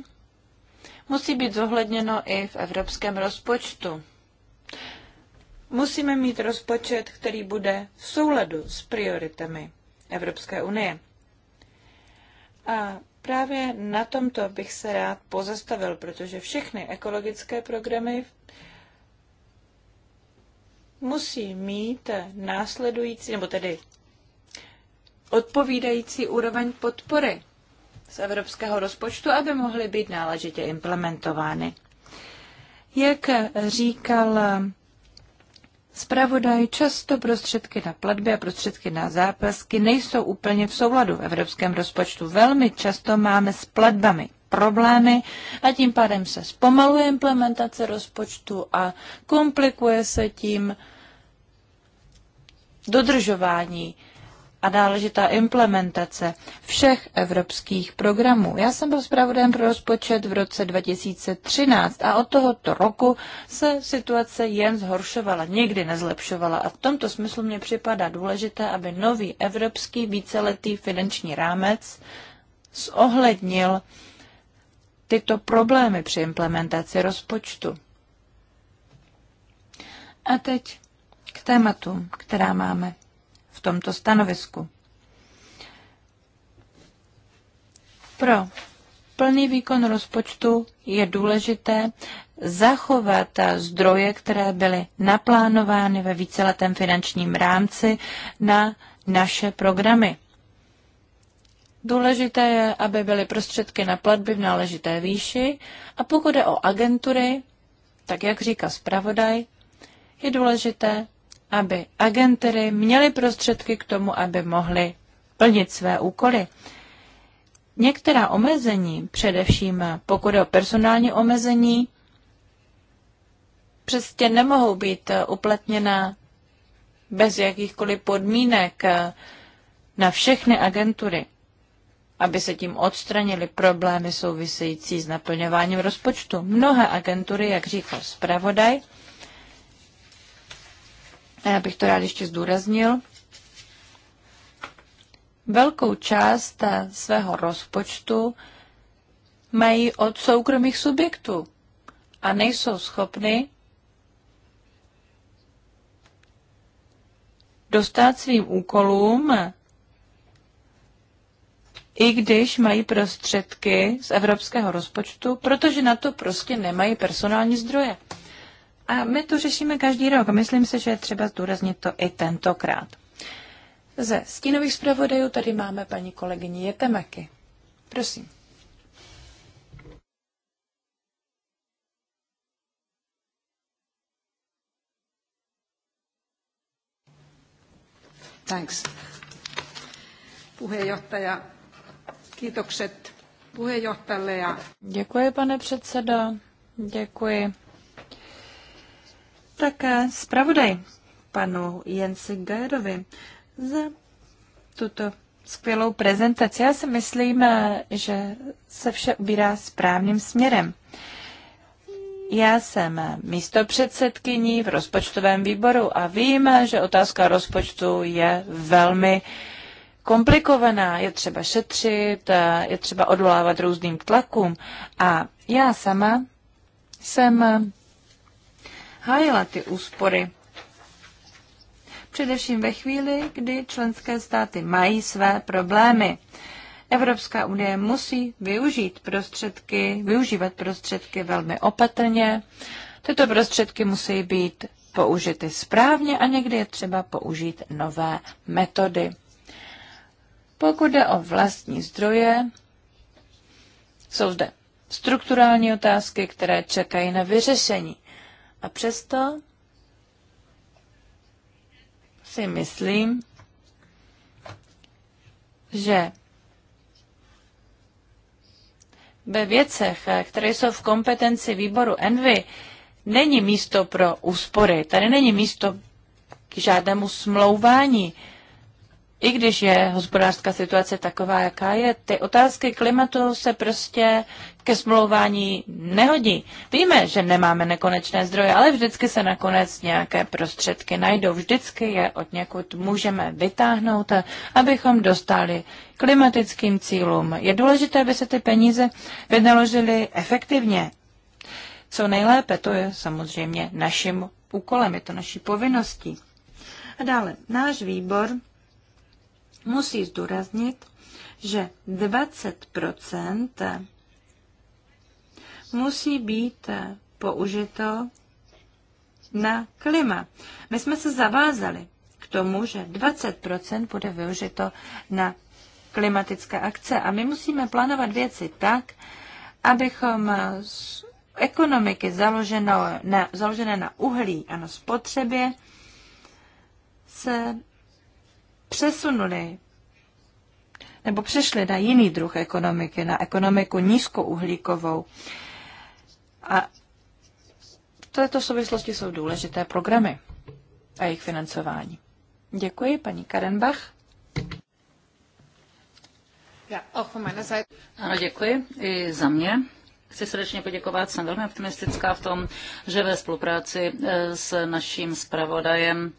[SPEAKER 2] musí být zohledněno i v evropském rozpočtu. Musíme mít rozpočet, který bude v souladu s prioritami Evropské unie. A právě na tomto bych se rád pozastavil, protože všechny ekologické programy musí mít následující, nebo tedy odpovídající úroveň podpory z evropského rozpočtu, aby mohly být náležitě implementovány. Jak říkal Spravodaj často prostředky na platby a prostředky na zápasky nejsou úplně v souladu v evropském rozpočtu. Velmi často máme s platbami problémy a tím pádem se zpomaluje implementace rozpočtu a komplikuje se tím dodržování a náležitá implementace všech evropských programů. Já jsem byl zpravodajem pro rozpočet v roce 2013 a od tohoto roku se situace jen zhoršovala, nikdy nezlepšovala a v tomto smyslu mě připadá důležité, aby nový evropský víceletý finanční rámec zohlednil tyto problémy při implementaci rozpočtu. A teď k tématům, která máme tomto stanovisku. Pro plný výkon rozpočtu je důležité zachovat zdroje, které byly naplánovány ve víceletém finančním rámci na naše programy. Důležité je, aby byly prostředky na platby v náležité výši a pokud je o agentury, tak jak říká zpravodaj, je důležité, aby agentury měly prostředky k tomu, aby mohly plnit své úkoly. Některá omezení, především pokud je o personální omezení, přesně nemohou být uplatněna bez jakýchkoliv podmínek na všechny agentury, aby se tím odstranili problémy související s naplňováním rozpočtu. Mnohé agentury, jak říkal zpravodaj, já bych to rád ještě zdůraznil, velkou část eh, svého rozpočtu mají od soukromých subjektů a nejsou schopny dostat svým úkolům, i když mají prostředky z evropského rozpočtu, protože na to prostě nemají personální zdroje. A my to řešíme každý rok. Myslím si, že je třeba zdůraznit to i tentokrát. Ze stínových zpravodajů tady máme paní kolegyni Jetemaky. Prosím.
[SPEAKER 4] Thanks.
[SPEAKER 3] Puheenjohtaja, kiitokset puheenjohtajalle ja...
[SPEAKER 2] Děkuji, pane předsedo. Děkuji také zpravodaj panu Jensi Gajerovi za tuto skvělou prezentaci. Já si myslím, eh, že se vše ubírá správným směrem. Já jsem místo předsedkyní v rozpočtovém výboru a vím, že otázka rozpočtu je velmi komplikovaná. Je třeba šetřit, eh, je třeba odolávat různým tlakům. A já sama jsem hájila ty úspory. Především ve chvíli, kdy členské státy mají své problémy. Evropská unie musí využít prostředky, využívat prostředky velmi opatrně. Tyto prostředky musí být použity správně a někdy je třeba použít nové metody. Pokud jde o vlastní zdroje, jsou zde strukturální otázky, které čekají na vyřešení. A přesto si myslím, že ve věcech, které jsou v kompetenci výboru Envy, není místo pro úspory. Tady není místo k žádnému smlouvání i když je hospodářská situace taková, jaká je, ty otázky klimatu se prostě ke smlouvání nehodí. Víme, že nemáme nekonečné zdroje, ale vždycky se nakonec nějaké prostředky najdou. Vždycky je od někud můžeme vytáhnout, abychom dostali klimatickým cílům. Je důležité, aby se ty peníze vynaložily efektivně. Co nejlépe, to je samozřejmě naším úkolem, je to naší povinností. A dále, náš výbor musí zdůraznit, že 20 musí být použito na klima. My jsme se zavázali k tomu, že 20 bude využito na klimatické akce a my musíme plánovat věci tak, abychom z ekonomiky založené na, založené na uhlí a na spotřebě se přesunuli nebo přešli na jiný druh ekonomiky, na ekonomiku nízkouhlíkovou. A v této souvislosti jsou důležité programy a jejich financování. Děkuji, paní Karenbach.
[SPEAKER 4] Ano, děkuji i za mě. Chci srdečně poděkovat, jsem velmi optimistická v tom, že ve spolupráci eh, s naším zpravodajem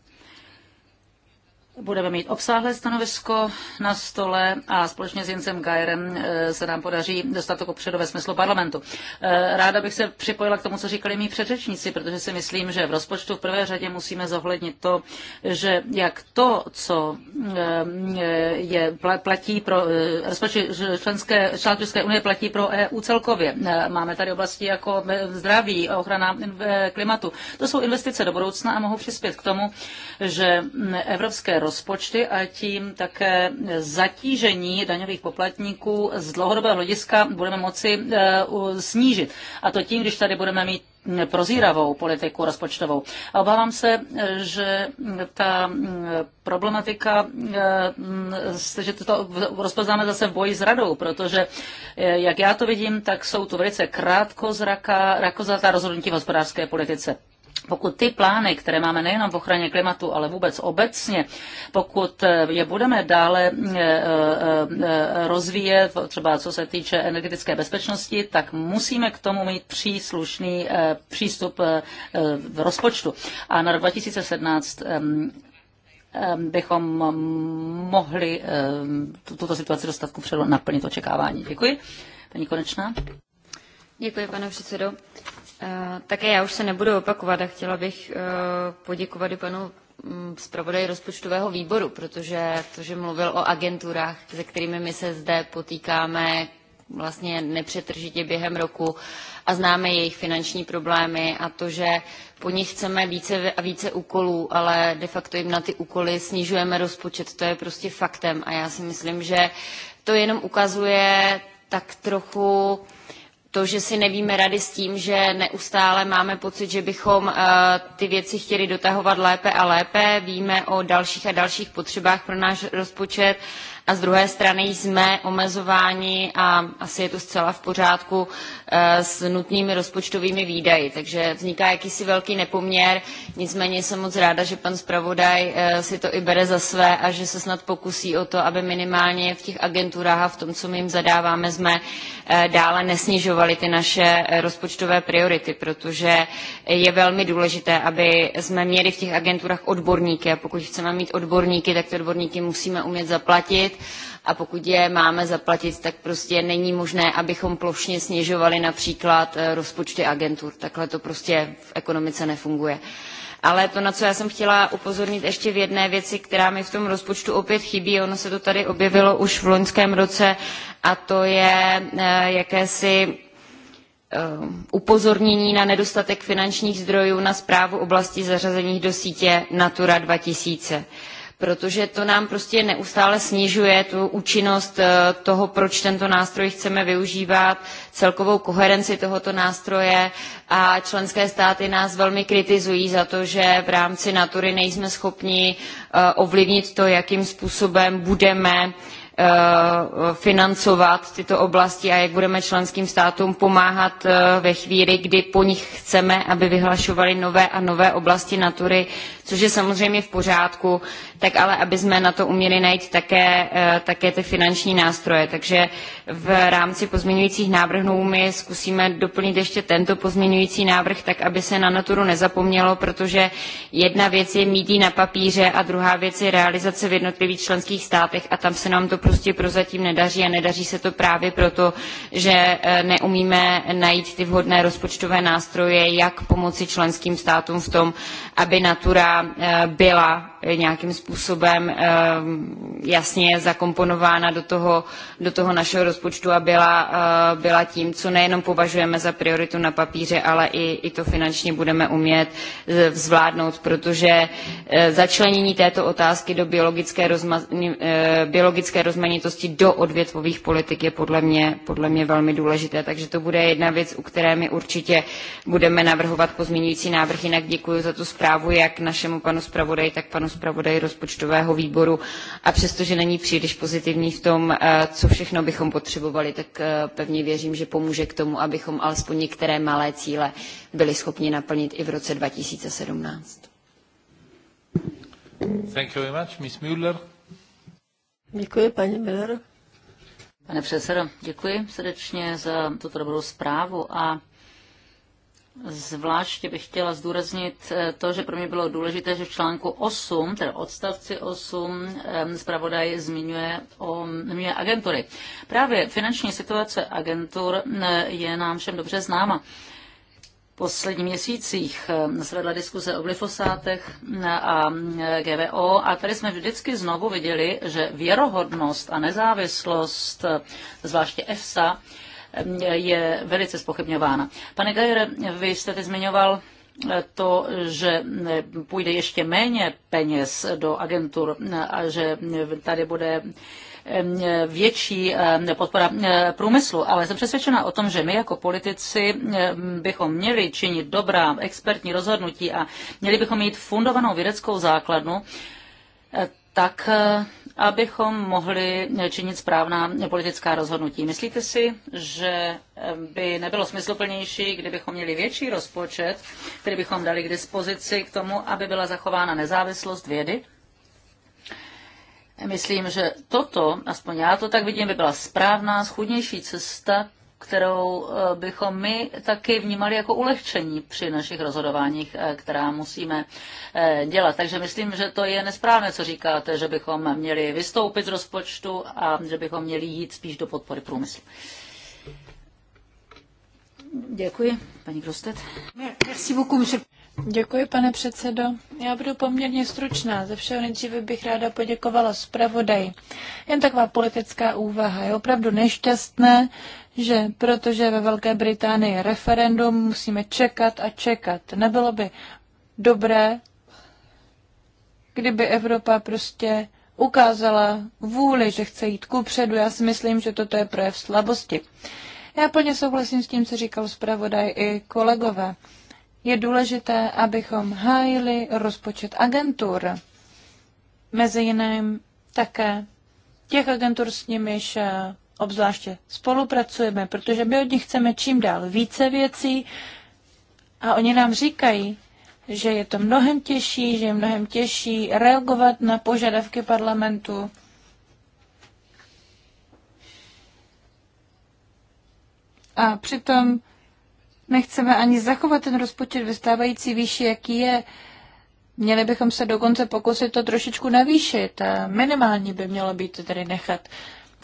[SPEAKER 4] Budeme mít obsáhlé stanovisko na stole a společně s Jincem Gajerem eh, se nám podaří dostat to kopředu ve smyslu parlamentu. Eh, ráda bych se připojila k tomu, co říkali mý předřečníci, protože si myslím, že v rozpočtu v prvé řadě musíme zohlednit to, že jak to, co eh, je, platí pro rozpočet členské, členské unie, platí pro EU celkově. Máme tady oblasti jako zdraví, ochrana klimatu. To jsou investice do budoucna a mohou přispět k tomu, že mm, evropské rozpočty a tím také zatížení daňových poplatníků z dlouhodobého hlediska budeme moci e, snížit. A to tím, když tady budeme mít prozíravou politiku rozpočtovou. A obávám se, že ta e, problematika, e, že to rozpoznáme zase v boji s radou, protože jak já to vidím, tak jsou to velice krátkozraká, krátkozratá rozhodnutí v hospodářské politice pokud ty plány, které máme nejenom v ochraně klimatu, ale vůbec obecně, pokud eh, je budeme dále eh, eh, rozvíjet, třeba co se týče energetické bezpečnosti, tak musíme k tomu mít příslušný přístup v rozpočtu. A na rok 2017 ehm, ehm, bychom mohli tuto situaci dostat ku předu naplnit očekávání. Děkuji. Paní Konečná.
[SPEAKER 5] Děkuji, pane předsedo. Eh, také já už se nebudu opakovat a chtěla bych eh, poděkovat i panu mm, zpravodaji rozpočtového výboru, protože to, že mluvil o agenturách, se kterými my se zde potýkáme vlastně nepřetržitě během roku a známe jejich finanční problémy a to, že po nich chceme více a více úkolů, ale de facto jim na ty úkoly snižujeme rozpočet, to je prostě faktem a já si myslím, že to jenom ukazuje tak trochu to, že si nevíme rady s tím, že neustále máme pocit, že bychom eh, ty věci chtěli dotahovat lépe a lépe. Víme o dalších a dalších potřebách pro náš rozpočet a z druhé strany jsme omezováni a asi je to zcela v pořádku eh, s nutnými rozpočtovými výdaji. Takže vzniká jakýsi velký nepoměr, nicméně jsem moc ráda, že pan zpravodaj eh, si to i bere za své a že se snad pokusí o to, aby minimálně v těch agenturách a v tom, co my jim zadáváme, jsme eh, dále nesnižovali ty naše rozpočtové priority, protože je velmi důležité, aby jsme měli v těch agenturách odborníky a pokud chceme mít odborníky, tak ty odborníky musíme umět zaplatit zaplatit a pokud je máme zaplatit, tak prostě není možné, abychom plošně snižovali například eh, rozpočty agentur. Takhle to prostě v ekonomice nefunguje. Ale to, na co já jsem chtěla upozornit ještě v jedné věci, která mi v tom rozpočtu opět chybí, ono se to tady objevilo už v loňském roce, a to je eh, jakési eh, upozornění na nedostatek finančních zdrojů na správu oblasti zařazených do sítě Natura 2000 protože to nám prostě neustále snižuje tu účinnost eh, toho, proč tento nástroj chceme využívat, celkovou koherenci tohoto nástroje a členské státy nás velmi kritizují za to, že v rámci natury nejsme schopni eh, ovlivnit to, jakým způsobem budeme eh, financovat tyto oblasti a jak budeme členským státům pomáhat ve chvíli, kdy po nich chceme, aby vyhlašovali nové a nové oblasti natury, což je samozřejmě v pořádku tak ale aby jsme na to uměli najít také, eh, také ty finanční nástroje. Takže v rámci pozměňujících návrhů my zkusíme doplnit ještě tento pozměňující návrh, tak aby se na naturu nezapomnělo, protože jedna věc je mít na papíře a druhá věc je realizace v jednotlivých členských státech a tam se nám to prostě prozatím nedaří a nedaří se to právě proto, že eh, neumíme najít ty vhodné rozpočtové nástroje, jak pomoci členským státům v tom, aby natura eh, byla nějakým způsobem ehm, jasně zakomponována do toho, do toho našeho rozpočtu a byla, eh, byla tím, co nejenom považujeme za prioritu na papíře, ale i, i to finančně budeme umět eh, zvládnout, protože eh, začlenění této otázky do biologické, rozma, biologické rozmanitosti do odvětvových politik je podle mě, podle mě velmi důležité. Takže to bude jedna věc, u které my určitě budeme navrhovat pozměňující návrh. Jinak děkuji za tu zprávu jak našemu panu zpravodaji, tak panu zpravodaji rozpočtového výboru a přestože není příliš pozitivní v tom, eh, co všechno bychom potřebovali, tak eh, pevně věřím, že pomůže k tomu, abychom alespoň některé malé cíle byli schopni naplnit i v roce 2017.
[SPEAKER 1] Thank you very much. Ms. Müller.
[SPEAKER 3] Děkuji, paní
[SPEAKER 5] Müller.
[SPEAKER 4] Pane předsedo, děkuji srdečně za tuto dobrou zprávu a Zvláště bych chtěla zdůraznit eh, to, že pro mě bylo důležité, že v článku 8, tedy odstavci 8, eh, zpravodaj zmiňuje o mě agentury. Právě finanční situace agentur eh, je nám všem dobře známa posledních měsících se vedla diskuze o glyfosátech a GVO a tady jsme vždycky znovu viděli, že věrohodnost a nezávislost, zvláště EFSA, je velice spochybňována. Pane Gajere, vy jste teď zmiňoval eh, to, že eh, půjde ještě méně peněz do agentur eh, a že tady bude větší podpora průmyslu, ale jsem přesvědčena o tom, že my jako politici bychom měli činit dobrá expertní rozhodnutí a měli bychom mít fundovanou vědeckou základnu, tak abychom mohli činit správná politická rozhodnutí. Myslíte si, že eh, by nebylo smysluplnější, kdybychom měli větší rozpočet, který bychom dali k dispozici k tomu, aby byla zachována nezávislost vědy? Myslím, že toto, aspoň já to tak vidím, by byla správná, schudnější cesta kterou eh, bychom my taky vnímali jako ulehčení při našich rozhodováních, eh, která musíme eh, dělat. Takže myslím, že to je nesprávné, co říkáte, že bychom měli vystoupit z rozpočtu a že bychom měli jít spíš do podpory průmyslu. Děkuji, paní Grostet.
[SPEAKER 2] Děkuji, pane předsedo. Já budu poměrně stručná. Ze všeho nejdříve bych ráda poděkovala zpravodaji. Jen taková politická úvaha. Je opravdu nešťastné, že protože ve Velké Británii referendum musíme čekat a čekat. Nebylo by dobré, kdyby Evropa prostě ukázala vůli, že chce jít kupředu. Já si myslím, že toto je projev slabosti. Já plně souhlasím s tím, co říkal zpravodaj i kolegové. Je důležité, abychom hájili rozpočet agentur. Mezi jiným také těch agentur, s nimiž eh, obzvláště spolupracujeme, protože my od nich chceme čím dál více věcí a oni nám říkají, že je to mnohem těžší, že je mnohem těžší reagovat na požadavky parlamentu. A přitom nechceme ani zachovat ten rozpočet vystávající výši, jaký je. Měli bychom se dokonce pokusit to trošičku navýšit. A minimální by mělo být tedy nechat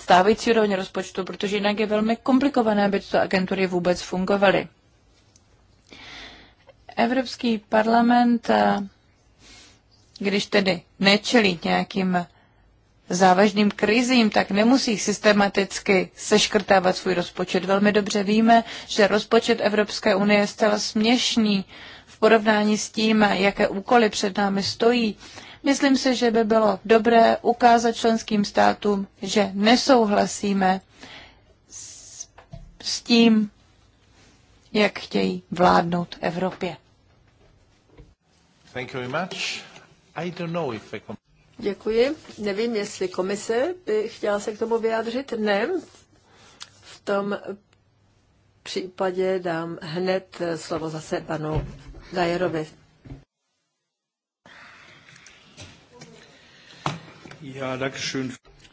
[SPEAKER 2] stávající úroveň rozpočtu, protože jinak je velmi komplikované, aby tyto agentury vůbec fungovaly. Evropský parlament, eh, když tedy nečelí nějakým závažným krizím, tak nemusí systematicky seškrtávat svůj rozpočet. Velmi dobře víme, že rozpočet Evropské unie je zcela směšný v porovnání s tím, jaké úkoly před námi stojí. Myslím si, že by bylo dobré ukázat členským státům, že nesouhlasíme s, s tím,
[SPEAKER 3] jak chtějí vládnout Evropě.
[SPEAKER 1] Thank you very much. I don't know if I...
[SPEAKER 3] Děkuji. Nevím, jestli komise by chtěla se k tomu vyjádřit. Ne. V tom případě dám hned slovo zase panu Dajerovi.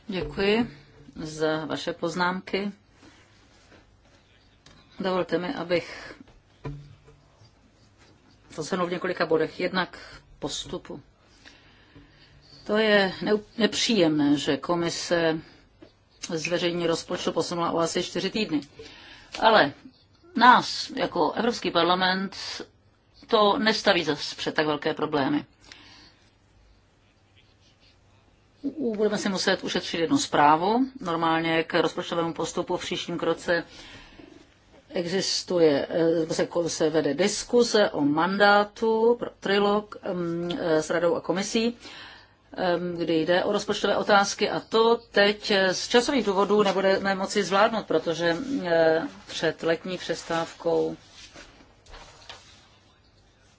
[SPEAKER 3] Děkuji
[SPEAKER 4] za vaše poznámky. Dovolte mi, abych to shrnul v několika bodech. Jednak postupu. To je nepříjemné, že komise zveřejní rozpočtu posunula o asi čtyři týdny. Ale nás jako Evropský parlament to nestaví zase před tak velké problémy budeme si muset ušetřit jednu zprávu. Normálně k rozpočtovému postupu v příštím kroce existuje, eh, se, se vede diskuse o mandátu pro trilog mm, eh, s radou a komisí kdy jde o rozpočtové otázky a to teď eh, z časových důvodů nebudeme moci zvládnout, protože před letní přestávkou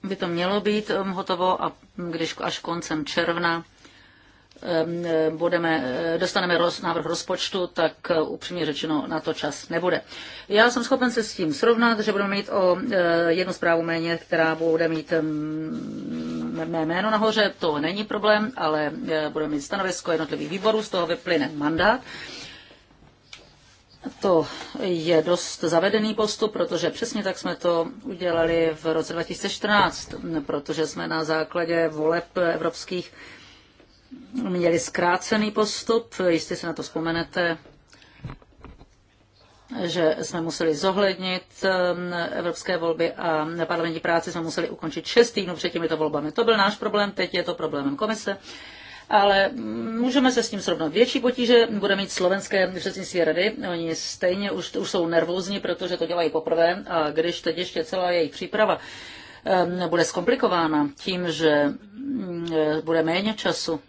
[SPEAKER 4] by to mělo být hotovo a když až koncem června budeme, eh, dostaneme roz, návrh rozpočtu, tak eh, upřímně řečeno na to čas nebude. Já jsem schopen se s tím srovnat, že budeme mít o eh, jednu zprávu méně, která bude mít mé jméno nahoře, to není problém, ale budeme mít stanovisko jednotlivých výborů, z toho vyplyne mandát. To je dost zavedený postup, protože přesně tak jsme to udělali v roce 2014, protože jsme na základě voleb evropských měli zkrácený postup, jistě si na to vzpomenete, že jsme museli zohlednit um, evropské volby a parlamentní práci jsme museli ukončit šest týdnů před těmito volbami. To byl náš problém, teď je to problémem komise. Ale můžeme se s tím srovnat. Větší potíže bude mít slovenské předsednictví rady. Oni stejně už, už jsou nervózní, protože to dělají poprvé. A když teď ještě celá jejich příprava um, bude zkomplikována tím, že mm, bude méně času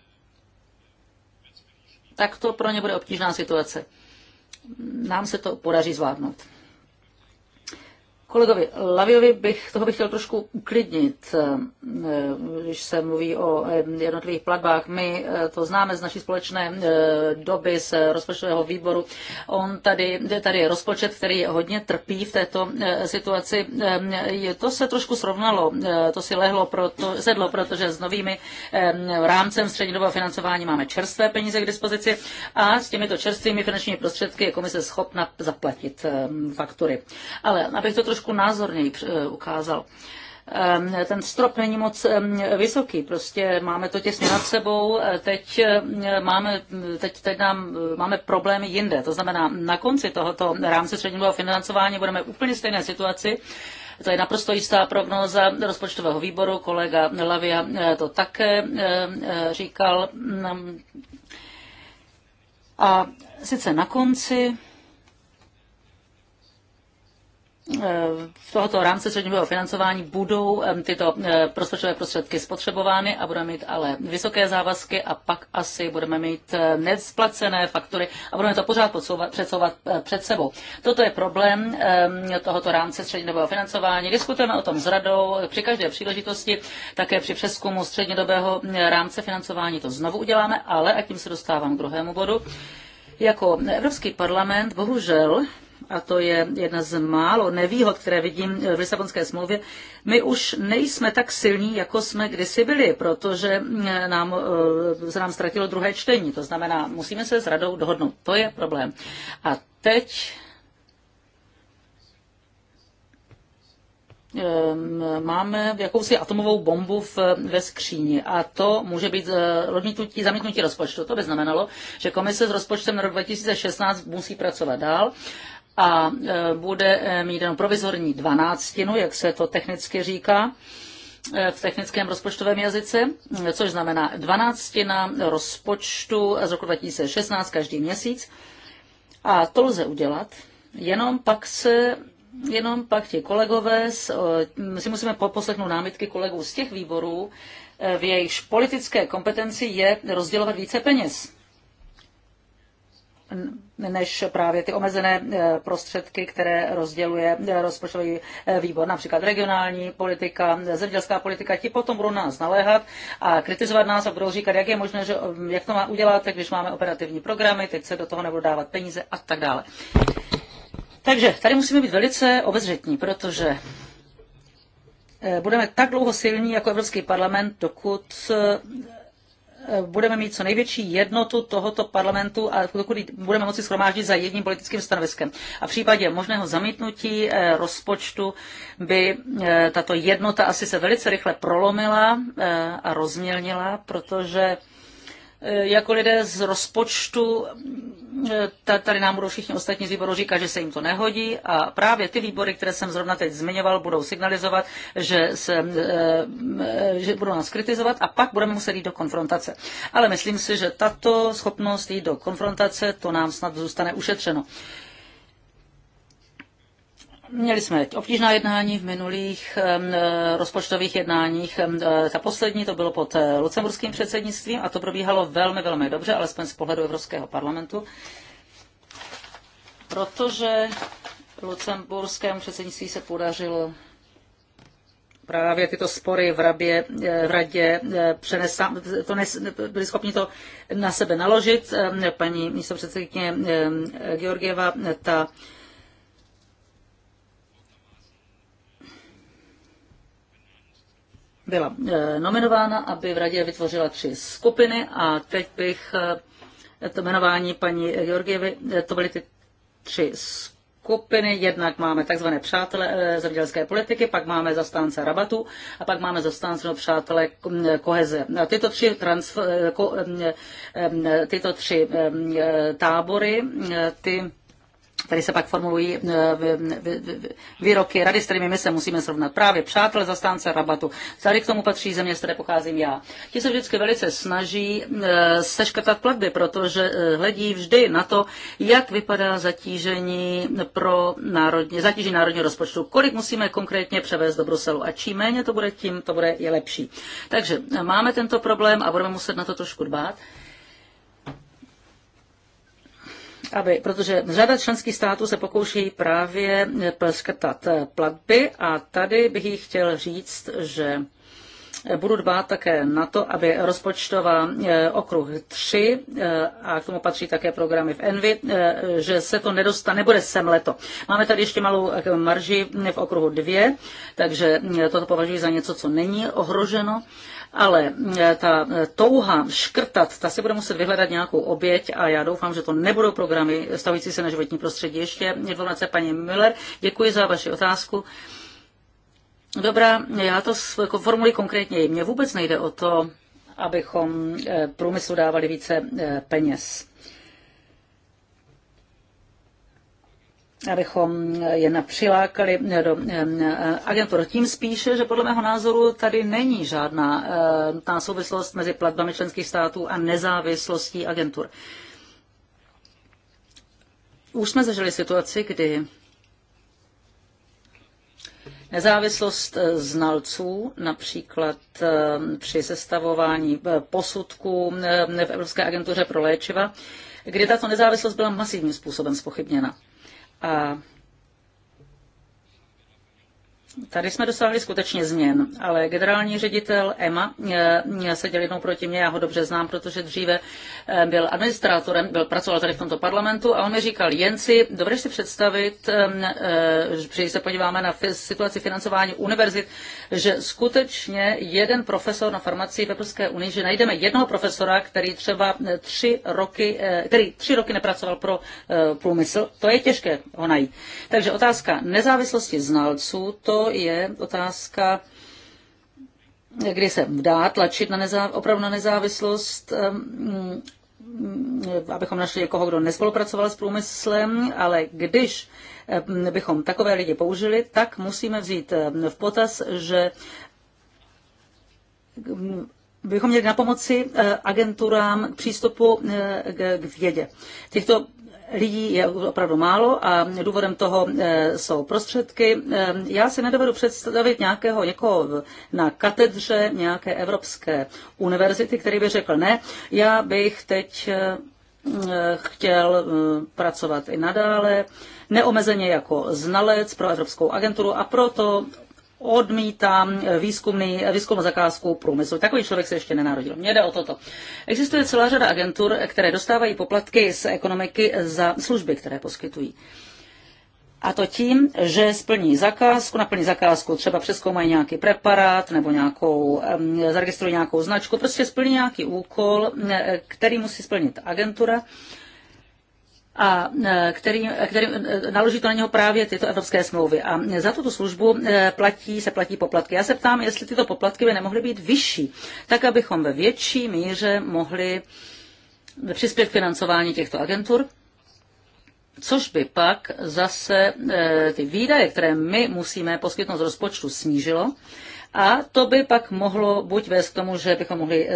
[SPEAKER 4] tak to pro ně bude obtížná situace. Nám se to podaří zvládnout. Kolegovi Laviovi bych, toho bych chtěl trošku uklidnit, eh, když se mluví o eh, jednotlivých platbách. My eh, to známe z naší společné doby z rozpočtového výboru. On tady, tady je rozpočet, který hodně trpí v této situaci. To se trošku srovnalo, to si lehlo, proto, sedlo, protože s novými rámcem střednědobého financování máme čerstvé peníze k dispozici a s těmito čerstvými finančními prostředky je komise schopna zaplatit faktury. Ale abych to trošku trošku názorněji eh, ukázal. Ehm, ten strop není moc ehm, vysoký, prostě máme to těsně nad sebou, eh, teď eh, máme, teď, teď nám, máme problémy jinde. To znamená, na konci tohoto rámce středního financování budeme úplně stejné situaci, to je naprosto jistá prognóza rozpočtového výboru. Kolega Lavia to také ehm, říkal. Mm, a sice na konci v eh, tohoto rámce středního financování budou tyto prostředové eh, prostředky spotřebovány a budeme mít ale vysoké závazky a pak asi budeme mít eh, nesplacené faktury a budeme to pořád předsouvat před sebou. Toto je problém tohoto rámce střednědobého financování. Diskutujeme o tom s radou při každé příležitosti, také při přeskumu střednědobého rámce financování to znovu uděláme, ale a tím se dostávám k druhému bodu. Jako Evropský parlament bohužel a to je jedna z málo nevýhod, které vidím v Lisabonské smlouvě, my už nejsme tak silní, jako jsme kdysi byli, protože nám, eh, se nám ztratilo druhé čtení. To znamená, musíme se s radou dohodnout. To je problém. A teď ehm, máme jakousi atomovou bombu v, ve skříni a to může být eh, odmítnutí, zamítnutí rozpočtu. To by znamenalo, že komise s rozpočtem na rok 2016 musí pracovat dál a e, bude e, mít jenom provizorní dvanáctinu, jak se to technicky říká e, v technickém rozpočtovém jazyce, což znamená dvanáctina rozpočtu z roku 2016 každý měsíc. A to lze udělat, jenom pak se jenom pak ti kolegové, si musíme poslechnout námitky kolegů z těch výborů, v jejichž politické kompetenci je rozdělovat více peněz než právě ty omezené eh, prostředky, které rozděluje eh, rozpočtový eh, výbor, například regionální politika, zemědělská politika, ti potom budou nás naléhat a kritizovat nás a budou říkat, jak je možné, že, jak to má udělat, když máme operativní programy, teď se do toho nebudou dávat peníze a tak dále. Takže tady musíme být velice obezřetní, protože budeme tak dlouho silní jako Evropský parlament, dokud budeme mít co největší jednotu tohoto parlamentu a dokud budeme moci schromáždit za jedním politickým stanoviskem. A v případě možného zamítnutí eh, rozpočtu by eh, tato jednota asi se velice rychle prolomila eh, a rozmělnila, protože Eh, jako lidé z rozpočtu, eh, tady nám budou všichni ostatní z výboru říkat, že se jim to nehodí a právě ty výbory, které jsem zrovna teď zmiňoval, budou signalizovat, že, se, eh, že budou nás kritizovat a pak budeme muset jít do konfrontace. Ale myslím si, že tato schopnost jít do konfrontace, to nám snad zůstane ušetřeno. Měli jsme obtížná jednání v minulých e, rozpočtových jednáních. E, ta poslední to bylo pod e, lucemburským předsednictvím a to probíhalo velmi, velmi dobře, alespoň z pohledu Evropského parlamentu, protože lucemburskému předsednictví se podařilo právě tyto spory v, rabě, v radě přenesla, to ne, byli schopni to na sebe naložit. Paní místo předsedkyně Georgieva, ta byla e, nominována, aby v radě vytvořila tři skupiny a teď bych e, to jmenování paní Georgievy, e, to byly ty tři skupiny. Jednak máme takzvané přátelé zemědělské politiky, pak máme zastánce rabatu a pak máme zastánce no, přátelé koheze. Tyto tři, transfer, ko, tyto tři tábory, ty Tady se pak formulují eh, výroky rady, s kterými my se musíme srovnat. Právě přátelé zastánce rabatu. Tady k tomu patří země, z které pocházím já. Ti se vždycky velice snaží eh, seškrtat platby, protože eh, hledí vždy na to, jak vypadá zatížení pro národní, zatížení národního rozpočtu, kolik musíme konkrétně převést do Bruselu. A čím méně to bude, tím to bude je lepší. Takže máme tento problém a budeme muset na to trošku dbát aby, protože řada členských států se pokouší právě skrtat eh, eh, platby a tady bych jí chtěl říct, že eh, Budu dbát také na to, aby rozpočtová okruh 3, a k tomu patří také programy v Envy, že se to nedostane, nebude sem leto. Máme tady ještě malou marži v okruhu 2, takže toto považuji za něco, co není ohroženo ale e, ta e, touha škrtat, ta si bude muset vyhledat nějakou oběť a já doufám, že to nebudou programy stavující se na životní prostředí. Ještě informace paní Müller. děkuji za vaši otázku. Dobrá, já to jako formuluji konkrétně. Mně vůbec nejde o to, abychom e, průmyslu dávali více peněz. abychom je napřilákali do eh, agentur. Tím spíše, že podle mého názoru tady není žádná eh, ta souvislost mezi platbami členských států a nezávislostí agentur. Už jsme zažili situaci, kdy Nezávislost eh, znalců, například při sestavování posudků v Evropské agentuře pro léčiva, kdy tato nezávislost byla masivním způsobem spochybněna. A Tady jsme dosáhli skutečně změn, ale generální ředitel EMA eh, eh, seděl jednou proti mě, já ho dobře znám, protože dříve Eh, byl administrátorem, byl pracoval tady v tomto parlamentu a on mi říkal, Jenci, dovedeš si představit, eh, když se podíváme na situaci financování univerzit, že skutečně jeden profesor na farmacii v Evropské unii, že najdeme jednoho profesora, který třeba eh, tři roky, který tři roky nepracoval pro průmysl, to je těžké ho najít. Takže otázka nezávislosti znalců, to je otázka kdy se dá tlačit na nezá, opravdu na nezávislost Mm, abychom našli někoho, kdo nespolupracoval s průmyslem, ale když mm, bychom takové lidi použili, tak musíme vzít mm, v potaz, že bychom měli na pomoci eh, agenturám k přístupu eh, k vědě. Těchto lidí je opravdu málo a důvodem toho eh, jsou prostředky. Eh, já si nedovedu představit nějakého někoho na katedře nějaké evropské univerzity, který by řekl ne, já bych teď eh, chtěl pracovat i nadále, neomezeně jako znalec pro Evropskou agenturu a proto odmítá výzkumný, výzkumnou zakázku průmyslu. Takový člověk se ještě nenarodil. Mně jde o toto. Existuje celá řada agentur, které dostávají poplatky z ekonomiky za služby, které poskytují. A to tím, že splní zakázku, naplní zakázku, třeba přeskoumají nějaký preparát nebo nějakou, zaregistrují nějakou značku, prostě splní nějaký úkol, který musí splnit agentura a e, který, e, který e, naloží to na něho právě tyto evropské smlouvy. A za tuto službu platí, se platí poplatky. Já se ptám, jestli tyto poplatky by nemohly být vyšší, tak abychom ve větší míře mohli přispět k financování těchto agentur což by pak zase ty výdaje, které my musíme poskytnout z rozpočtu, snížilo. A to by pak mohlo buď vést k tomu, že bychom mohli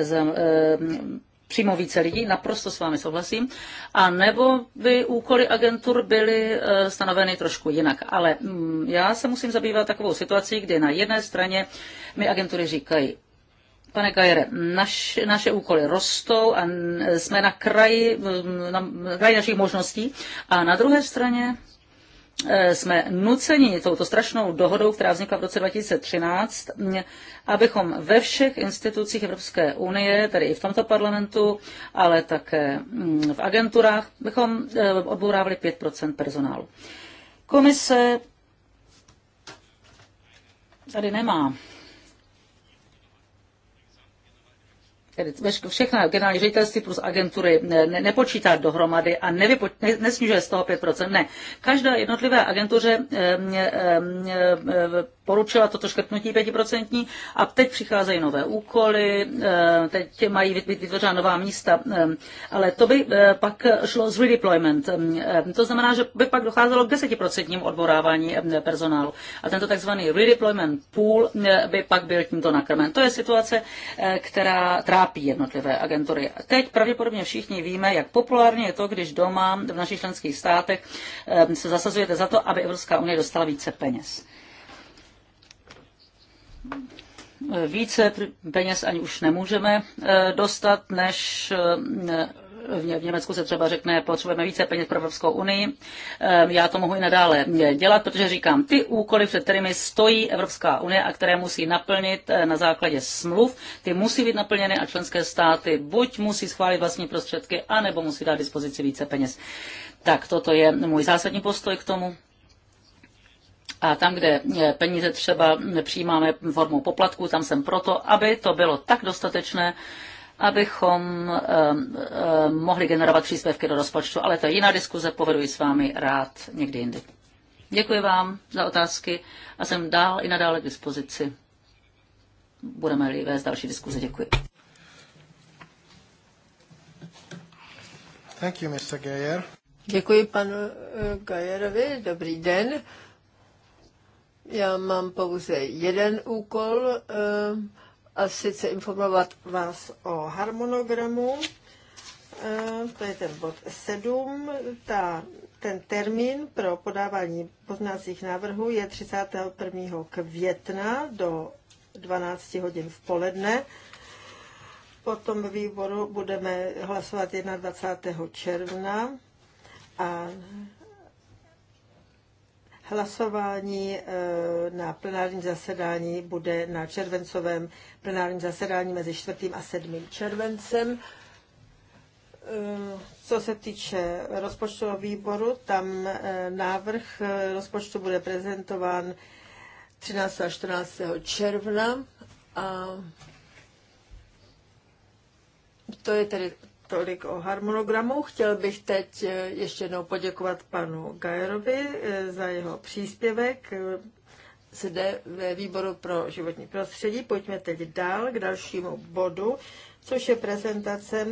[SPEAKER 4] přímo více lidí, naprosto s vámi souhlasím, a nebo by úkoly agentur byly eh, stanoveny trošku jinak. Ale mm, já se musím zabývat takovou situací, kdy na jedné straně mi agentury říkají, Pane Kajere, naš, naše úkoly rostou a jsme na kraji, mm, na, na kraji našich možností. A na druhé straně Eh, jsme nuceni touto strašnou dohodou, která vznikla v roce 2013, abychom ve všech institucích Evropské unie, tedy i v tomto parlamentu, ale také v agenturách, bychom eh, odbourávali 5 personálu. Komise tady nemá všechna generální ředitelství plus agentury ne, ne, nepočítá dohromady a nevypo, ne, nesnižuje z toho 5%. Ne. Každá jednotlivé agentuře e, e, e, poručila toto škrtnutí 5% a teď přicházejí nové úkoly, eh, teď mají být vytvořena nová místa, eh, ale to by eh, pak šlo z redeployment. To znamená, že by pak docházelo k 10% odborávání personálu a tento takzvaný redeployment pool by pak byl tímto nakrmen. To je situace, která trápí jednotlivé agentury. Teď pravděpodobně všichni víme, jak populárně je to, když doma v našich členských státech se zasazujete za to, aby Evropská unie dostala více peněz více peněz ani už nemůžeme eh, dostat, než eh, v Německu se třeba řekne, potřebujeme více peněz pro Evropskou unii. Eh, já to mohu i nadále dělat, protože říkám, ty úkoly, před kterými stojí Evropská unie a které musí naplnit na základě smluv, ty musí být naplněny a členské státy buď musí schválit vlastní prostředky, anebo musí dát dispozici více peněz. Tak toto je můj zásadní postoj k tomu. A tam, kde eh, peníze třeba přijímáme formou poplatků, tam jsem proto, aby to bylo tak dostatečné, abychom eh, eh, mohli generovat příspěvky do rozpočtu. Ale to je jiná diskuze, povedu ji s vámi rád někdy jindy. Děkuji vám za otázky a jsem dál i nadále k dispozici. Budeme-li vést další diskuze. Děkuji.
[SPEAKER 1] Thank you, Mr. Geyer. Děkuji
[SPEAKER 3] panu Gajerovi. Dobrý den. Já mám pouze jeden úkol ehm, a sice informovat vás o harmonogramu. Ehm, to je ten bod 7. Ta, ten termín pro podávání poznacích návrhů je 31. května do 12 hodin v poledne. Potom ve výboru budeme hlasovat 21. června a Hlasování eh, na plenárním zasedání bude na červencovém plenárním zasedání mezi 4. a 7. červencem. Eh, co se týče rozpočtového výboru, tam eh, návrh rozpočtu bude prezentován 13. a 14. června. A to je tedy tolik o harmonogramu. Chtěl bych teď eh, ještě jednou poděkovat panu Gajerovi eh, za jeho příspěvek eh, zde ve výboru pro životní prostředí. Pojďme teď dál k dalšímu bodu, což je prezentace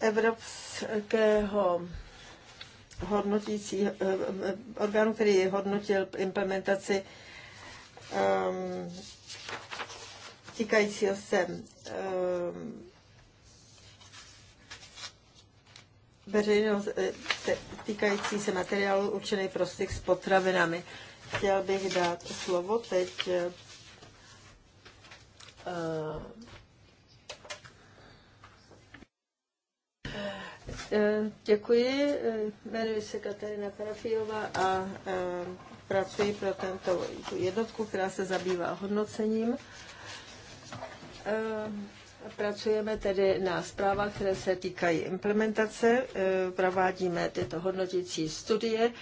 [SPEAKER 3] Evropského hodnotící orgánu, který hodnotil implementaci ehm, týkajícího se Ehm, veřejnost eh, týkající se materiálu určený pro styk s potravinami. Chtěl bych dát slovo teď eh, eh, Děkuji, jmenuji se Katarina Parafijová a pracuji pro tento jednotku, která se zabývá hodnocením Ehm, pracujeme tedy na zprávách, které se týkají implementace, ehm, provádíme tyto hodnotící studie, ehm,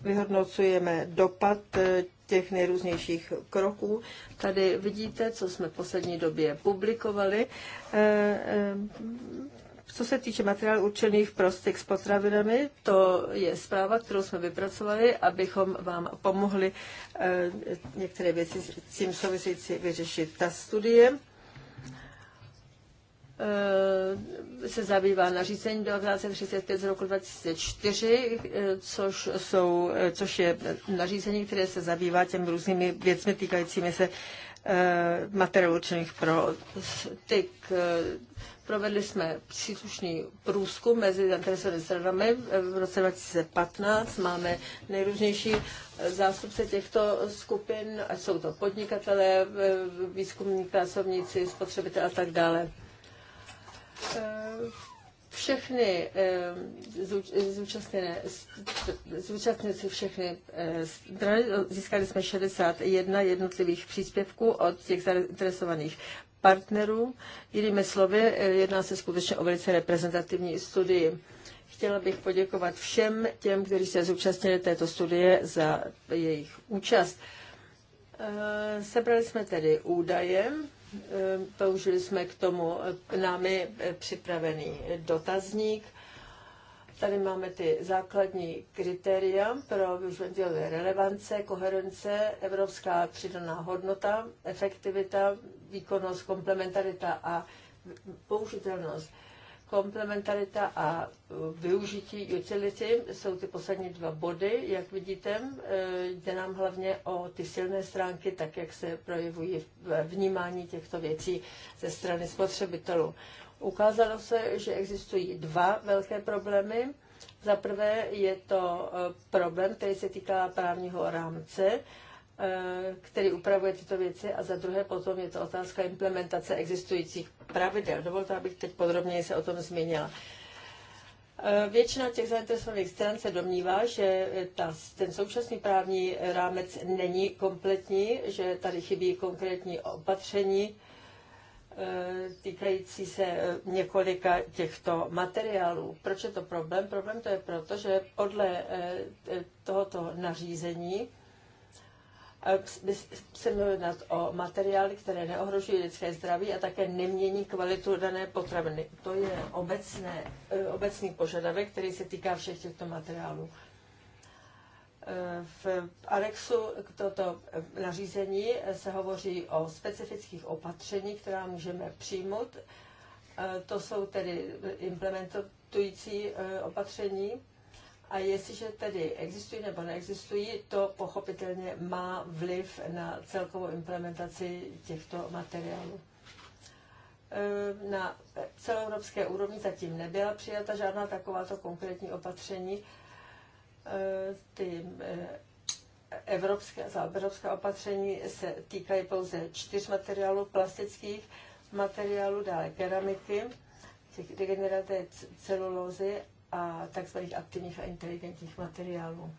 [SPEAKER 3] vyhodnocujeme dopad eh, těch nejrůznějších kroků. Tady vidíte, co jsme v poslední době publikovali. Co se týče materiálů určených pro styk s potravinami, to je zpráva, kterou jsme vypracovali, abychom vám pomohli eh, některé věci s tím související vyřešit. Ta studie eh, se zabývá nařízení 1935 z roku 2004, eh, což, jsou, což je nařízení, které se zabývá těmi různými věcmi týkajícími se materiálů určených pro styk Provedli jsme příslušný průzkum mezi zainteresovanými stranami. V roce 2015 máme nejrůznější zástupce těchto skupin, ať jsou to podnikatelé, výzkumní pracovníci, spotřebitel a tak dále. Všechny zúčastněné, zúčastněci všechny strany, eh, získali jsme 61 jednotlivých příspěvků od těch zainteresovaných partnerů. Jinými slovy, eh, jedná se skutečně o velice reprezentativní studii. Chtěla bych poděkovat všem těm, kteří se zúčastnili této studie za jejich účast. Eh, sebrali jsme tedy údaje, eh, použili jsme k tomu námi připravený dotazník. Tady máme ty základní kritéria pro využití relevance, koherence, evropská přidaná hodnota, efektivita, výkonnost, komplementarita a použitelnost. Komplementarita a využití utility jsou ty poslední dva body. Jak vidíte, eh, jde nám hlavně o ty silné stránky, tak jak se projevují v vnímání těchto věcí ze strany spotřebitelů. Ukázalo se, že existují dva velké problémy. Za prvé je to eh, problém, který se týká právního rámce Eh, který upravuje tyto věci a za druhé potom je to otázka implementace existujících pravidel. Dovolte, abych teď podrobněji se o tom zmínila. Eh, většina těch zainteresovaných stran se domnívá, že ta, ten současný právní rámec není kompletní, že tady chybí konkrétní opatření eh, týkající se několika těchto materiálů. Proč je to problém? Problém to je proto, že podle tohoto nařízení se jednat o materiály, které neohrožují lidské zdraví a také nemění kvalitu dané potraviny. To je obecné, eh, obecný požadavek, který se týká všech těchto materiálů. Eh, v Alexu k toto eh, nařízení se hovoří o specifických opatřeních, která můžeme přijmout. To jsou tedy implementující opatření a jestliže tedy existují nebo neexistují, to pochopitelně má vliv na celkovou implementaci těchto materiálů. Ehm, na celoevropské úrovni zatím nebyla přijata žádná takováto konkrétní opatření. Ehm, ty eh, evropské, evropská opatření se týkají pouze čtyř materiálů plastických, materiálů, dále keramiky, degenerace celulózy a tzv. aktivních a inteligentních materiálů.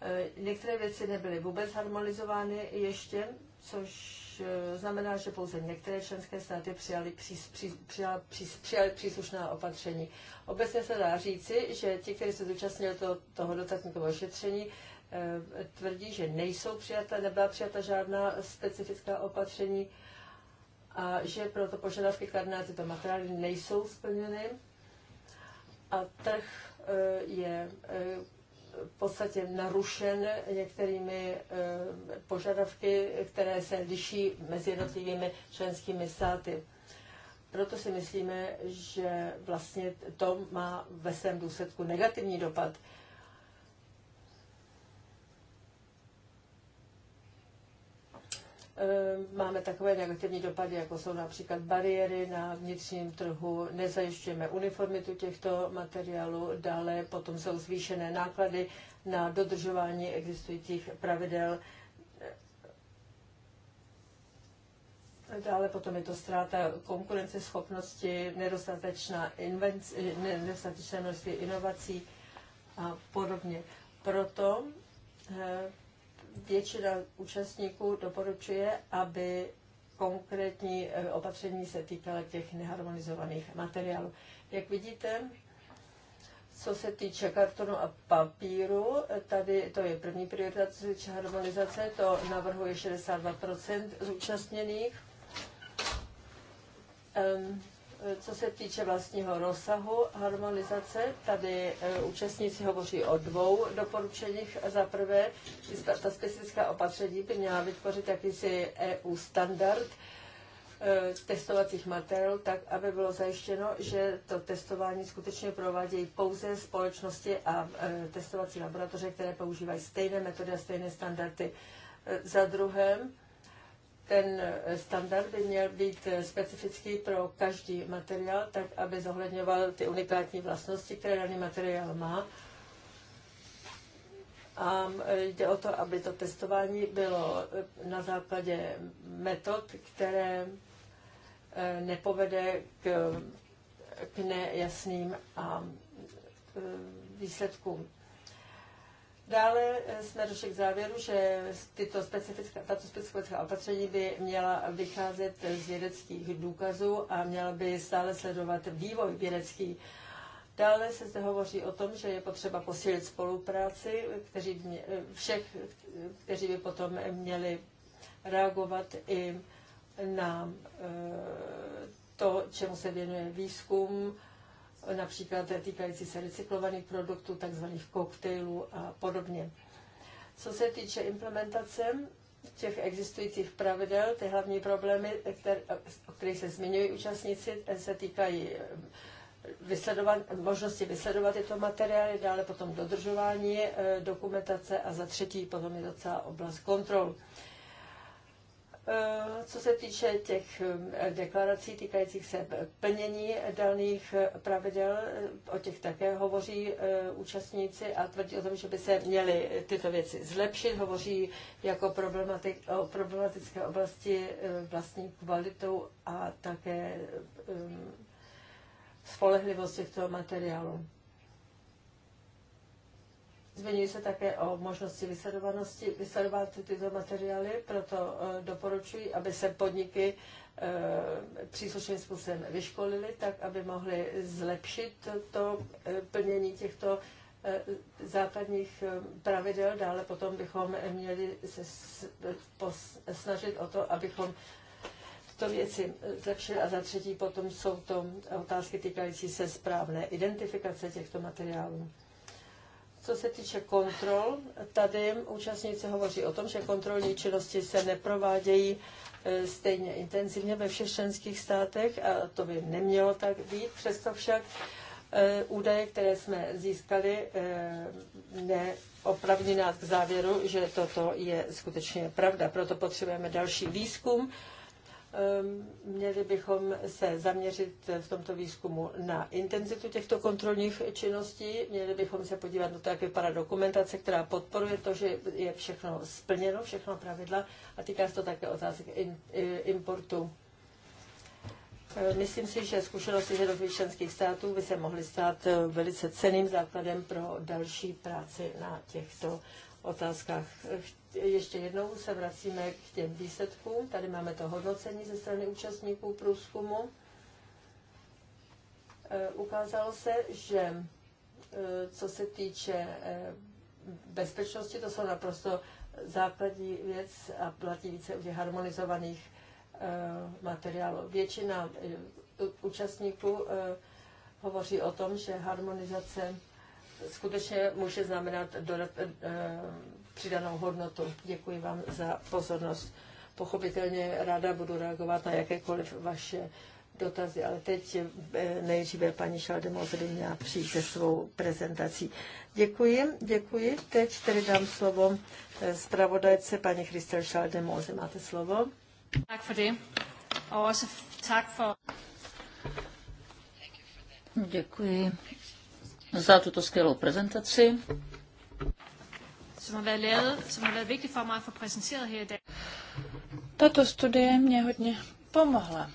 [SPEAKER 3] E, některé věci nebyly vůbec harmonizovány ještě, což e, znamená, že pouze některé členské státy přijaly, při, při, přijali, při, příslušná opatření. Obecně se dá říci, že ti, kteří se zúčastnili to, toho dotazníkového ošetření, e, tvrdí, že nejsou přijata, nebyla přijata žádná specifická opatření a že proto požadavky kladné tyto materiály nejsou splněny a trh e, je e, v podstatě narušen některými e, požadavky, které se liší mezi jednotlivými členskými státy. Proto si myslíme, že vlastně to má ve svém důsledku negativní dopad Ehm, máme takové negativní dopady, jako jsou například bariéry na vnitřním trhu, nezajišťujeme uniformitu těchto materiálů, dále potom jsou zvýšené náklady na dodržování existujících pravidel. Ehm, dále potom je to ztráta konkurenceschopnosti, nedostatečná invenc, množství inovací a podobně. Proto ehm, většina účastníků doporučuje, aby konkrétní eh, opatření se týkala těch neharmonizovaných materiálů. Jak vidíte, co se týče kartonu a papíru, eh, tady to je první priorita, co se týče harmonizace, to navrhuje 62% zúčastněných. Um, Eh, co se týče vlastního rozsahu harmonizace, tady eh, účastníci hovoří o dvou doporučeních. Za prvé, ta specifická opatření by měla vytvořit jakýsi EU standard eh, testovacích materiálů, tak aby bylo zajištěno, že to testování skutečně provádějí pouze společnosti a testovací laboratoře, které používají stejné metody a stejné standardy. Za druhém, ten standard by měl být specifický pro každý materiál, tak aby zohledňoval ty unikátní vlastnosti, které daný materiál má. A jde o to, aby to testování bylo na základě metod, které eh, nepovede k, k nejasným a eh, výsledkům. Dále eh, jsme došli k závěru, že tyto specifická, tato specifická opatření by měla vycházet z vědeckých důkazů a měla by stále sledovat vývoj vědecký. Dále se zde hovoří o tom, že je potřeba posílit spolupráci kteří by mě, eh, všech, kteří by potom měli reagovat i na eh, to, čemu se věnuje výzkum, například týkající se recyklovaných produktů, takzvaných koktejlů a podobně. Co se týče implementace těch existujících pravidel, ty hlavní problémy, které, o kterých se zmiňují účastníci, se týkají eh, vysledovat, možnosti vysledovat tyto materiály, dále potom dodržování eh, dokumentace a za třetí potom je docela oblast kontrol. Eh, co se týče těch eh, deklarací týkajících se plnění daných eh, pravidel, o těch také hovoří účastníci a tvrdí o tom, že by se měly tyto věci zlepšit. Hovoří jako problematik, o problematické oblasti vlastní kvalitou a také spolehlivostí těchto materiálů. Zmiňuji se také o možnosti vysledovanosti, vysledovat tyto materiály, proto eh, doporučuji, aby se podniky eh, příslušným způsobem vyškolili, tak aby mohli zlepšit to eh, plnění těchto základních pravidel. Dále potom bychom měli se snažit o to, abychom to věci zlepšili. A za třetí potom jsou to otázky týkající se správné identifikace těchto materiálů. Co se týče kontrol, tady účastníci hovoří o tom, že kontrolní činnosti se neprovádějí e, stejně intenzivně ve všech členských státech a to by nemělo tak být. Přesto však e, údaje, které jsme získali, e, neopravní nás k závěru, že toto je skutečně pravda. Proto potřebujeme další výzkum Ehm, měli bychom se zaměřit v tomto výzkumu na intenzitu těchto kontrolních činností, měli bychom se podívat na to, jak vypadá dokumentace, která podporuje to, že je všechno splněno, všechno pravidla a týká se to také otázek importu. Ehm, myslím si, že zkušenosti z členských států by se mohly stát eh, velice ceným základem pro další práci na těchto otázkách ještě jednou se vracíme k těm výsledkům. Tady máme to hodnocení ze strany účastníků průzkumu. E, ukázalo se, že e, co se týče e, bezpečnosti, to jsou naprosto základní věc a platí více u těch harmonizovaných materiálů. Většina účastníků hovoří o tom, že harmonizace skutečně může znamenat přidanou hodnotu. Děkuji vám za pozornost. Pochopitelně ráda budu reagovat na jakékoliv vaše dotazy, ale teď eh, nejdříve paní Šaldemozry měla přijít se svou prezentací. Děkuji, děkuji. Teď tedy dám slovo eh, zpravodajce paní Christel Šaldemoze. Máte slovo.
[SPEAKER 5] Tak for A also tak for...
[SPEAKER 3] Děkuji
[SPEAKER 4] za tuto skvělou prezentaci
[SPEAKER 5] som har været lavet, som har været vigtigt for mig at få præsenteret her i dag.
[SPEAKER 4] Tato studie mě hodně pomohla.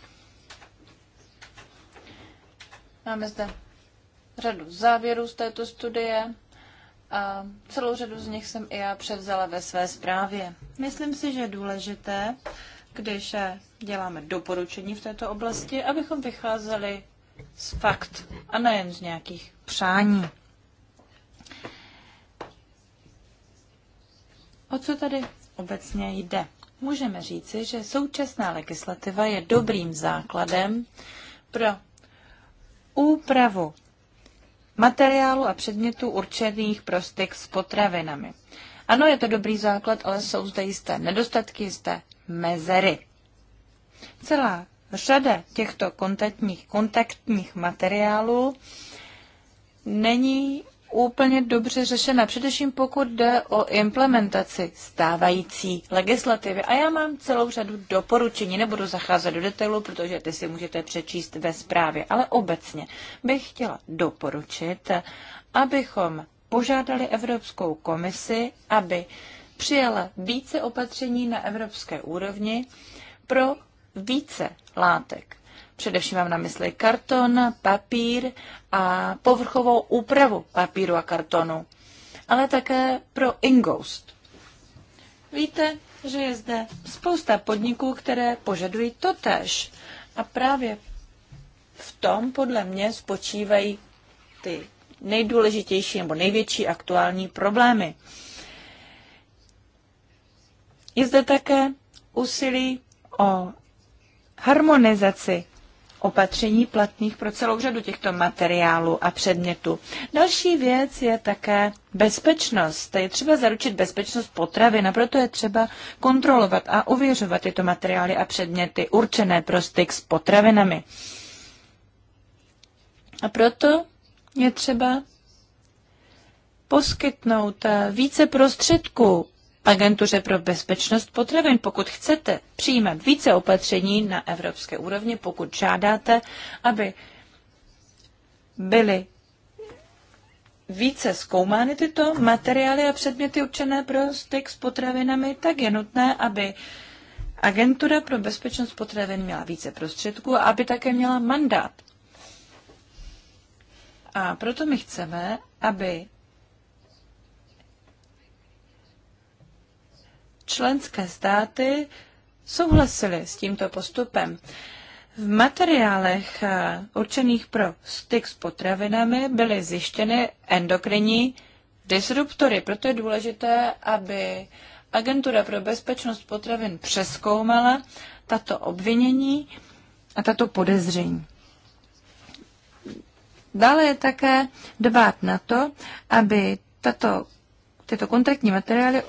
[SPEAKER 2] Máme zde řadu závěrů z této studie a celou řadu z nich jsem i já převzala ve své zprávě. Myslím si, že je důležité, když děláme doporučení v této oblasti, abychom vycházeli z fakt a nejen z nějakých přání. O co tady obecně jde? Můžeme říci, že současná legislativa je dobrým základem pro úpravu materiálu a předmětů určených pro styk s potravinami. Ano, je to dobrý základ, ale jsou zde jisté nedostatky, jisté mezery. Celá řada těchto kontaktních, kontaktních materiálů není úplně dobře řešena, především pokud jde o implementaci stávající legislativy. A já mám celou řadu doporučení, nebudu zacházet do detailu, protože ty si můžete přečíst ve zprávě, ale obecně bych chtěla doporučit, abychom požádali Evropskou komisi, aby přijala více opatření na evropské úrovni pro více látek Především mám na mysli karton, papír a povrchovou úpravu papíru a kartonu, ale také pro Ingoust. Víte, že je zde spousta podniků, které požadují totéž. A právě v tom podle mě spočívají ty nejdůležitější nebo největší aktuální problémy. Je zde také úsilí o harmonizaci opatření platných pro celou řadu těchto materiálů a předmětů. Další věc je také bezpečnost. Je třeba zaručit bezpečnost potravin a proto je třeba kontrolovat a ověřovat tyto materiály a předměty určené pro styk s potravinami. A proto je třeba poskytnout více prostředků agentuře pro bezpečnost potravin. Pokud chcete přijímat více opatření na evropské úrovni, pokud žádáte, aby byly více zkoumány tyto materiály a předměty určené pro styk s potravinami, tak je nutné, aby agentura pro bezpečnost potravin měla více prostředků a aby také měla mandát. A proto my chceme, aby členské státy souhlasily s tímto postupem. V materiálech eh, určených pro styk s potravinami byly zjištěny endokrinní disruptory. Proto je důležité, aby Agentura pro bezpečnost potravin přeskoumala tato obvinění a tato podezření. Dále je také dbát na to, aby tato, tyto kontaktní materiály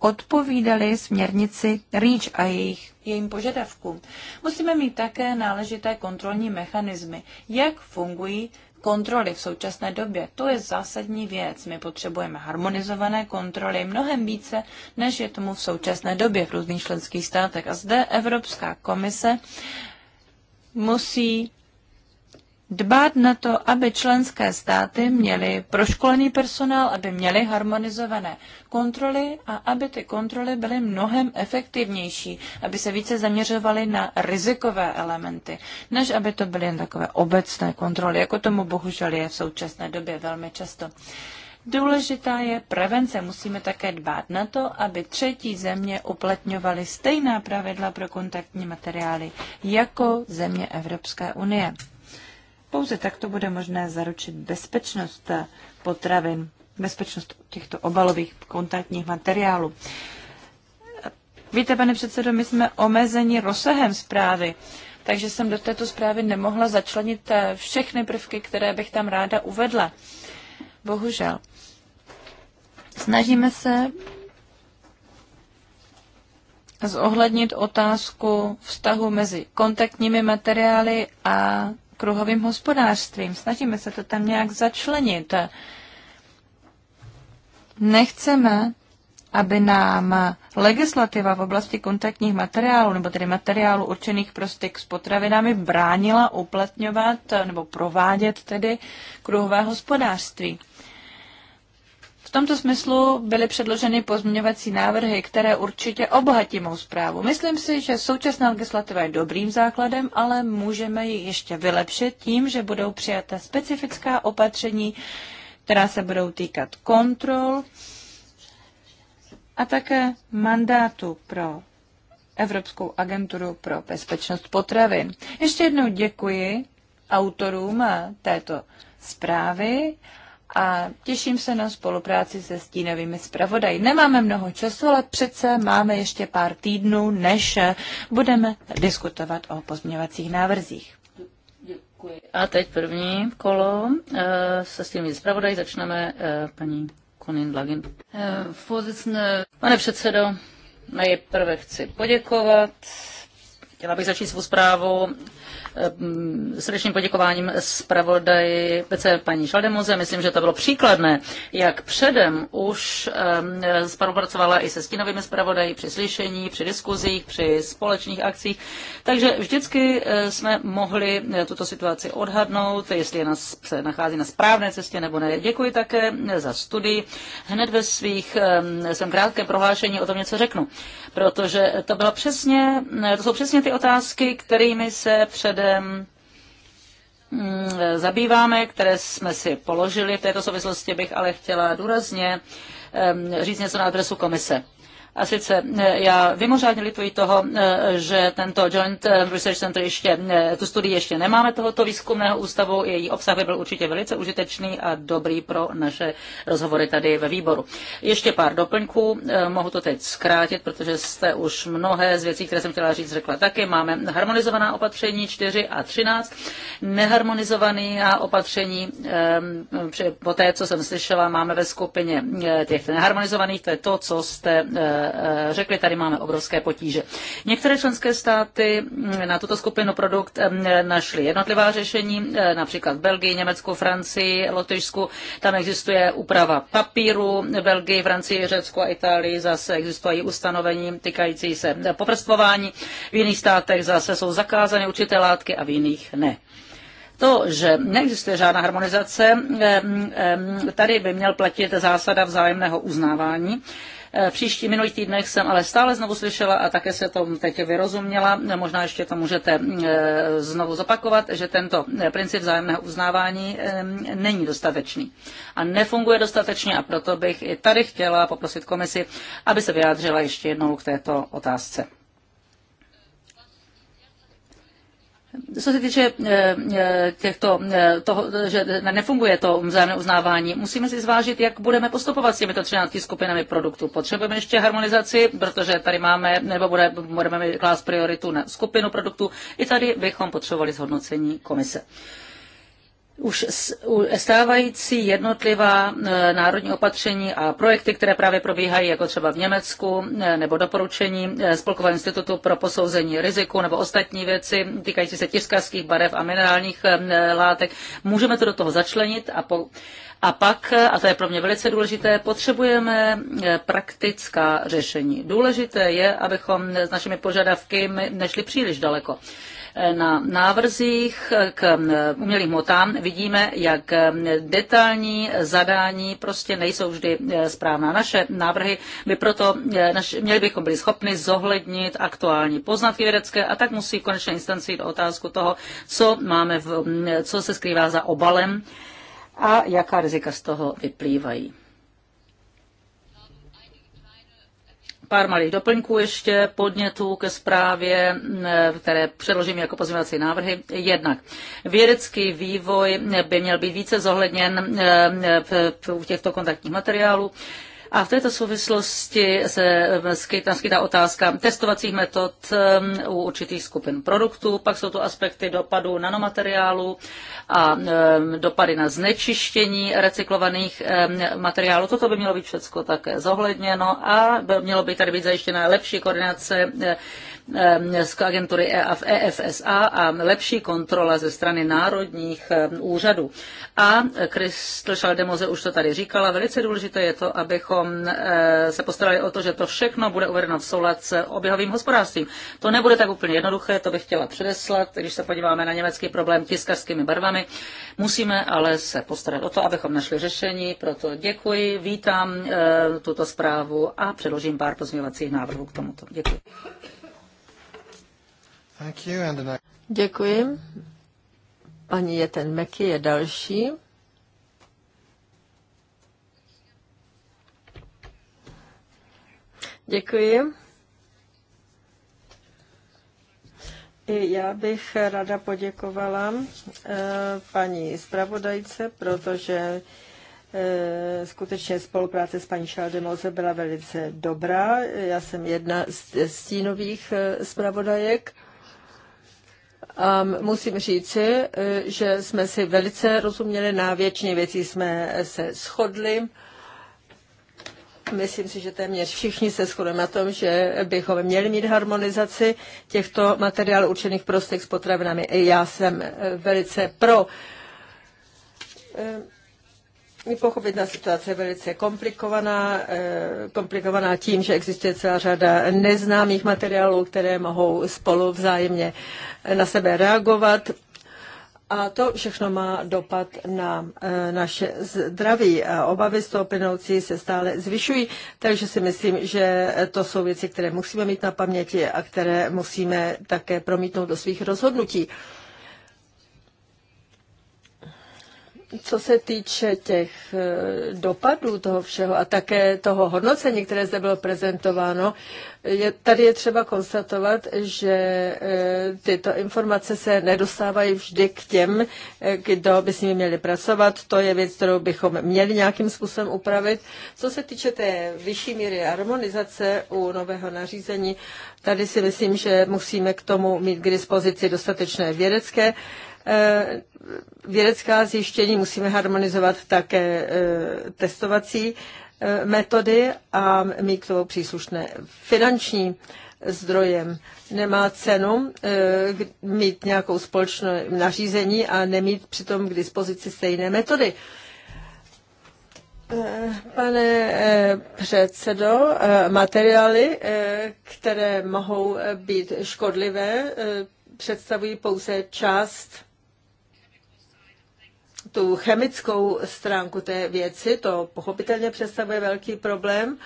[SPEAKER 2] odpovídaly směrnici REACH a jejich, jejím požadavkům. Musíme mít také náležité kontrolní mechanismy. Jak fungují kontroly v současné době? To je zásadní věc. My potřebujeme harmonizované kontroly mnohem více, než je tomu v současné době v různých členských státech. A zde Evropská komise musí dbát na to, aby členské státy měly proškolený personál, aby měly harmonizované kontroly a aby ty kontroly byly mnohem efektivnější, aby se více zaměřovaly na rizikové elementy, než aby to byly jen takové obecné kontroly, jako tomu bohužel je v současné době velmi často. Důležitá je prevence. Musíme také dbát na to, aby třetí země uplatňovaly stejná pravidla pro kontaktní materiály jako země Evropské unie. Pouze takto bude možné zaručit bezpečnost potravin, bezpečnost těchto obalových kontaktních materiálů. Víte, pane předsedo, my jsme omezeni rozsahem zprávy, takže jsem do této zprávy nemohla začlenit eh, všechny prvky, které bych tam ráda uvedla. Bohužel. Snažíme se zohlednit otázku vztahu mezi kontaktními materiály a kruhovým hospodářstvím. Snažíme se to tam nějak začlenit. Nechceme, aby nám legislativa v oblasti kontaktních materiálů, nebo tedy materiálů určených pro styk s potravinami, bránila uplatňovat nebo provádět tedy kruhové hospodářství tomto smyslu byly předloženy pozměňovací návrhy, které určitě obohatí mou zprávu. Myslím si, že současná legislativa je dobrým základem, ale můžeme ji ještě vylepšit tím, že budou přijata specifická opatření, která se budou týkat kontrol a také mandátu pro Evropskou agenturu pro bezpečnost potravin. Ještě jednou děkuji autorům této zprávy a těším se na spolupráci se stínovými zpravodaji. Nemáme mnoho času, ale přece máme ještě pár týdnů, než budeme diskutovat o pozměňovacích
[SPEAKER 4] návrzích. Děkuji. A teď první kolo eh, se stínovými zpravodaji. Začneme eh, paní Konin Lagin. Eh, Pane předsedo, nejprve chci poděkovat Chtěla bych začít svou zprávu eh, srdečným poděkováním zpravodaji PC paní Šaldemoze. Myslím, že to bylo příkladné, jak předem už eh, spolupracovala i se stínovými zpravodaji při slyšení, při diskuzích, při společných akcích. Takže vždycky eh, jsme mohli tuto situaci odhadnout, jestli nás se nachází na správné cestě nebo ne. Děkuji také za studii. Hned ve svých, svém krátkém prohlášení o tom něco řeknu, protože to bylo přesně, to jsou přesně ty otázky, kterými se předem mm, zabýváme, které jsme si položili. V této souvislosti bych ale chtěla důrazně říct něco na adresu komise. A sice eh, já vymořádně lituji toho, eh, že tento Joint eh, Research Center ještě, tu studii ještě nemáme tohoto výzkumného ústavu. Její obsah by byl určitě velice užitečný a dobrý pro naše rozhovory tady ve výboru. Ještě pár doplňků, mohu to teď zkrátit, protože jste už mnohé z věcí, které jsem chtěla říct, řekla taky. Máme harmonizovaná opatření 4 a 13, neharmonizované opatření, po té, co jsem slyšela, máme ve skupině těch neharmonizovaných, to je to, co jste Eh, řekli, tady máme obrovské potíže. Některé členské státy mm, na tuto skupinu produkt eh, našly jednotlivá řešení, eh, například v Belgii, Německu, Francii, Lotyšsku. Tam existuje úprava papíru, v Belgii, Francii, Řecku a Itálii zase existují ustanovení týkající se poprstvování. V jiných státech zase jsou zakázány určité látky a v jiných ne. To, že neexistuje žádná harmonizace, tady by měl platit zásada vzájemného uznávání Eh, příští minulý týdnech jsem ale stále znovu slyšela a také se to teď vyrozuměla, možná ještě to můžete eh, znovu zopakovat, že tento eh, princip vzájemného uznávání není dostatečný a nefunguje dostatečně a proto bych i tady chtěla poprosit komisi, aby se vyjádřila ještě jednou k této otázce. Co se týče eh, eh, těchto, eh, toho, že nefunguje to vzájemné uznávání, musíme si zvážit, jak budeme postupovat s těmito 13 skupinami produktů. Potřebujeme ještě harmonizaci, protože tady máme, nebo bude, budeme klást prioritu na skupinu produktů. I tady bychom potřebovali zhodnocení komise už stávající jednotlivá e, národní opatření a projekty, které právě probíhají, jako třeba v Německu, e, nebo doporučení e, Spolkového institutu pro posouzení riziku, nebo ostatní věci týkající se tiskařských barev a minerálních látek, můžeme to do toho začlenit a, po, a pak, a to je pro mě velice důležité, potřebujeme praktická řešení. Důležité je, abychom s našimi požadavky nešli příliš daleko na návrzích k eh, umělým hmotám vidíme, jak eh, detailní zadání prostě nejsou vždy eh, správná. Naše návrhy by proto, měli bychom byli schopni zohlednit aktuální poznatky vědecké a tak musí v konečné instanci jít otázku toho, co máme, v, mm, co se skrývá za obalem a jaká rizika z toho vyplývají. Pár malých doplňků ještě podnětů ke zprávě, eh, které předložím jako pozměňovací návrhy. Jednak vědecký vývoj by měl být více zohledněn eh, u těchto kontaktních materiálů. A v této souvislosti se eh, naskytá otázka testovacích metod eh, u určitých skupin produktů, pak jsou to aspekty dopadu nanomateriálu a eh, dopady na znečištění recyklovaných materiálů. Toto by mělo být všechno také zohledněno a mělo by tady být zajištěna lepší koordinace Eh, z agentury EFSA e a lepší kontrola ze strany národních eh, úřadů. A Kristel Šaldemoze už to tady říkala, velice důležité je to, abychom eh, se postarali o to, že to všechno bude uvedeno v soulad s oběhovým hospodářstvím. To nebude tak úplně jednoduché, to bych chtěla předeslat, když se podíváme na německý problém tiskařskými barvami. Musíme ale se postarat o to, abychom našli řešení, proto děkuji, vítám tuto zprávu a předložím pár pozměňovacích
[SPEAKER 3] návrhů k tomuto. Děkuji. Děkuji. Paní Jeten Meky je další. Děkuji. I já bych ráda poděkovala eh, paní zpravodajce, protože eh, skutečně spolupráce s paní Šaldemoze byla velice dobrá. Já jsem jedna z stínových eh, zpravodajek Um, musím říci, eh, že jsme si velice rozuměli, na většině věcí jsme se shodli. Myslím si, že téměř všichni se shodneme na tom, že bychom měli mít harmonizaci těchto materiálů určených pro s potravinami. Já jsem eh, velice pro. Um, Pochopitelná situace je velice komplikovaná, eh, komplikovaná tím, že existuje celá řada neznámých materiálů, které mohou spolu vzájemně na sebe reagovat. A to všechno má dopad na eh, naše zdraví. A obavy z toho plynoucí se stále zvyšují, takže si myslím, že to jsou věci, které musíme mít na paměti a které musíme také promítnout do svých rozhodnutí. co se týče těch e, dopadů toho všeho a také toho hodnocení, které zde bylo prezentováno, je, tady je třeba konstatovat, že e, tyto informace se nedostávají vždy k těm, e, kdo by s nimi měli pracovat. To je věc, kterou bychom měli nějakým způsobem upravit. Co se týče té vyšší míry harmonizace u nového nařízení, tady si myslím, že musíme k tomu mít k dispozici dostatečné vědecké Eh, vědecká zjištění musíme harmonizovat také eh, testovací eh, metody a mít k tomu příslušné finanční zdrojem. Nemá cenu mít nějakou společné nařízení a nemít přitom k dispozici stejné metody. Pane předsedo, materiály, které mohou být škodlivé, představují pouze část tu chemickou stránku té věci, to pochopitelně představuje velký problém,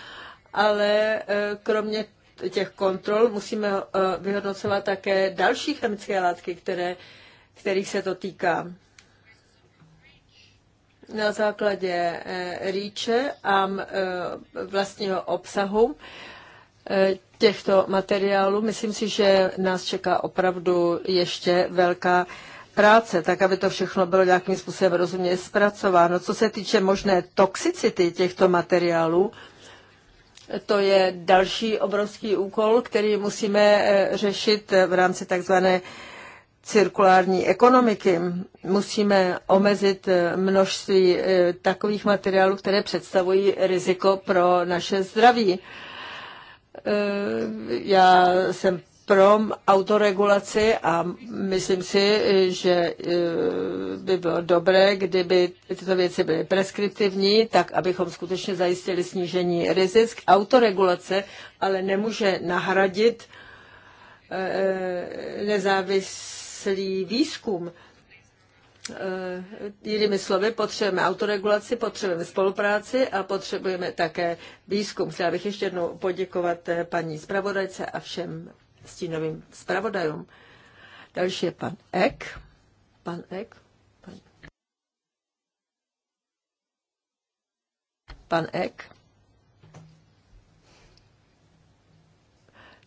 [SPEAKER 3] ale e, kromě těch kontrol musíme e, vyhodnocovat také další chemické látky, které, kterých se to týká. Na základě e, rýče a vlastního obsahu těchto materiálů. Myslím si, že nás čeká opravdu ještě velká práce, tak aby to všechno bylo nějakým způsobem rozumně zpracováno. Co se týče možné toxicity těchto materiálů, to je další obrovský úkol, který musíme eh, řešit eh, v rámci takzvané cirkulární ekonomiky. Musíme omezit eh, množství takových materiálů, které představují riziko pro naše zdraví. Já jsem pro autoregulaci a myslím si, že e, by bylo dobré, kdyby tyto věci byly preskriptivní, tak abychom skutečně zajistili snížení rizik. Autoregulace ale nemůže nahradit e, e, nezávislý výzkum. Jinými slovy, potřebujeme autoregulaci, potřebujeme spolupráci a potřebujeme také výzkum. Chtěla bych ještě jednou poděkovat paní zpravodajce a všem stínovým zpravodajům. Další je pan Ek. Pan Ek. Pan, pan Ek.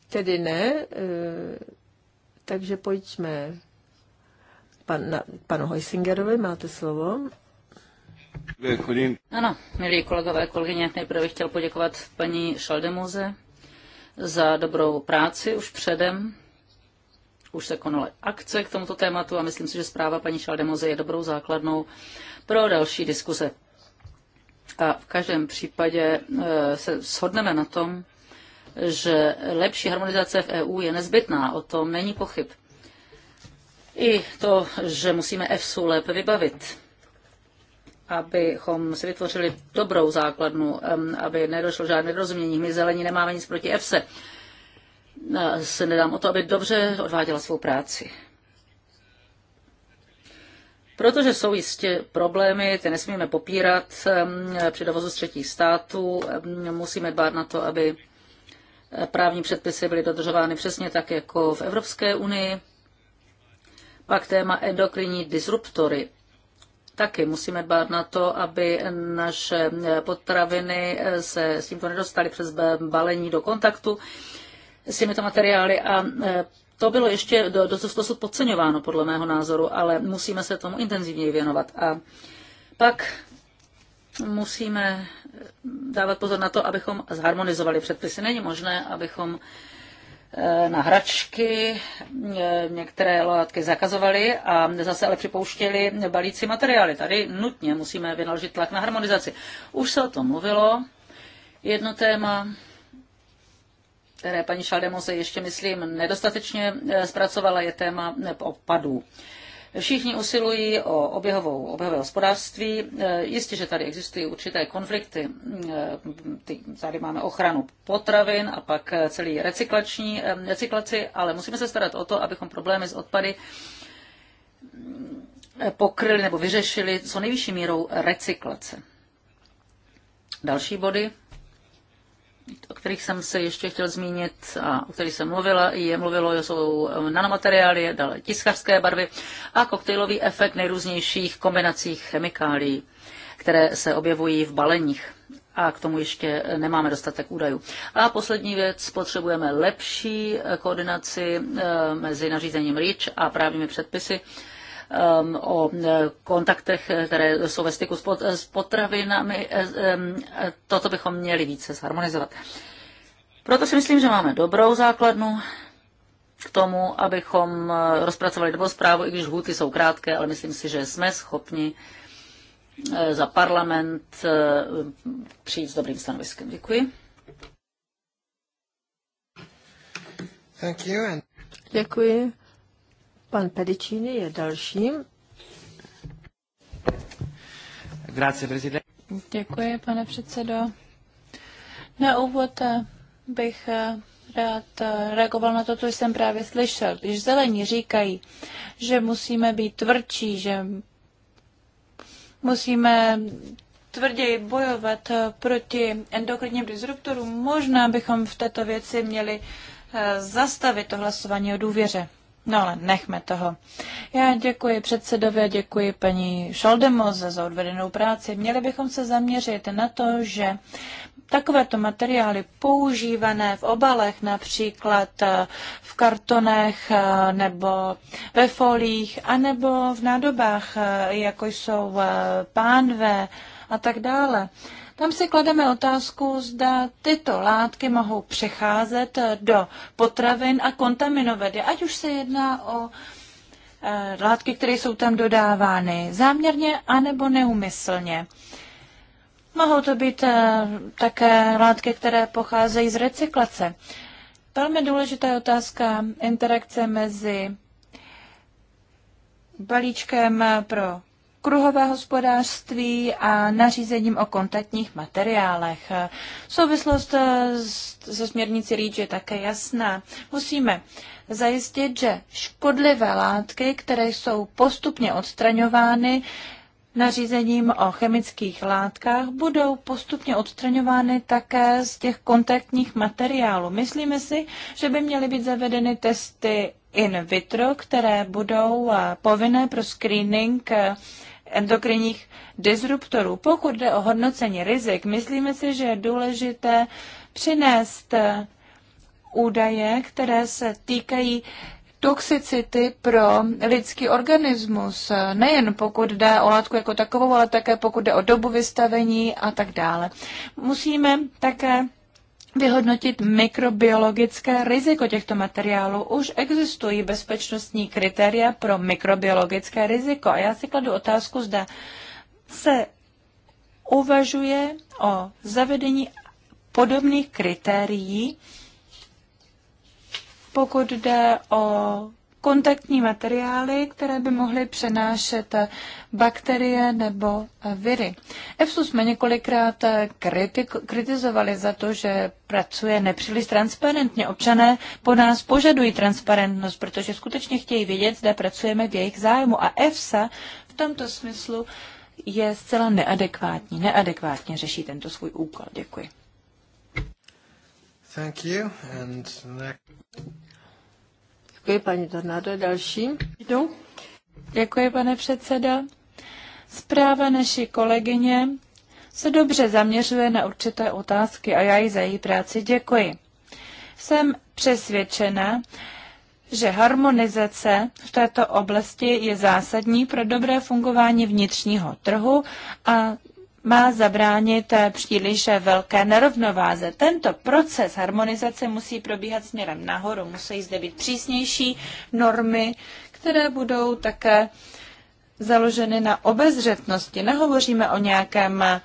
[SPEAKER 3] Tedy ne, eh, takže pojďme pan, na, panu Hojsingerovi, máte slovo.
[SPEAKER 4] Ano, milí kolegové, kolegyně, nejprve bych chtěl poděkovat paní Šaldemuze, za dobrou práci už předem. Už se konaly akce k tomuto tématu a myslím si, že zpráva paní Šaldemoze je dobrou základnou pro další diskuze. A v každém případě e, se shodneme na tom, že lepší harmonizace v EU je nezbytná, o tom není pochyb. I to, že musíme EFSU lépe vybavit, abychom si vytvořili dobrou základnu, aby nedošlo žádné rozumění. My zelení nemáme nic proti EFSE. Se nedám o to, aby dobře odváděla svou práci. Protože jsou jistě problémy, ty nesmíme popírat při dovozu z třetích států, musíme dbát na to, aby právní předpisy byly dodržovány přesně tak, jako v Evropské unii. Pak téma endokrinní disruptory taky musíme dbát na to, aby naše potraviny se s tímto nedostaly přes balení do kontaktu s těmito materiály a e, to bylo ještě dost dosud podceňováno, podle mého názoru, ale musíme se tomu intenzivněji věnovat. A pak musíme dávat pozor na to, abychom zharmonizovali předpisy. Není možné, abychom E, na hračky, e, některé látky zakazovali a zase ale připouštěli balící materiály. Tady nutně musíme vynaložit tlak na harmonizaci. Už se o tom mluvilo. Jedno téma, které paní Šaldemo se ještě, myslím, nedostatečně e, zpracovala, je téma opadů. Všichni usilují o oběhovou, oběhové hospodářství. E, jistě, že tady existují určité konflikty. E, tady máme ochranu potravin a pak e, celý recyklační, recyklaci, ale musíme se starat o to, abychom problémy s odpady pokryli nebo vyřešili co nejvyšší mírou recyklace. Další body o kterých jsem se ještě chtěl zmínit a o kterých jsem mluvila, je mluvilo, jsou nanomateriály, dále tiskařské barvy a koktejlový efekt nejrůznějších kombinací chemikálií, které se objevují v baleních a k tomu ještě nemáme dostatek údajů. A poslední věc, potřebujeme lepší koordinaci eh, mezi nařízením REACH a právními předpisy, Um, o e, kontaktech, které jsou ve styku s potravinami. E, e, toto bychom měli více zharmonizovat. Proto si myslím, že máme dobrou základnu k tomu, abychom rozpracovali dobrou zprávu, i když hůty jsou krátké, ale myslím si, že jsme schopni za parlament přijít s dobrým stanoviskem. Děkuji.
[SPEAKER 3] Thank you and... Děkuji. Pan Pedicini je dalším.
[SPEAKER 2] Děkuji, pane předsedo. Na úvod eh, bych eh, rád eh, reagoval na to, co jsem právě slyšel. Když zelení říkají, že musíme být tvrdší, že musíme tvrději bojovat proti endokrinním disruptorům, možná bychom v této věci měli zastavit to hlasování o důvěře. No ale nechme toho. Já děkuji předsedovi a děkuji paní Šaldemoze za odvedenou práci. Měli bychom se zaměřit na to, že takovéto materiály používané v obalech, například eh, v kartonech eh, nebo ve folích, anebo v nádobách, eh, jako jsou pánve a tak dále, tam si klademe otázku, zda tyto látky mohou přecházet do potravin a kontaminovat je, ať už se jedná o eh, látky, které jsou tam dodávány záměrně anebo neumyslně. Mohou to být eh, také látky, které pocházejí z recyklace. Velmi důležitá je otázka interakce mezi balíčkem pro kruhové hospodářství a nařízením o kontaktních materiálech. Souvislost eh, se směrnici REACH je také jasná. Musíme zajistit, že škodlivé látky, které jsou postupně odstraňovány, Nařízením o chemických látkách budou postupně odstraňovány také z těch kontaktních materiálů. Myslíme si, že by měly být zavedeny testy in vitro, které budou eh, povinné pro screening eh, endokrinních disruptorů. Pokud jde o hodnocení rizik, myslíme si, že je důležité přinést eh, údaje, které se týkají toxicity pro lidský organismus, eh, nejen pokud jde o látku jako takovou, ale také pokud jde o dobu vystavení a tak dále. Musíme také vyhodnotit mikrobiologické riziko těchto materiálů. Už existují bezpečnostní kritéria pro mikrobiologické riziko a já si kladu otázku, zda se uvažuje o zavedení podobných kritérií, pokud jde o kontaktní materiály, které by mohly přenášet bakterie nebo viry. EFSU jsme několikrát kritizovali za to, že pracuje nepříliš transparentně. Občané po nás požadují transparentnost, protože skutečně chtějí vědět, zda pracujeme v jejich zájmu. A EFSA v tomto smyslu je zcela neadekvátní.
[SPEAKER 3] Neadekvátně řeší tento svůj úkol. Děkuji.
[SPEAKER 1] Thank you. And next...
[SPEAKER 3] Děkuji, paní Tornado. Další. Jdu.
[SPEAKER 2] Děkuji, pane předseda. Zpráva naší kolegyně se dobře zaměřuje na určité otázky a já jí za její práci děkuji. Jsem přesvědčena, že harmonizace v této oblasti je zásadní pro dobré fungování vnitřního trhu a má zabránit eh, příliš velké nerovnováze. Tento proces harmonizace musí probíhat směrem nahoru. Musí zde být přísnější normy, které budou také založeny na obezřetnosti. Nehovoříme o nějakém eh,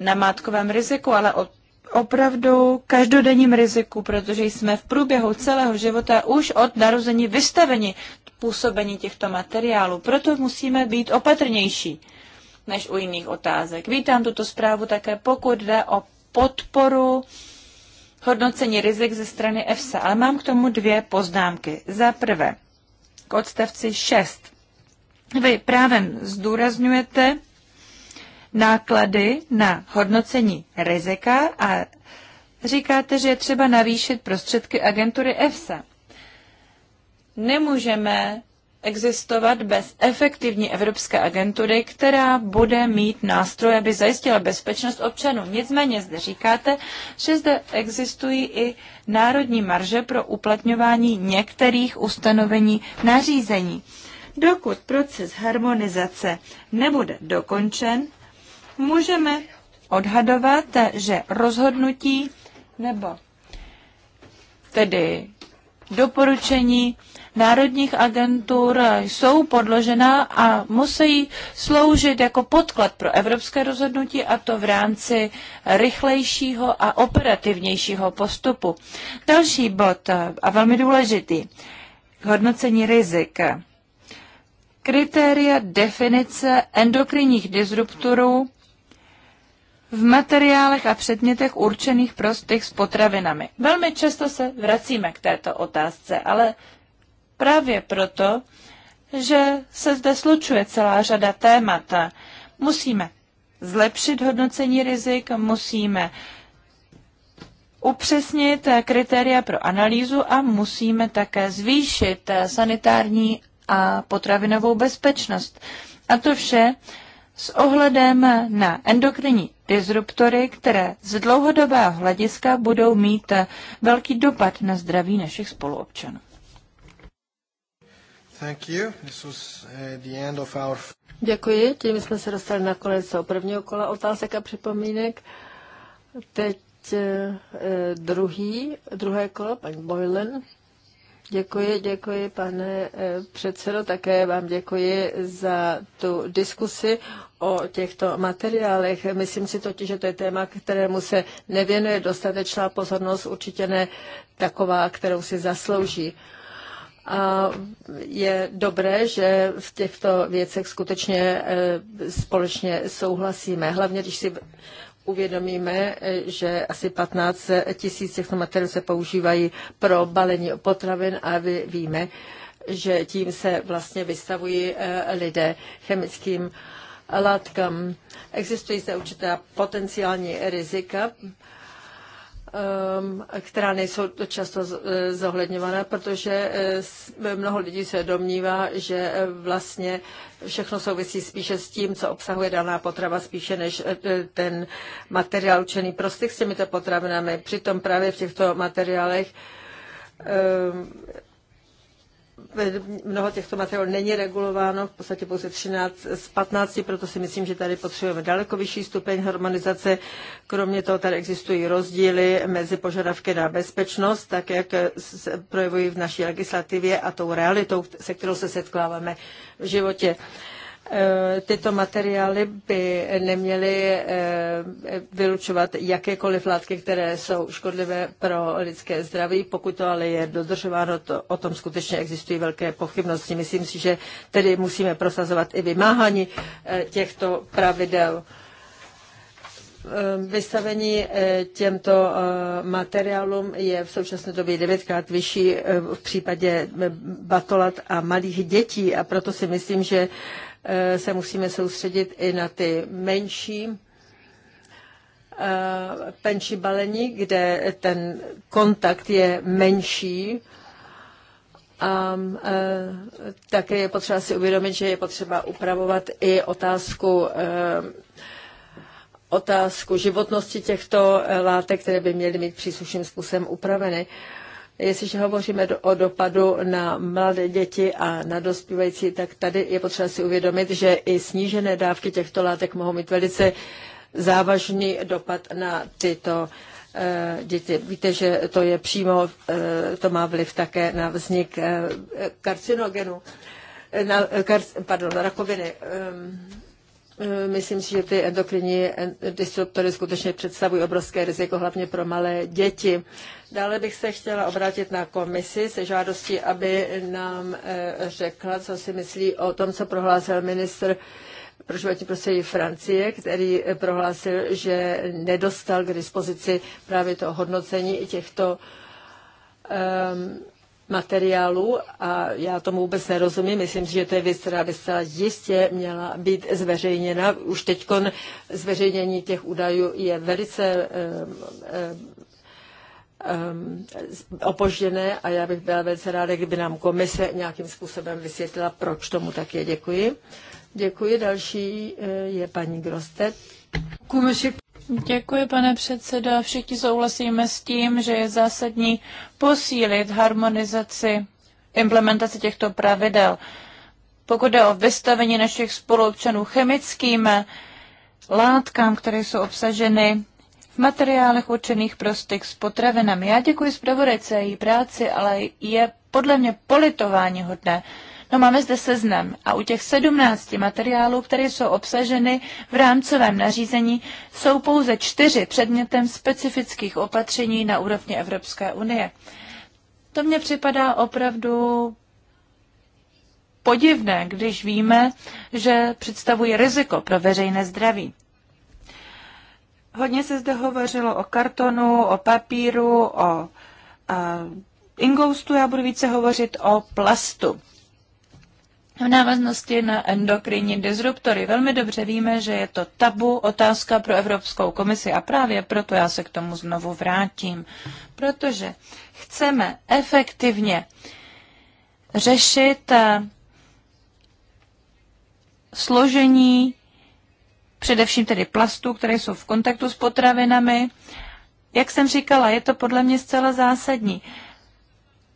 [SPEAKER 2] namátkovém riziku, ale o opravdu každodenním riziku, protože jsme v průběhu celého života už od narození vystaveni působení těchto materiálů. Proto musíme být opatrnější než u jiných otázek. Vítám tuto zprávu také, pokud jde o podporu hodnocení rizik ze strany EFSA, ale mám k tomu dvě poznámky. Za prvé, k odstavci 6. Vy právě zdůrazňujete náklady na hodnocení rizika a říkáte, že je třeba navýšit prostředky agentury EFSA. Nemůžeme existovat bez efektivní evropské agentury, která bude mít nástroje, aby zajistila bezpečnost občanů. Nicméně zde říkáte, že zde existují i národní marže pro uplatňování některých ustanovení nařízení. Dokud proces harmonizace nebude dokončen, můžeme odhadovat, že rozhodnutí nebo tedy doporučení národních agentur jsou podložena a musí sloužit jako podklad pro evropské rozhodnutí a to v rámci rychlejšího a operativnějšího postupu. Další bod eh, a velmi důležitý. Hodnocení rizik. Kritéria definice endokrinních disruptorů v materiálech a předmětech určených pro styk s potravinami. Velmi často se vracíme k této otázce, ale právě proto, že se zde slučuje celá řada témat. Musíme zlepšit hodnocení rizik, musíme upřesnit kritéria pro analýzu a musíme také zvýšit sanitární a potravinovou bezpečnost. A to vše s ohledem na endokrinní disruptory, které z dlouhodobého hlediska budou mít velký
[SPEAKER 3] dopad na zdraví našich spoluobčanů. Uh, děkuji, tím jsme se dostali na konec toho prvního kola otázek a připomínek. Teď eh, eh, druhý, druhé kolo, paní Boylen. Děkuji, děkuji, pane eh, předsedo. Také vám děkuji za tu diskusi o těchto materiálech. Myslím si totiž, že to je téma, kterému se nevěnuje dostatečná pozornost, určitě ne taková, kterou si zaslouží. A je dobré, že v těchto věcech skutečně e, společně souhlasíme. Hlavně, když si uvědomíme, e, že asi 15 tisíc těchto materiálů se používají pro balení potravin a víme, že tím se vlastně vystavují e, lidé chemickým látkám. Existují zde určitá potenciální rizika Um, která nejsou často eh, zohledňovaná, protože eh, mnoho lidí se domnívá, že eh, vlastně všechno souvisí spíše s tím, co obsahuje daná potrava, spíše než ten materiál učený prostých s těmito potravinami. Přitom právě v těchto materiálech mnoho těchto materiálů není regulováno, v podstatě pouze 13 z 15, proto si myslím, že tady potřebujeme daleko vyšší stupeň harmonizace. Kromě toho tady existují rozdíly mezi požadavky na bezpečnost, tak jak se projevují v naší legislativě a tou realitou, se kterou se setkáváme v životě. Uh, Eh, tyto materiály by neměly eh, vylučovat jakékoliv látky, které jsou škodlivé pro lidské zdraví. Pokud to ale je dodržováno, to, o tom skutečně existují velké pochybnosti. Myslím si, že tedy musíme prosazovat i vymáhání eh, těchto pravidel. Vystavení těmto materiálům je v současné době devětkrát vyšší v případě batolat a malých dětí a proto si myslím, že Eh, se musíme soustředit i na ty menší penší eh, balení, kde ten kontakt je menší. A eh, také je potřeba si uvědomit, že je potřeba upravovat i otázku otázku životnosti těchto látek, které by měly mít příslušným způsobem upraveny. Uh, Jestliže hovoříme o dopadu na mladé děti a na dospívající, tak tady je potřeba si uvědomit, že i snížené dávky těchto látek mohou mít velice závažný dopad na tyto eh, děti. Víte, že to je přímo, eh, to má vliv také na vznik eh, karcinogenu, na, kar, pardon, rakoviny. Ehm, Eh, myslím si, že ty endokrinní disruptory skutečně představují obrovské riziko, hlavně pro malé děti. Dále bych se chtěla obrátit na komisi se žádostí, aby nám eh, řekla, co si myslí o tom, co prohlásil ministr pro životní prostředí Francie, který prohlásil, že nedostal k dispozici právě to hodnocení těchto um, materiálu a já tomu vůbec nerozumím. Myslím si, že to je věc, která by se jistě měla být zveřejněna. Už teď zveřejnění těch údajů je velice um, um, opožděné a já bych byla velice ráda, kdyby nám komise nějakým způsobem vysvětlila, proč tomu tak je. Děkuji. Děkuji. Další je paní Grostet.
[SPEAKER 2] Děkuji, pane předsedo. Všichni souhlasíme s tím, že je zásadní posílit harmonizaci implementaci těchto pravidel. Pokud jde o vystavení našich spoluobčanů chemickým látkám, které jsou obsaženy v materiálech určených pro styk s potravinami. Já děkuji zpravodajce její práci, ale je podle mě politování hodné, No máme zde seznam a u těch 17 materiálů, které jsou obsaženy v rámcovém nařízení, jsou pouze čtyři předmětem specifických opatření na úrovni Evropské unie. To mně připadá opravdu podivné, když víme, že představují riziko pro veřejné zdraví. Hodně se zde hovořilo o kartonu, o papíru, o a, ingoustu, já budu více hovořit o plastu v návaznosti na endokrinní disruptory. Velmi dobře víme, že je to tabu otázka pro Evropskou komisi a právě proto já se k tomu znovu vrátím. Protože chceme efektivně řešit eh, složení především tedy plastů, které jsou v kontaktu s potravinami. Jak jsem říkala, je to podle mě zcela zásadní.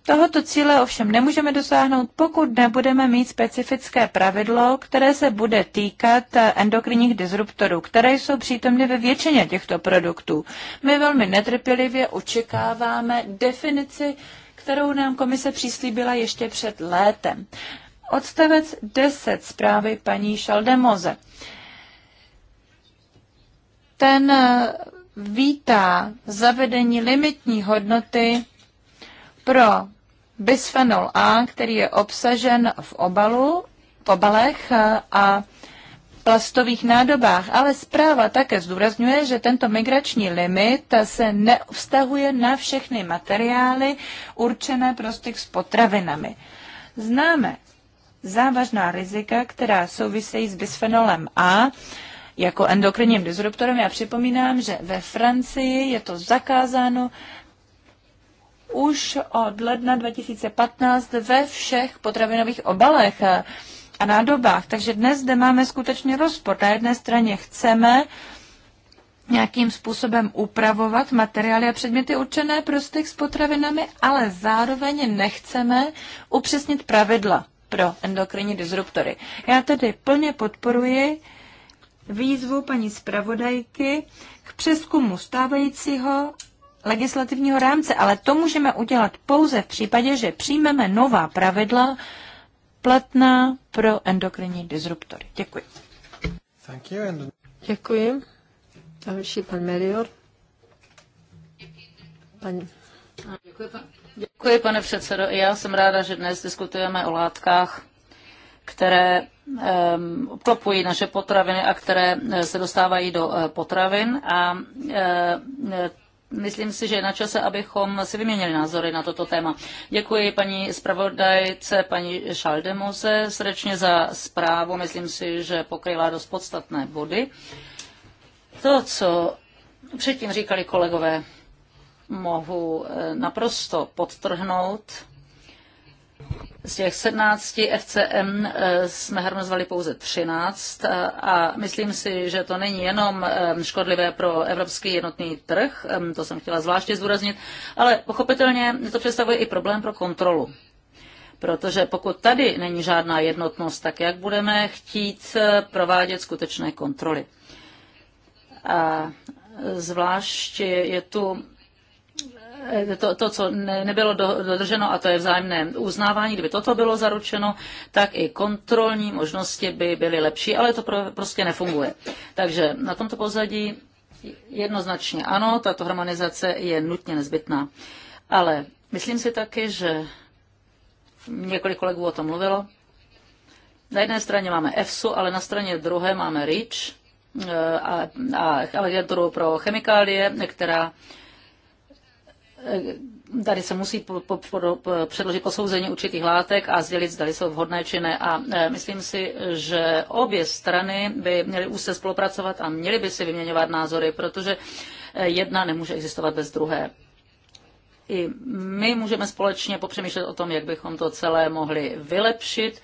[SPEAKER 2] Tohoto cíle ovšem nemůžeme dosáhnout, pokud nebudeme mít specifické pravidlo, které se bude týkat eh, endokrinních disruptorů, které jsou přítomny ve většině těchto produktů. My velmi netrpělivě očekáváme definici, kterou nám komise přislíbila ještě před létem. Odstavec 10 zprávy paní Šaldemoze. Ten eh, vítá zavedení limitní hodnoty pro bisfenol A, který je obsažen v obalu, v obalech a plastových nádobách, ale zpráva také zdůrazňuje, že tento migrační limit se nevztahuje na všechny materiály určené pro styk s potravinami. Známe závažná rizika, která souvisejí s bisfenolem A jako endokrinním disruptorem. Já připomínám, že ve Francii je to zakázáno už od ledna 2015 ve všech potravinových obalech a nádobách. Takže dnes zde máme skutečně rozpor. Na jedné straně chceme nějakým způsobem upravovat materiály a předměty určené pro styk s potravinami, ale zároveň nechceme upřesnit pravidla pro endokrinní disruptory. Já tedy plně podporuji výzvu paní zpravodajky k přeskumu stávajícího legislativního rámce, ale to můžeme udělat pouze v případě, že přijmeme nová pravidla platná
[SPEAKER 3] pro endokrinní disruptory. Děkuji.
[SPEAKER 1] Thank you and...
[SPEAKER 3] Děkuji. Další pan Melior. Pan...
[SPEAKER 4] Děkuji, pan... Děkuji, pane předsedo. já jsem ráda, že dnes diskutujeme o látkách, které obklopují naše potraviny a které eh, se dostávají do eh, potravin. A eh, myslím si, že je na čase, abychom si vyměnili názory na toto téma. Děkuji paní zpravodajce, paní Šaldemose, srdečně za zprávu. Myslím si, že pokryla dost podstatné body. To, co předtím říkali kolegové, mohu eh, naprosto podtrhnout z těch 17 FCM eh, jsme harmonizovali pouze 13 eh, a myslím si, že to není jenom eh, škodlivé pro evropský jednotný trh, to jsem chtěla zvláště zdůraznit, ale pochopitelně to představuje i problém pro kontrolu. Protože pokud tady není žádná jednotnost, tak jak budeme chtít provádět skutečné kontroly? A zvlášť je tu Eh, to, to co ne, nebylo do, dodrženo, a to je vzájemné uznávání, kdyby toto bylo zaručeno, tak i kontrolní možnosti by byly lepší, ale to pro, prostě nefunguje. Takže na tomto pozadí jednoznačně ano, tato harmonizace je nutně nezbytná. Ale myslím si taky, že několik kolegů o tom mluvilo. Na jedné straně máme EFSU, ale na straně druhé máme REACH, eh, a, a agenturu pro chemikálie, která Eh, tady se musí po, po, po, předložit posouzení určitých látek a sdělit, zda jsou vhodné či ne. A eh, myslím si, že obě strany by měly úzce spolupracovat a měly by si vyměňovat názory, protože eh, jedna nemůže existovat bez druhé. I my můžeme společně popřemýšlet o tom, jak bychom to celé mohli vylepšit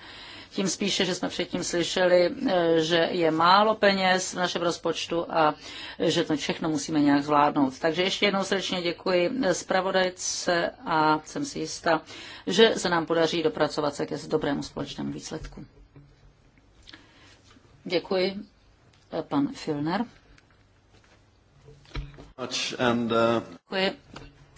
[SPEAKER 4] tím spíše, že jsme předtím slyšeli, eh, že je málo peněz v našem rozpočtu a že to všechno musíme nějak zvládnout. Takže ještě jednou srdečně děkuji zpravodajce a jsem si jista, že se nám podaří dopracovat se ke dobrému společnému výsledku. Děkuji. Eh, pan Filner. Uh, děkuji.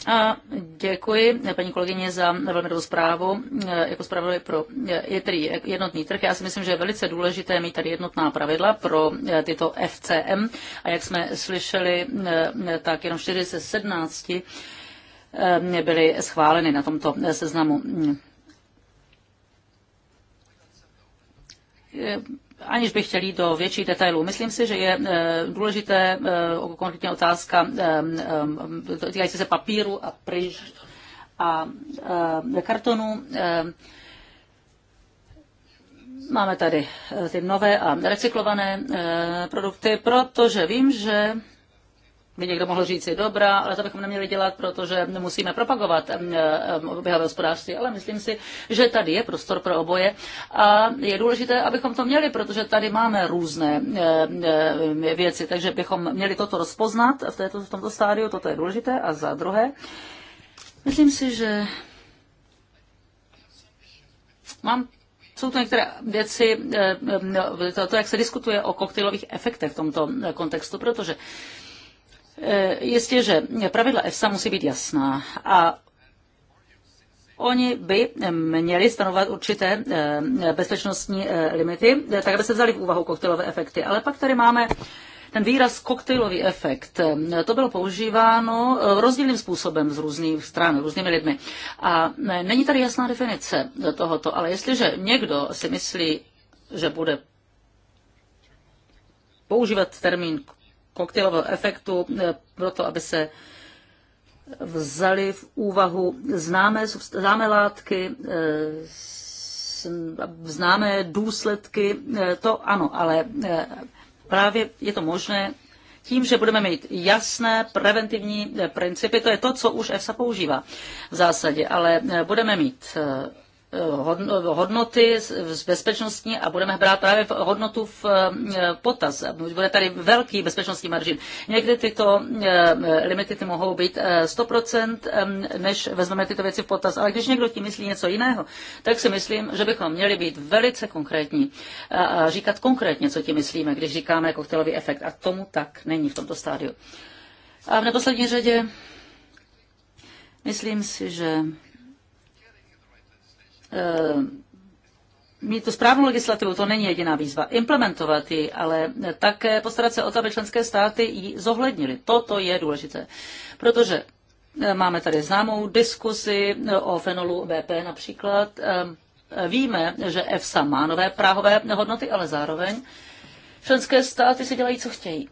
[SPEAKER 4] A děkuji paní kolegyně za velmi dobrou zprávu eh, jako zpravodaj pro eh, je tedy jednotný trh. Já si myslím, že je velice důležité mít tady jednotná pravidla pro eh, tyto FCM. A jak jsme slyšeli, tak jenom 4 ze 17 byly schváleny na tomto seznamu aniž bych chtěl jít do větších detailů. Myslím si, že je eh, důležité eh, konkrétně otázka eh, týkající se papíru a pryž a kartonu. Máme tady ty nové a recyklované produkty, protože vím, že by někdo mohl říct si dobrá, ale to bychom neměli dělat, protože musíme propagovat eh, eh, oběhové hospodářství, ale myslím si, že tady je prostor pro oboje a je důležité, abychom to měli, protože tady máme různé eh, věci, takže bychom měli toto rozpoznat v, této, v tomto stádiu, toto je důležité. A za druhé, myslím si, že mám jsou to některé věci, to, to, jak se diskutuje o koktejlových efektech v tomto kontextu, protože Eh, jistě, že pravidla EFSA musí být jasná a oni by měli stanovat určité eh, bezpečnostní eh, limity, tak aby se vzali v úvahu koktejlové efekty. Ale pak tady máme ten výraz koktejlový efekt, to bylo používáno rozdílným způsobem z různých stran, různými lidmi. A není tady jasná definice tohoto, ale jestliže někdo si myslí, že bude používat termín koktejlového efektu, eh, proto aby se vzali v úvahu známé, známé látky, eh, známé důsledky, eh, to ano, ale právě je to možné tím, že budeme mít jasné preventivní principy, to je to, co už EFSA používá v zásadě, ale budeme mít hodnoty z bezpečnostní a budeme brát právě hodnotu v eh, potaz. Bude tady velký bezpečnostní maržin. Někdy tyto eh, limity ty mohou být 100%, eh, než vezmeme tyto věci v potaz. Ale když někdo tím myslí něco jiného, tak si myslím, že bychom měli být velice konkrétní a říkat konkrétně, co tím myslíme, když říkáme koktelový efekt. A tomu tak není v tomto stádiu. A v neposlední řadě myslím si, že Eh, mít tu správnou legislativu, to není jediná výzva. Implementovat ji, ale také postarat se o to, aby členské státy ji zohlednili. Toto je důležité. Protože eh, máme tady známou diskusi eh, o fenolu BP například. Víme, že EFSA má nové práhové hodnoty, ale zároveň členské státy si dělají, co chtějí.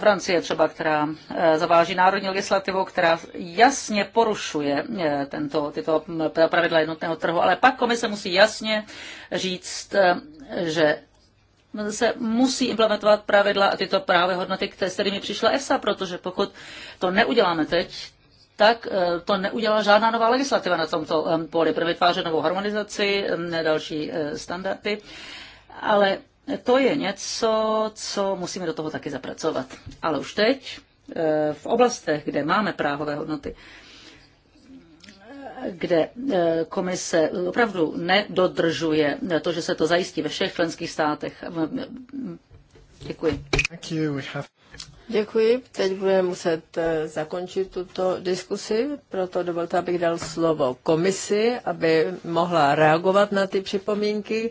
[SPEAKER 4] Francie třeba, která eh, zaváží národní legislativu, která jasně porušuje eh, tento, tyto eh, pravidla jednotného trhu, ale pak komise musí jasně říct, že se musí implementovat pravidla a tyto právě hodnoty, které s kterými přišla EFSA, protože pokud to neuděláme teď, tak to neudělá žádná nová legislativa na tomto poli. Pro vytvářenou harmonizaci, další standardy ale to je něco, co musíme do toho taky zapracovat. Ale už teď eh, v oblastech, kde máme právové hodnoty, eh, kde eh, komise opravdu nedodržuje to, že se to zajistí ve všech členských státech.
[SPEAKER 1] Děkuji.
[SPEAKER 3] Děkuji. Teď budeme muset zakončit tuto diskusi, proto dovolte, abych dal slovo komisi, aby mohla reagovat na ty připomínky,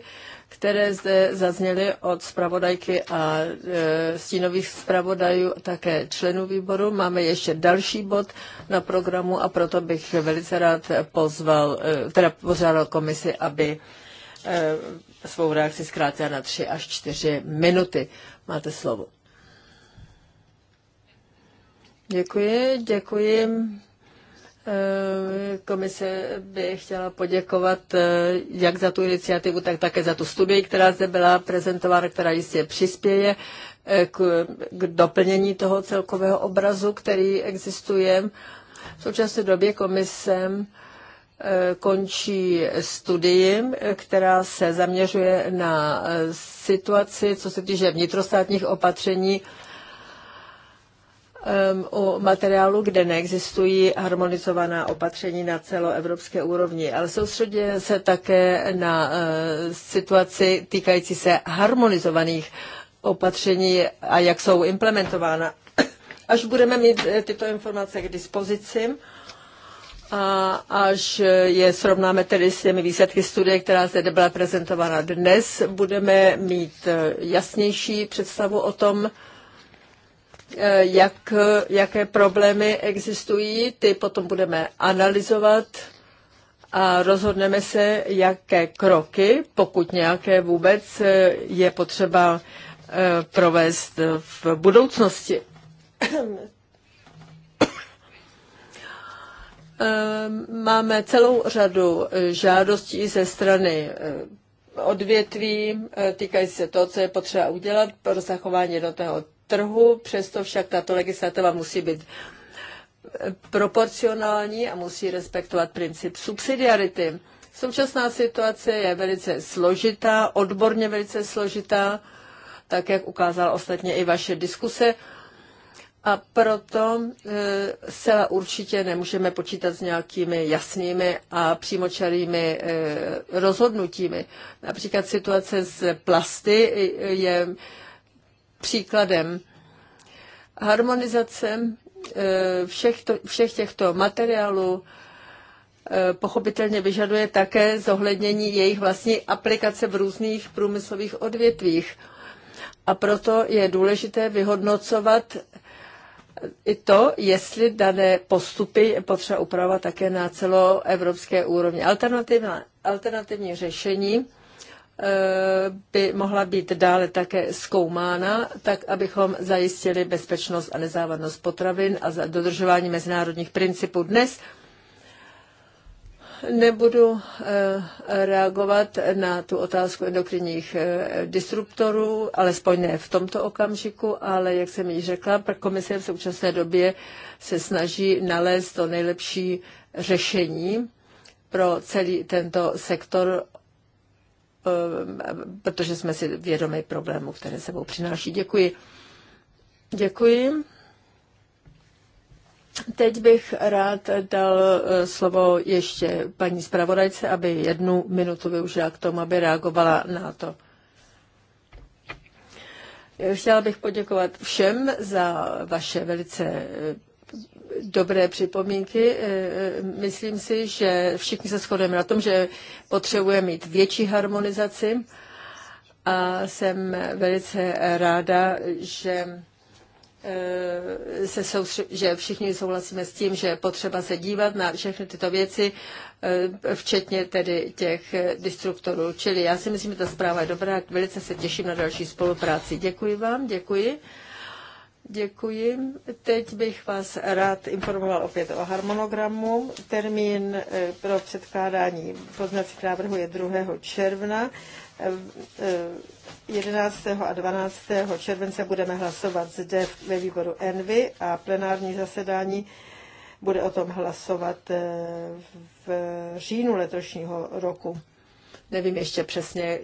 [SPEAKER 3] které zde zazněly od zpravodajky a e, stínových zpravodajů, také členů výboru. Máme ještě další bod na programu a proto bych velice rád pozval, e, teda požádal komisi, aby e, svou reakci zkrátila na tři až čtyři minuty. Máte slovo. Děkuji, děkuji. Eh, komise by chtěla poděkovat eh, jak za tu iniciativu, tak také za tu studii, která zde byla prezentována, která jistě přispěje eh, k, k doplnění toho celkového obrazu, který existuje. V současné době komise končí studii, která se zaměřuje na situaci, co se týče vnitrostátních opatření Um, u materiálu, kde neexistují harmonizovaná opatření na celoevropské úrovni, ale soustředí se také na uh, situaci týkající se harmonizovaných opatření a jak jsou implementována. Až budeme mít uh, tyto informace k dispozici, a až je srovnáme tedy s těmi výsledky studie, která zde byla prezentována dnes, budeme mít uh, jasnější představu o tom, Eh, jak, jaké problémy existují, ty potom budeme analyzovat a rozhodneme se, jaké kroky, pokud nějaké vůbec, eh, je potřeba eh, provést v budoucnosti. Ehm, máme celou řadu žádostí ze strany odvětví, týkají se toho, co je potřeba udělat pro zachování jednotného trhu, přesto však tato legislativa musí být proporcionální a musí respektovat princip subsidiarity. Současná situace je velice složitá, odborně velice složitá, tak jak ukázala ostatně i vaše diskuse. A proto e, zcela určitě nemůžeme počítat s nějakými jasnými a přímočarými e, rozhodnutími. Například situace s plasty e, je příkladem. Harmonizace eh, všech, to, všech těchto materiálů eh, pochopitelně vyžaduje také zohlednění jejich vlastní aplikace v různých průmyslových odvětvích. A proto je důležité vyhodnocovat i to, jestli dané postupy je potřeba upravovat také na celoevropské úrovni. Alternativní řešení by mohla být dále také zkoumána, tak abychom zajistili bezpečnost a nezávadnost potravin a za dodržování mezinárodních principů dnes. Nebudu eh, reagovat na tu otázku endokrinních eh, disruptorů, alespoň ne v tomto okamžiku, ale jak jsem již řekla, komise v současné době se snaží nalézt to nejlepší řešení pro celý tento sektor Ehm, protože jsme si vědomi problémů, které sebou přináší. Děkuji. Děkuji. Teď bych rád dal e, slovo ještě paní zpravodajce, aby jednu minutu využila k tomu, aby reagovala na to. Chtěla bych poděkovat všem za vaše velice e, dobré připomínky. Eh, eh, myslím si, že všichni se shodujeme na tom, že potřebujeme mít větší harmonizaci a jsem velice ráda, že eh, se soustři- že všichni souhlasíme s tím, že je potřeba se dívat na všechny tyto věci, včetně tedy těch destruktorů. Čili já si myslím, že ta zpráva je dobrá, a velice se těším na další spolupráci. Děkuji vám, děkuji. Děkuji. Teď bych vás rád informoval opět o harmonogramu. Termín eh, pro předkládání poznacích návrhů je 2. června. 11. Eh, eh, a 12. července budeme hlasovat zde ve výboru Envy a plenární zasedání bude o tom hlasovat v říjnu letošního roku. Nevím ještě přesně,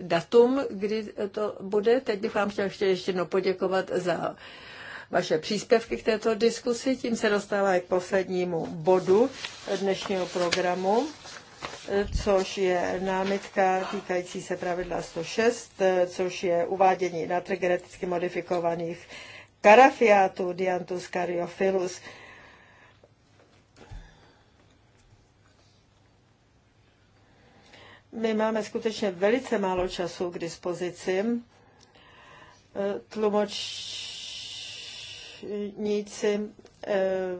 [SPEAKER 3] datum, kdy to bude. Teď bych vám chtěl ještě ještě jednou poděkovat za vaše příspěvky k této diskusi. Tím se dostává k poslednímu bodu dnešního programu, což je námitka týkající se pravidla 106, což je uvádění na geneticky modifikovaných karafiátů Dianthus cariophyllus. My máme skutečně velice málo času k dispozici. E, tlumočníci e,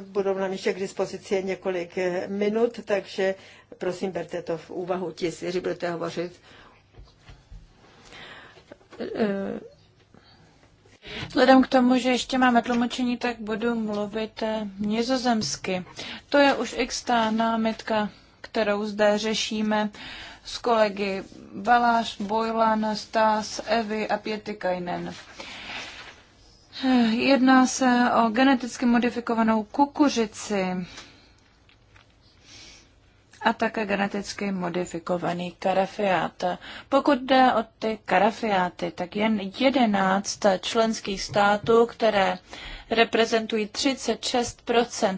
[SPEAKER 3] budou nám ještě k dispozici několik minut, takže prosím, berte to v úvahu ti, jestli budete hovořit.
[SPEAKER 2] E, vzhledem k tomu, že ještě máme tlumočení, tak budu mluvit nizozemsky. To je už x námitka kterou zde řešíme s kolegy Baláš, Bojlan, Stas, Evy a Pětikajnen. Jedná se o geneticky modifikovanou kukuřici a také geneticky modifikovaný karafiát. Pokud jde o ty karafiáty, tak jen 11 členských států, které reprezentují 36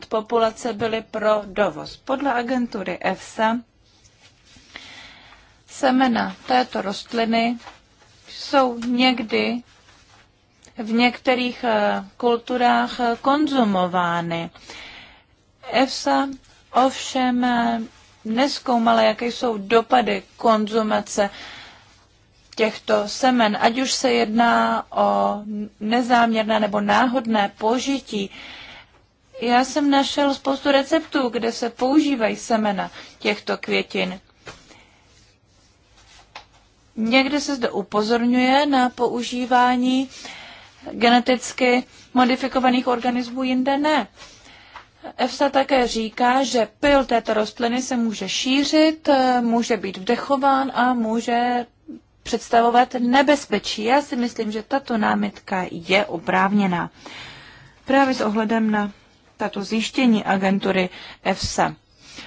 [SPEAKER 2] populace, byly pro dovoz. Podle agentury EFSA semena této rostliny jsou někdy v některých eh, kulturách eh, konzumovány. EFSA ovšem eh, neskoumala, jaké jsou dopady konzumace těchto semen, ať už se jedná o nezáměrné nebo náhodné použití. Já jsem našel spoustu receptů, kde se používají semena těchto květin. Někde se zde upozorňuje na používání geneticky modifikovaných organismů, jinde ne. EFSA také říká, že pil této rostliny se může šířit, může být vdechován a může představovat nebezpečí. Já si myslím, že tato námitka je oprávněná. Právě s ohledem na tato zjištění agentury EFSA.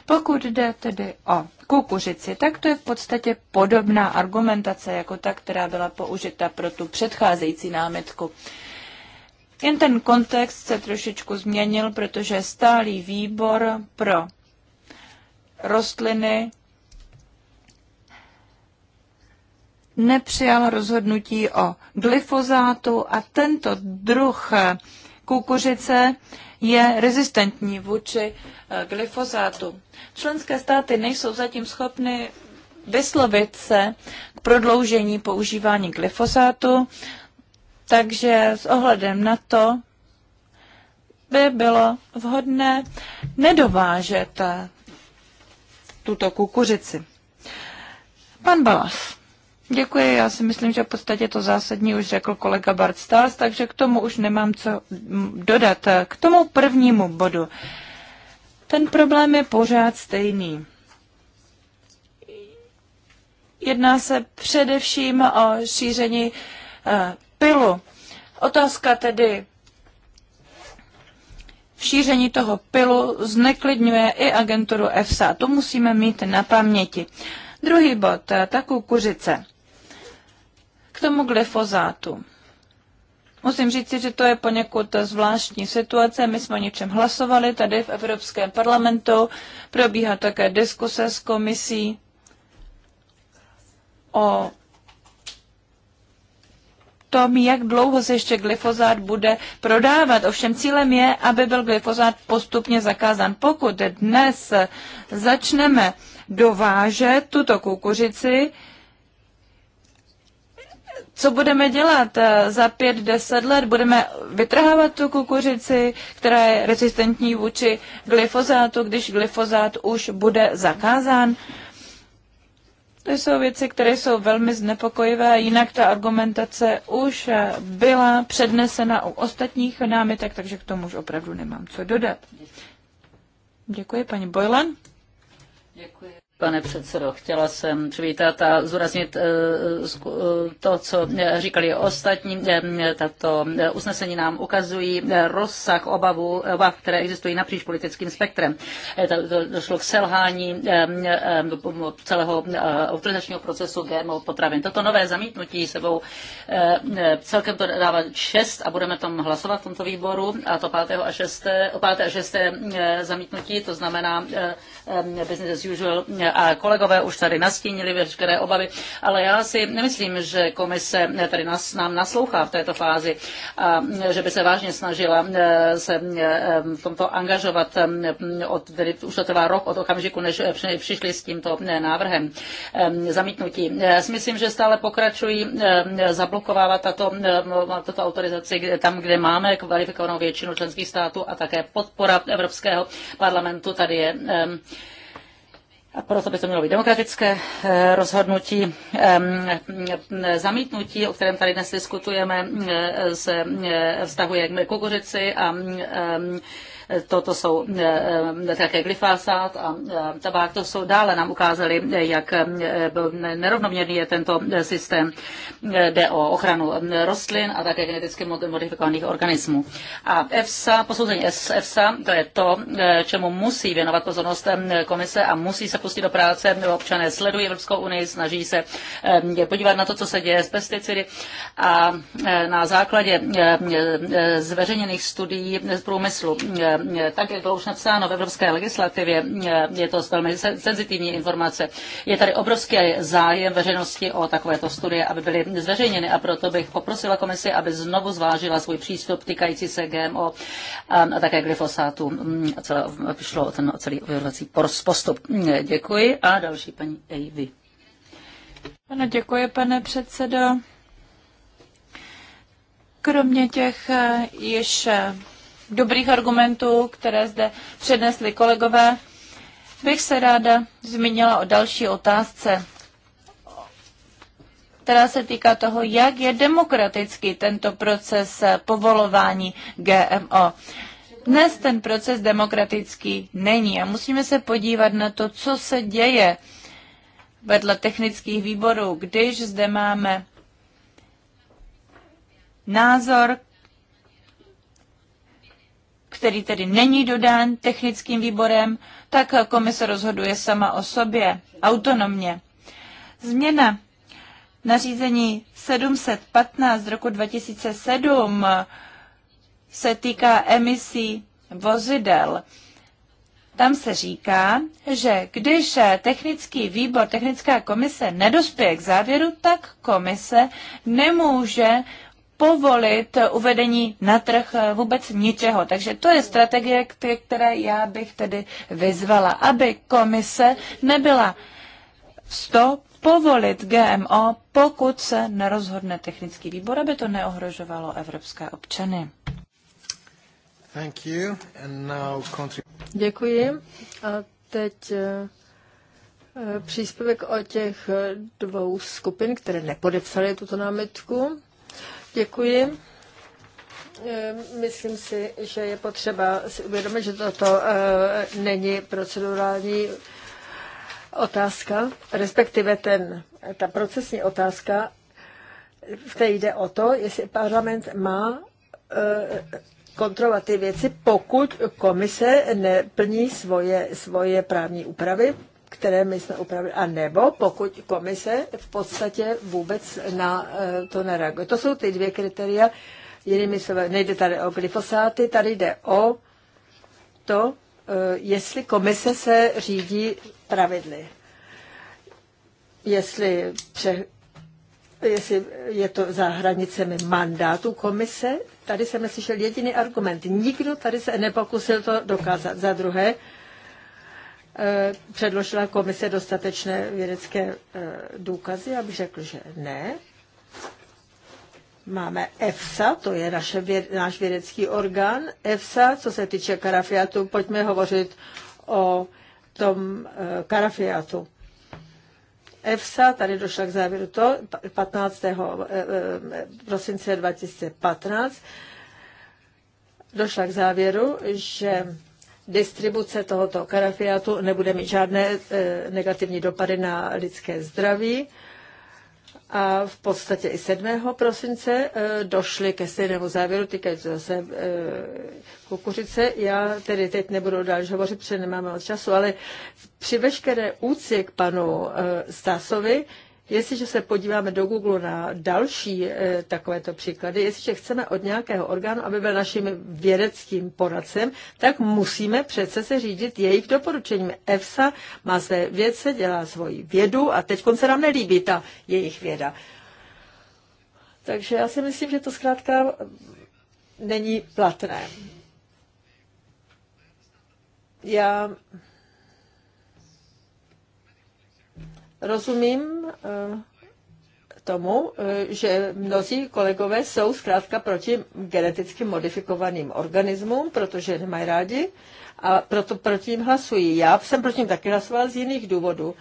[SPEAKER 2] Pokud jde tedy o kukuřici, tak to je v podstatě podobná argumentace jako ta, která byla použita pro tu předcházející námitku. Jen ten kontext se trošičku změnil, protože stálý výbor pro rostliny nepřijal rozhodnutí o glyfozátu a tento druh kukuřice je rezistentní vůči eh, glyfozátu. Členské státy nejsou zatím schopny vyslovit se k prodloužení používání glyfozátu, takže s ohledem na to by bylo vhodné nedovážet eh, tuto kukuřici. Pan Balas. Děkuji, já si myslím, že v podstatě to zásadní už řekl kolega Bart Stas, takže k tomu už nemám co dodat. K tomu prvnímu bodu. Ten problém je pořád stejný. Jedná se především o šíření eh, pilu. Otázka tedy šíření toho pilu zneklidňuje i agenturu EFSA. To musíme mít na paměti. Druhý bod, eh, ta kukuřice. K tomu glyfozátu. Musím říci, že to je poněkud zvláštní situace. My jsme o něčem hlasovali tady v Evropském parlamentu. Probíhá také diskuse s komisí o tom, jak dlouho se ještě glyfozát bude prodávat. Ovšem cílem je, aby byl glyfozát postupně zakázán. Pokud dnes začneme dovážet tuto kukuřici, co budeme dělat eh, za pět, deset let? Budeme vytrhávat tu kukuřici, která je rezistentní vůči glyfozátu, když glyfozát už bude zakázán? To jsou věci, které jsou velmi znepokojivé, jinak ta argumentace už eh, byla přednesena u ostatních námitek,
[SPEAKER 4] takže k tomu už opravdu nemám co dodat. Děkuji, paní Bojlan. Děkuji. Pane předsedo, chtěla jsem přivítat a zúraznit eh, eh, to, co eh, říkali ostatní. Tato usnesení nám ukazují rozsah obavu, obav, které existují napříč politickým spektrem. Došlo k selhání celého autorizačního procesu GMO potravin. Toto nové zamítnutí sebou celkem to dává šest a budeme tam hlasovat v tomto výboru a to 5. a 6. 5. a 6. zamítnutí, to znamená business as usual a kolegové už tady nastínili veškeré obavy, ale já si nemyslím, že komise tady nás, nám naslouchá v této fázi a že by se vážně snažila eh, se eh, v tomto angažovat. Eh, od, tedy už to trvá rok od okamžiku, než přišli s tímto návrhem zamítnutí. Já si myslím, že stále pokračují zablokovávat tato, tato autorizaci tam, kde máme kvalifikovanou většinu členských států a také podpora Evropského parlamentu tady je a proto by to mělo být demokratické eh, rozhodnutí. Eh, zamítnutí, o kterém tady dnes diskutujeme, eh, se vztahuje k kukuřici a toto jsou eh, eh, také glyfosát a eh, tabák, to jsou dále nám ukázali, jak nerovnoměrný je tento systém. Jde o ochranu rostlin a také geneticky modifikovaných organismů. A EFSA, posouzení EFSA, to je to, čemu musí věnovat pozornost komise a musí se pustit do práce. Občané sledují Evropskou unii, snaží se podívat na to, co se děje s pesticidy a na základě zveřejněných studií z průmyslu tak jak bylo už napsáno v evropské legislativě, je to velmi senzitivní informace. Je tady obrovský zájem veřejnosti o takovéto studie, aby byly zveřejněny a proto bych poprosila komisi, aby znovu zvážila svůj přístup týkající se GMO a také glyfosátu a celé, šlo ten celý vyhodovací postup. Děkuji a další paní Ejvy.
[SPEAKER 2] Ano, děkuji, pane předsedo kromě těch eh, již eh, dobrých argumentů, které zde přednesli kolegové, bych se ráda zmínila o další otázce, která se týká toho, jak je demokratický tento proces povolování GMO. Dnes ten proces demokratický není a musíme se podívat na to, co se děje vedle technických výborů, když zde máme názor, který tedy není dodán technickým výborem, tak komise rozhoduje sama o sobě, autonomně. Změna nařízení 715 z roku 2007 se týká emisí vozidel. Tam se říká, že když technický výbor, technická komise nedospěje k závěru, tak komise nemůže povolit uvedení na trh vůbec ničeho. Takže to je strategie, které já bych tedy vyzvala, aby komise nebyla stop povolit GMO, pokud se nerozhodne technický výbor, aby to neohrožovalo evropské občany.
[SPEAKER 1] Thank you. And now country...
[SPEAKER 3] Děkuji. A teď eh, eh, příspěvek o těch dvou skupin, které nepodepsaly tuto námitku. Děkuji. Ehm, myslím si, že je potřeba si uvědomit, že toto eh, není procedurální otázka, respektive ten, ta procesní otázka, v té jde o to, jestli parlament má eh, kontrolovat ty věci, pokud komise neplní svoje, svoje právní úpravy které my jsme upravili, a nebo pokud komise v podstatě vůbec na e, to nereaguje. To jsou ty dvě kritéria. Jinými slovy, nejde tady o glyfosáty, tady jde o to, e, jestli komise se řídí pravidly. Jestli, pře, jestli je to za hranicemi mandátu komise, tady jsem slyšel jediný argument. Nikdo tady se nepokusil to dokázat. Za druhé, Eh, předložila komise dostatečné vědecké eh, důkazy? abych řekl, že ne. Máme EFSA, to je naše, náš vědecký orgán. EFSA, co se týče karafiatu, pojďme hovořit o tom eh, karafiatu. EFSA tady došla k závěru to 15. prosince 2015 došla k závěru, že distribuce tohoto karafiátu nebude mít žádné eh, negativní dopady na lidské zdraví. A v podstatě i 7. prosince eh, došli ke stejnému závěru týkající zase eh, kukuřice. Já tedy teď nebudu dál hovořit, protože nemáme moc času, ale při veškeré úctě k panu Stasovi Jestliže se podíváme do Google na další eh, takovéto příklady, jestliže chceme od nějakého orgánu, aby byl naším vědeckým poradcem, tak musíme přece se řídit jejich doporučením. EFSA má své vědce, dělá svoji vědu a teď se nám nelíbí ta jejich věda. Takže já si myslím, že to zkrátka není platné. Já Rozumím eh, tomu, eh, že mnozí kolegové jsou zkrátka proti geneticky modifikovaným organismům, protože nemají rádi a proto proti jim hlasují. Já jsem proti ním taky hlasoval z jiných důvodů,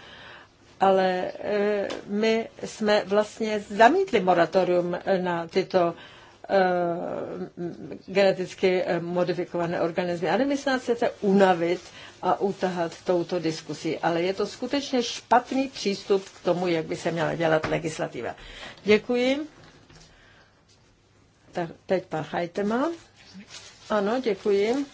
[SPEAKER 3] ale eh, my jsme vlastně zamítli moratorium na tyto geneticky modifikované organismy. A nemyslím, se chcete unavit a utahat touto diskusí. Ale je to skutečně špatný přístup k tomu, jak by se měla dělat legislativa. Děkuji. Tak teď pan Hajtema. Ano, děkuji.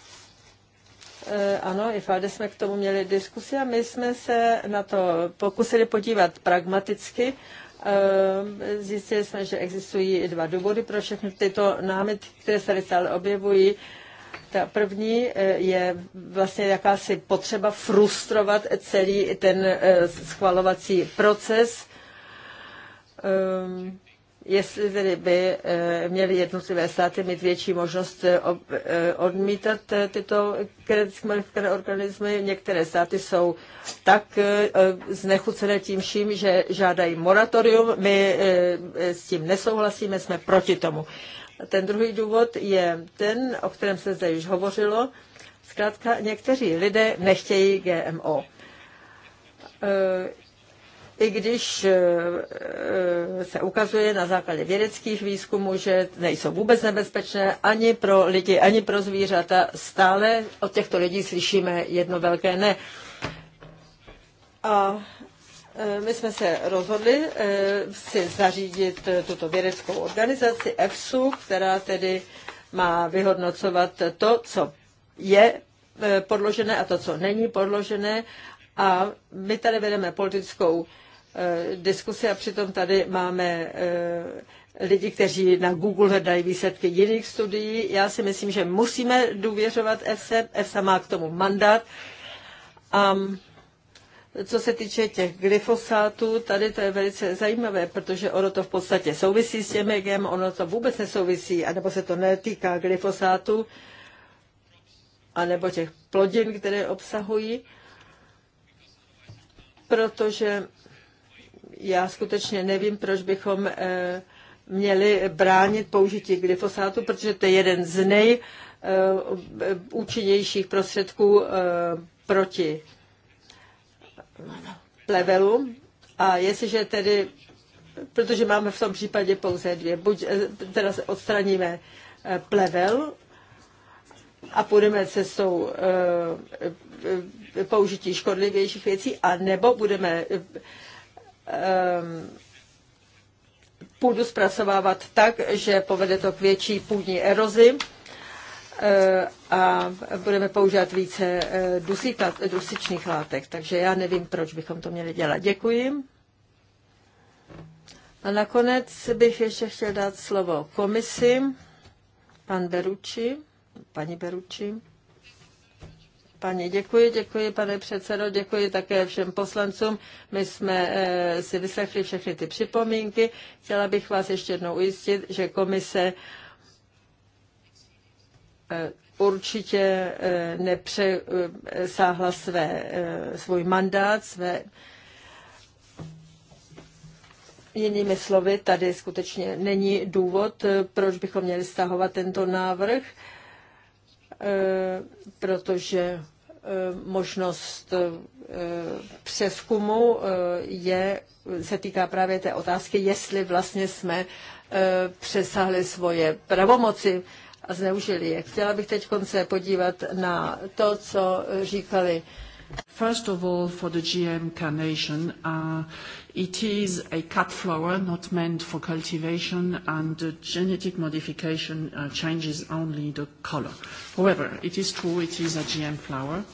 [SPEAKER 3] E, ano, i Fáde jsme k tomu měli diskusi a my jsme se na to pokusili podívat pragmaticky. E, zjistili jsme, že existují dva důvody pro všechny tyto námitky, které se tady stále objevují. Ta první eh, je vlastně jakási potřeba frustrovat celý ten eh, schvalovací proces. Ehm, jestli tedy by eh, měly jednotlivé státy mít větší možnost odmítat tyto geneticky modifikované organismy, některé státy jsou tak znechucené tím vším, že žádají moratorium. My s tím nesouhlasíme, jsme proti tomu. Ten druhý důvod je ten, o kterém se zde již hovořilo. Zkrátka, někteří lidé nechtějí GMO. E, I když e, e, se ukazuje na základě vědeckých výzkumů, že nejsou vůbec nebezpečné ani pro lidi, ani pro zvířata, stále od těchto lidí slyšíme jedno velké ne. A Eh, my jsme se rozhodli eh, si zařídit eh, tuto vědeckou organizaci EFSU, která tedy má vyhodnocovat to, co je podložené a to, co není podložené. A my tady vedeme politickou diskusi a přitom tady máme lidi, kteří na Google hledají výsledky jiných studií. Já si myslím, že musíme důvěřovat EFSA. EFSA má k tomu mandát. A co se týče těch glyfosátů, tady to je velice zajímavé, protože ono to v podstatě souvisí s těmi GM, ono to vůbec nesouvisí, anebo se to netýká glyfosátu, anebo těch plodin, které obsahují, protože já skutečně nevím, proč bychom eh, měli bránit použití glyfosátu, protože to je jeden z nejúčinnějších eh, prostředků eh, proti levelu a jestliže tedy, protože máme v tom případě pouze dvě, buď eh, teda se odstraníme eh, plevel a půjdeme cestou eh, použití škodlivějších věcí, a nebo budeme půdu zpracovávat tak, že povede to k větší půdní erozi Eh, a budeme používat více eh, dusitat, dusičných látek, takže já nevím, proč bychom to měli dělat. Děkuji. A nakonec bych ještě chtěl dát slovo komisi, pan Beruči, paní Beruči. Paní, děkuji, děkuji, pane předsedo, děkuji také všem poslancům. My jsme eh, si vyslechli všechny ty připomínky. Chtěla bych vás ještě jednou ujistit, že komise Eh, určitě eh, nepřesáhla eh, své, svůj mandát, své Jinými slovy, tady skutečně není důvod, proč bychom měli stahovat tento návrh, protože možnost přeskumu je, se týká právě té otázky, jestli vlastně jsme přesáhli svoje pravomoci a zneužili je. Chtěla bych teď konce podívat na to, co říkali.
[SPEAKER 6] First of all, for the GM carnation, uh, it is a cut flower not meant for cultivation, and the genetic modification uh, changes only the color. However, it is true it is a GM flower.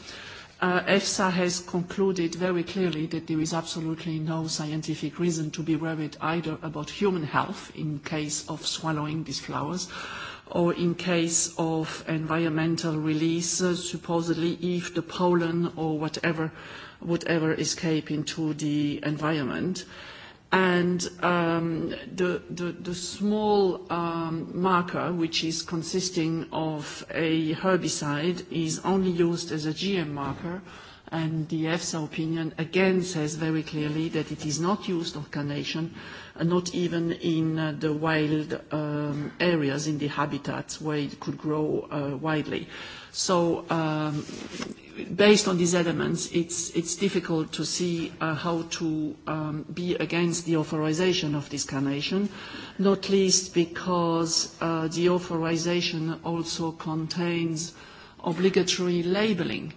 [SPEAKER 6] Uh, EFSA has concluded very clearly that there is absolutely no scientific reason to be worried either about human health in case of swallowing these flowers, uh, or in case of environmental release, uh, supposedly if the pollen or whatever would ever escape into the environment. And um, the, the, the small um, marker, which is consisting of a herbicide, is only used as a GM marker. Mm-hmm And the EFSA opinion again says very clearly that it is not used or carnation, uh, not even in uh, the wild um, areas, in the habitats where it could grow uh, widely. So um, based on these elements, it's, it's difficult to see uh, how to um, be against the authorization of this carnation, not least because uh, the authorization also contains obligatory labeling. uh,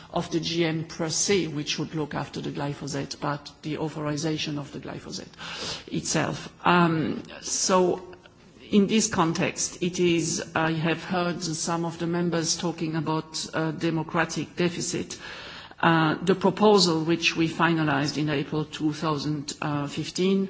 [SPEAKER 6] of the GM per se, which would look after the glyphosate, but the authorization of the glyphosate itself. Um, so in this context, it is, I have heard some of the members talking about a democratic deficit. Uh, the proposal which we finalized in April 2015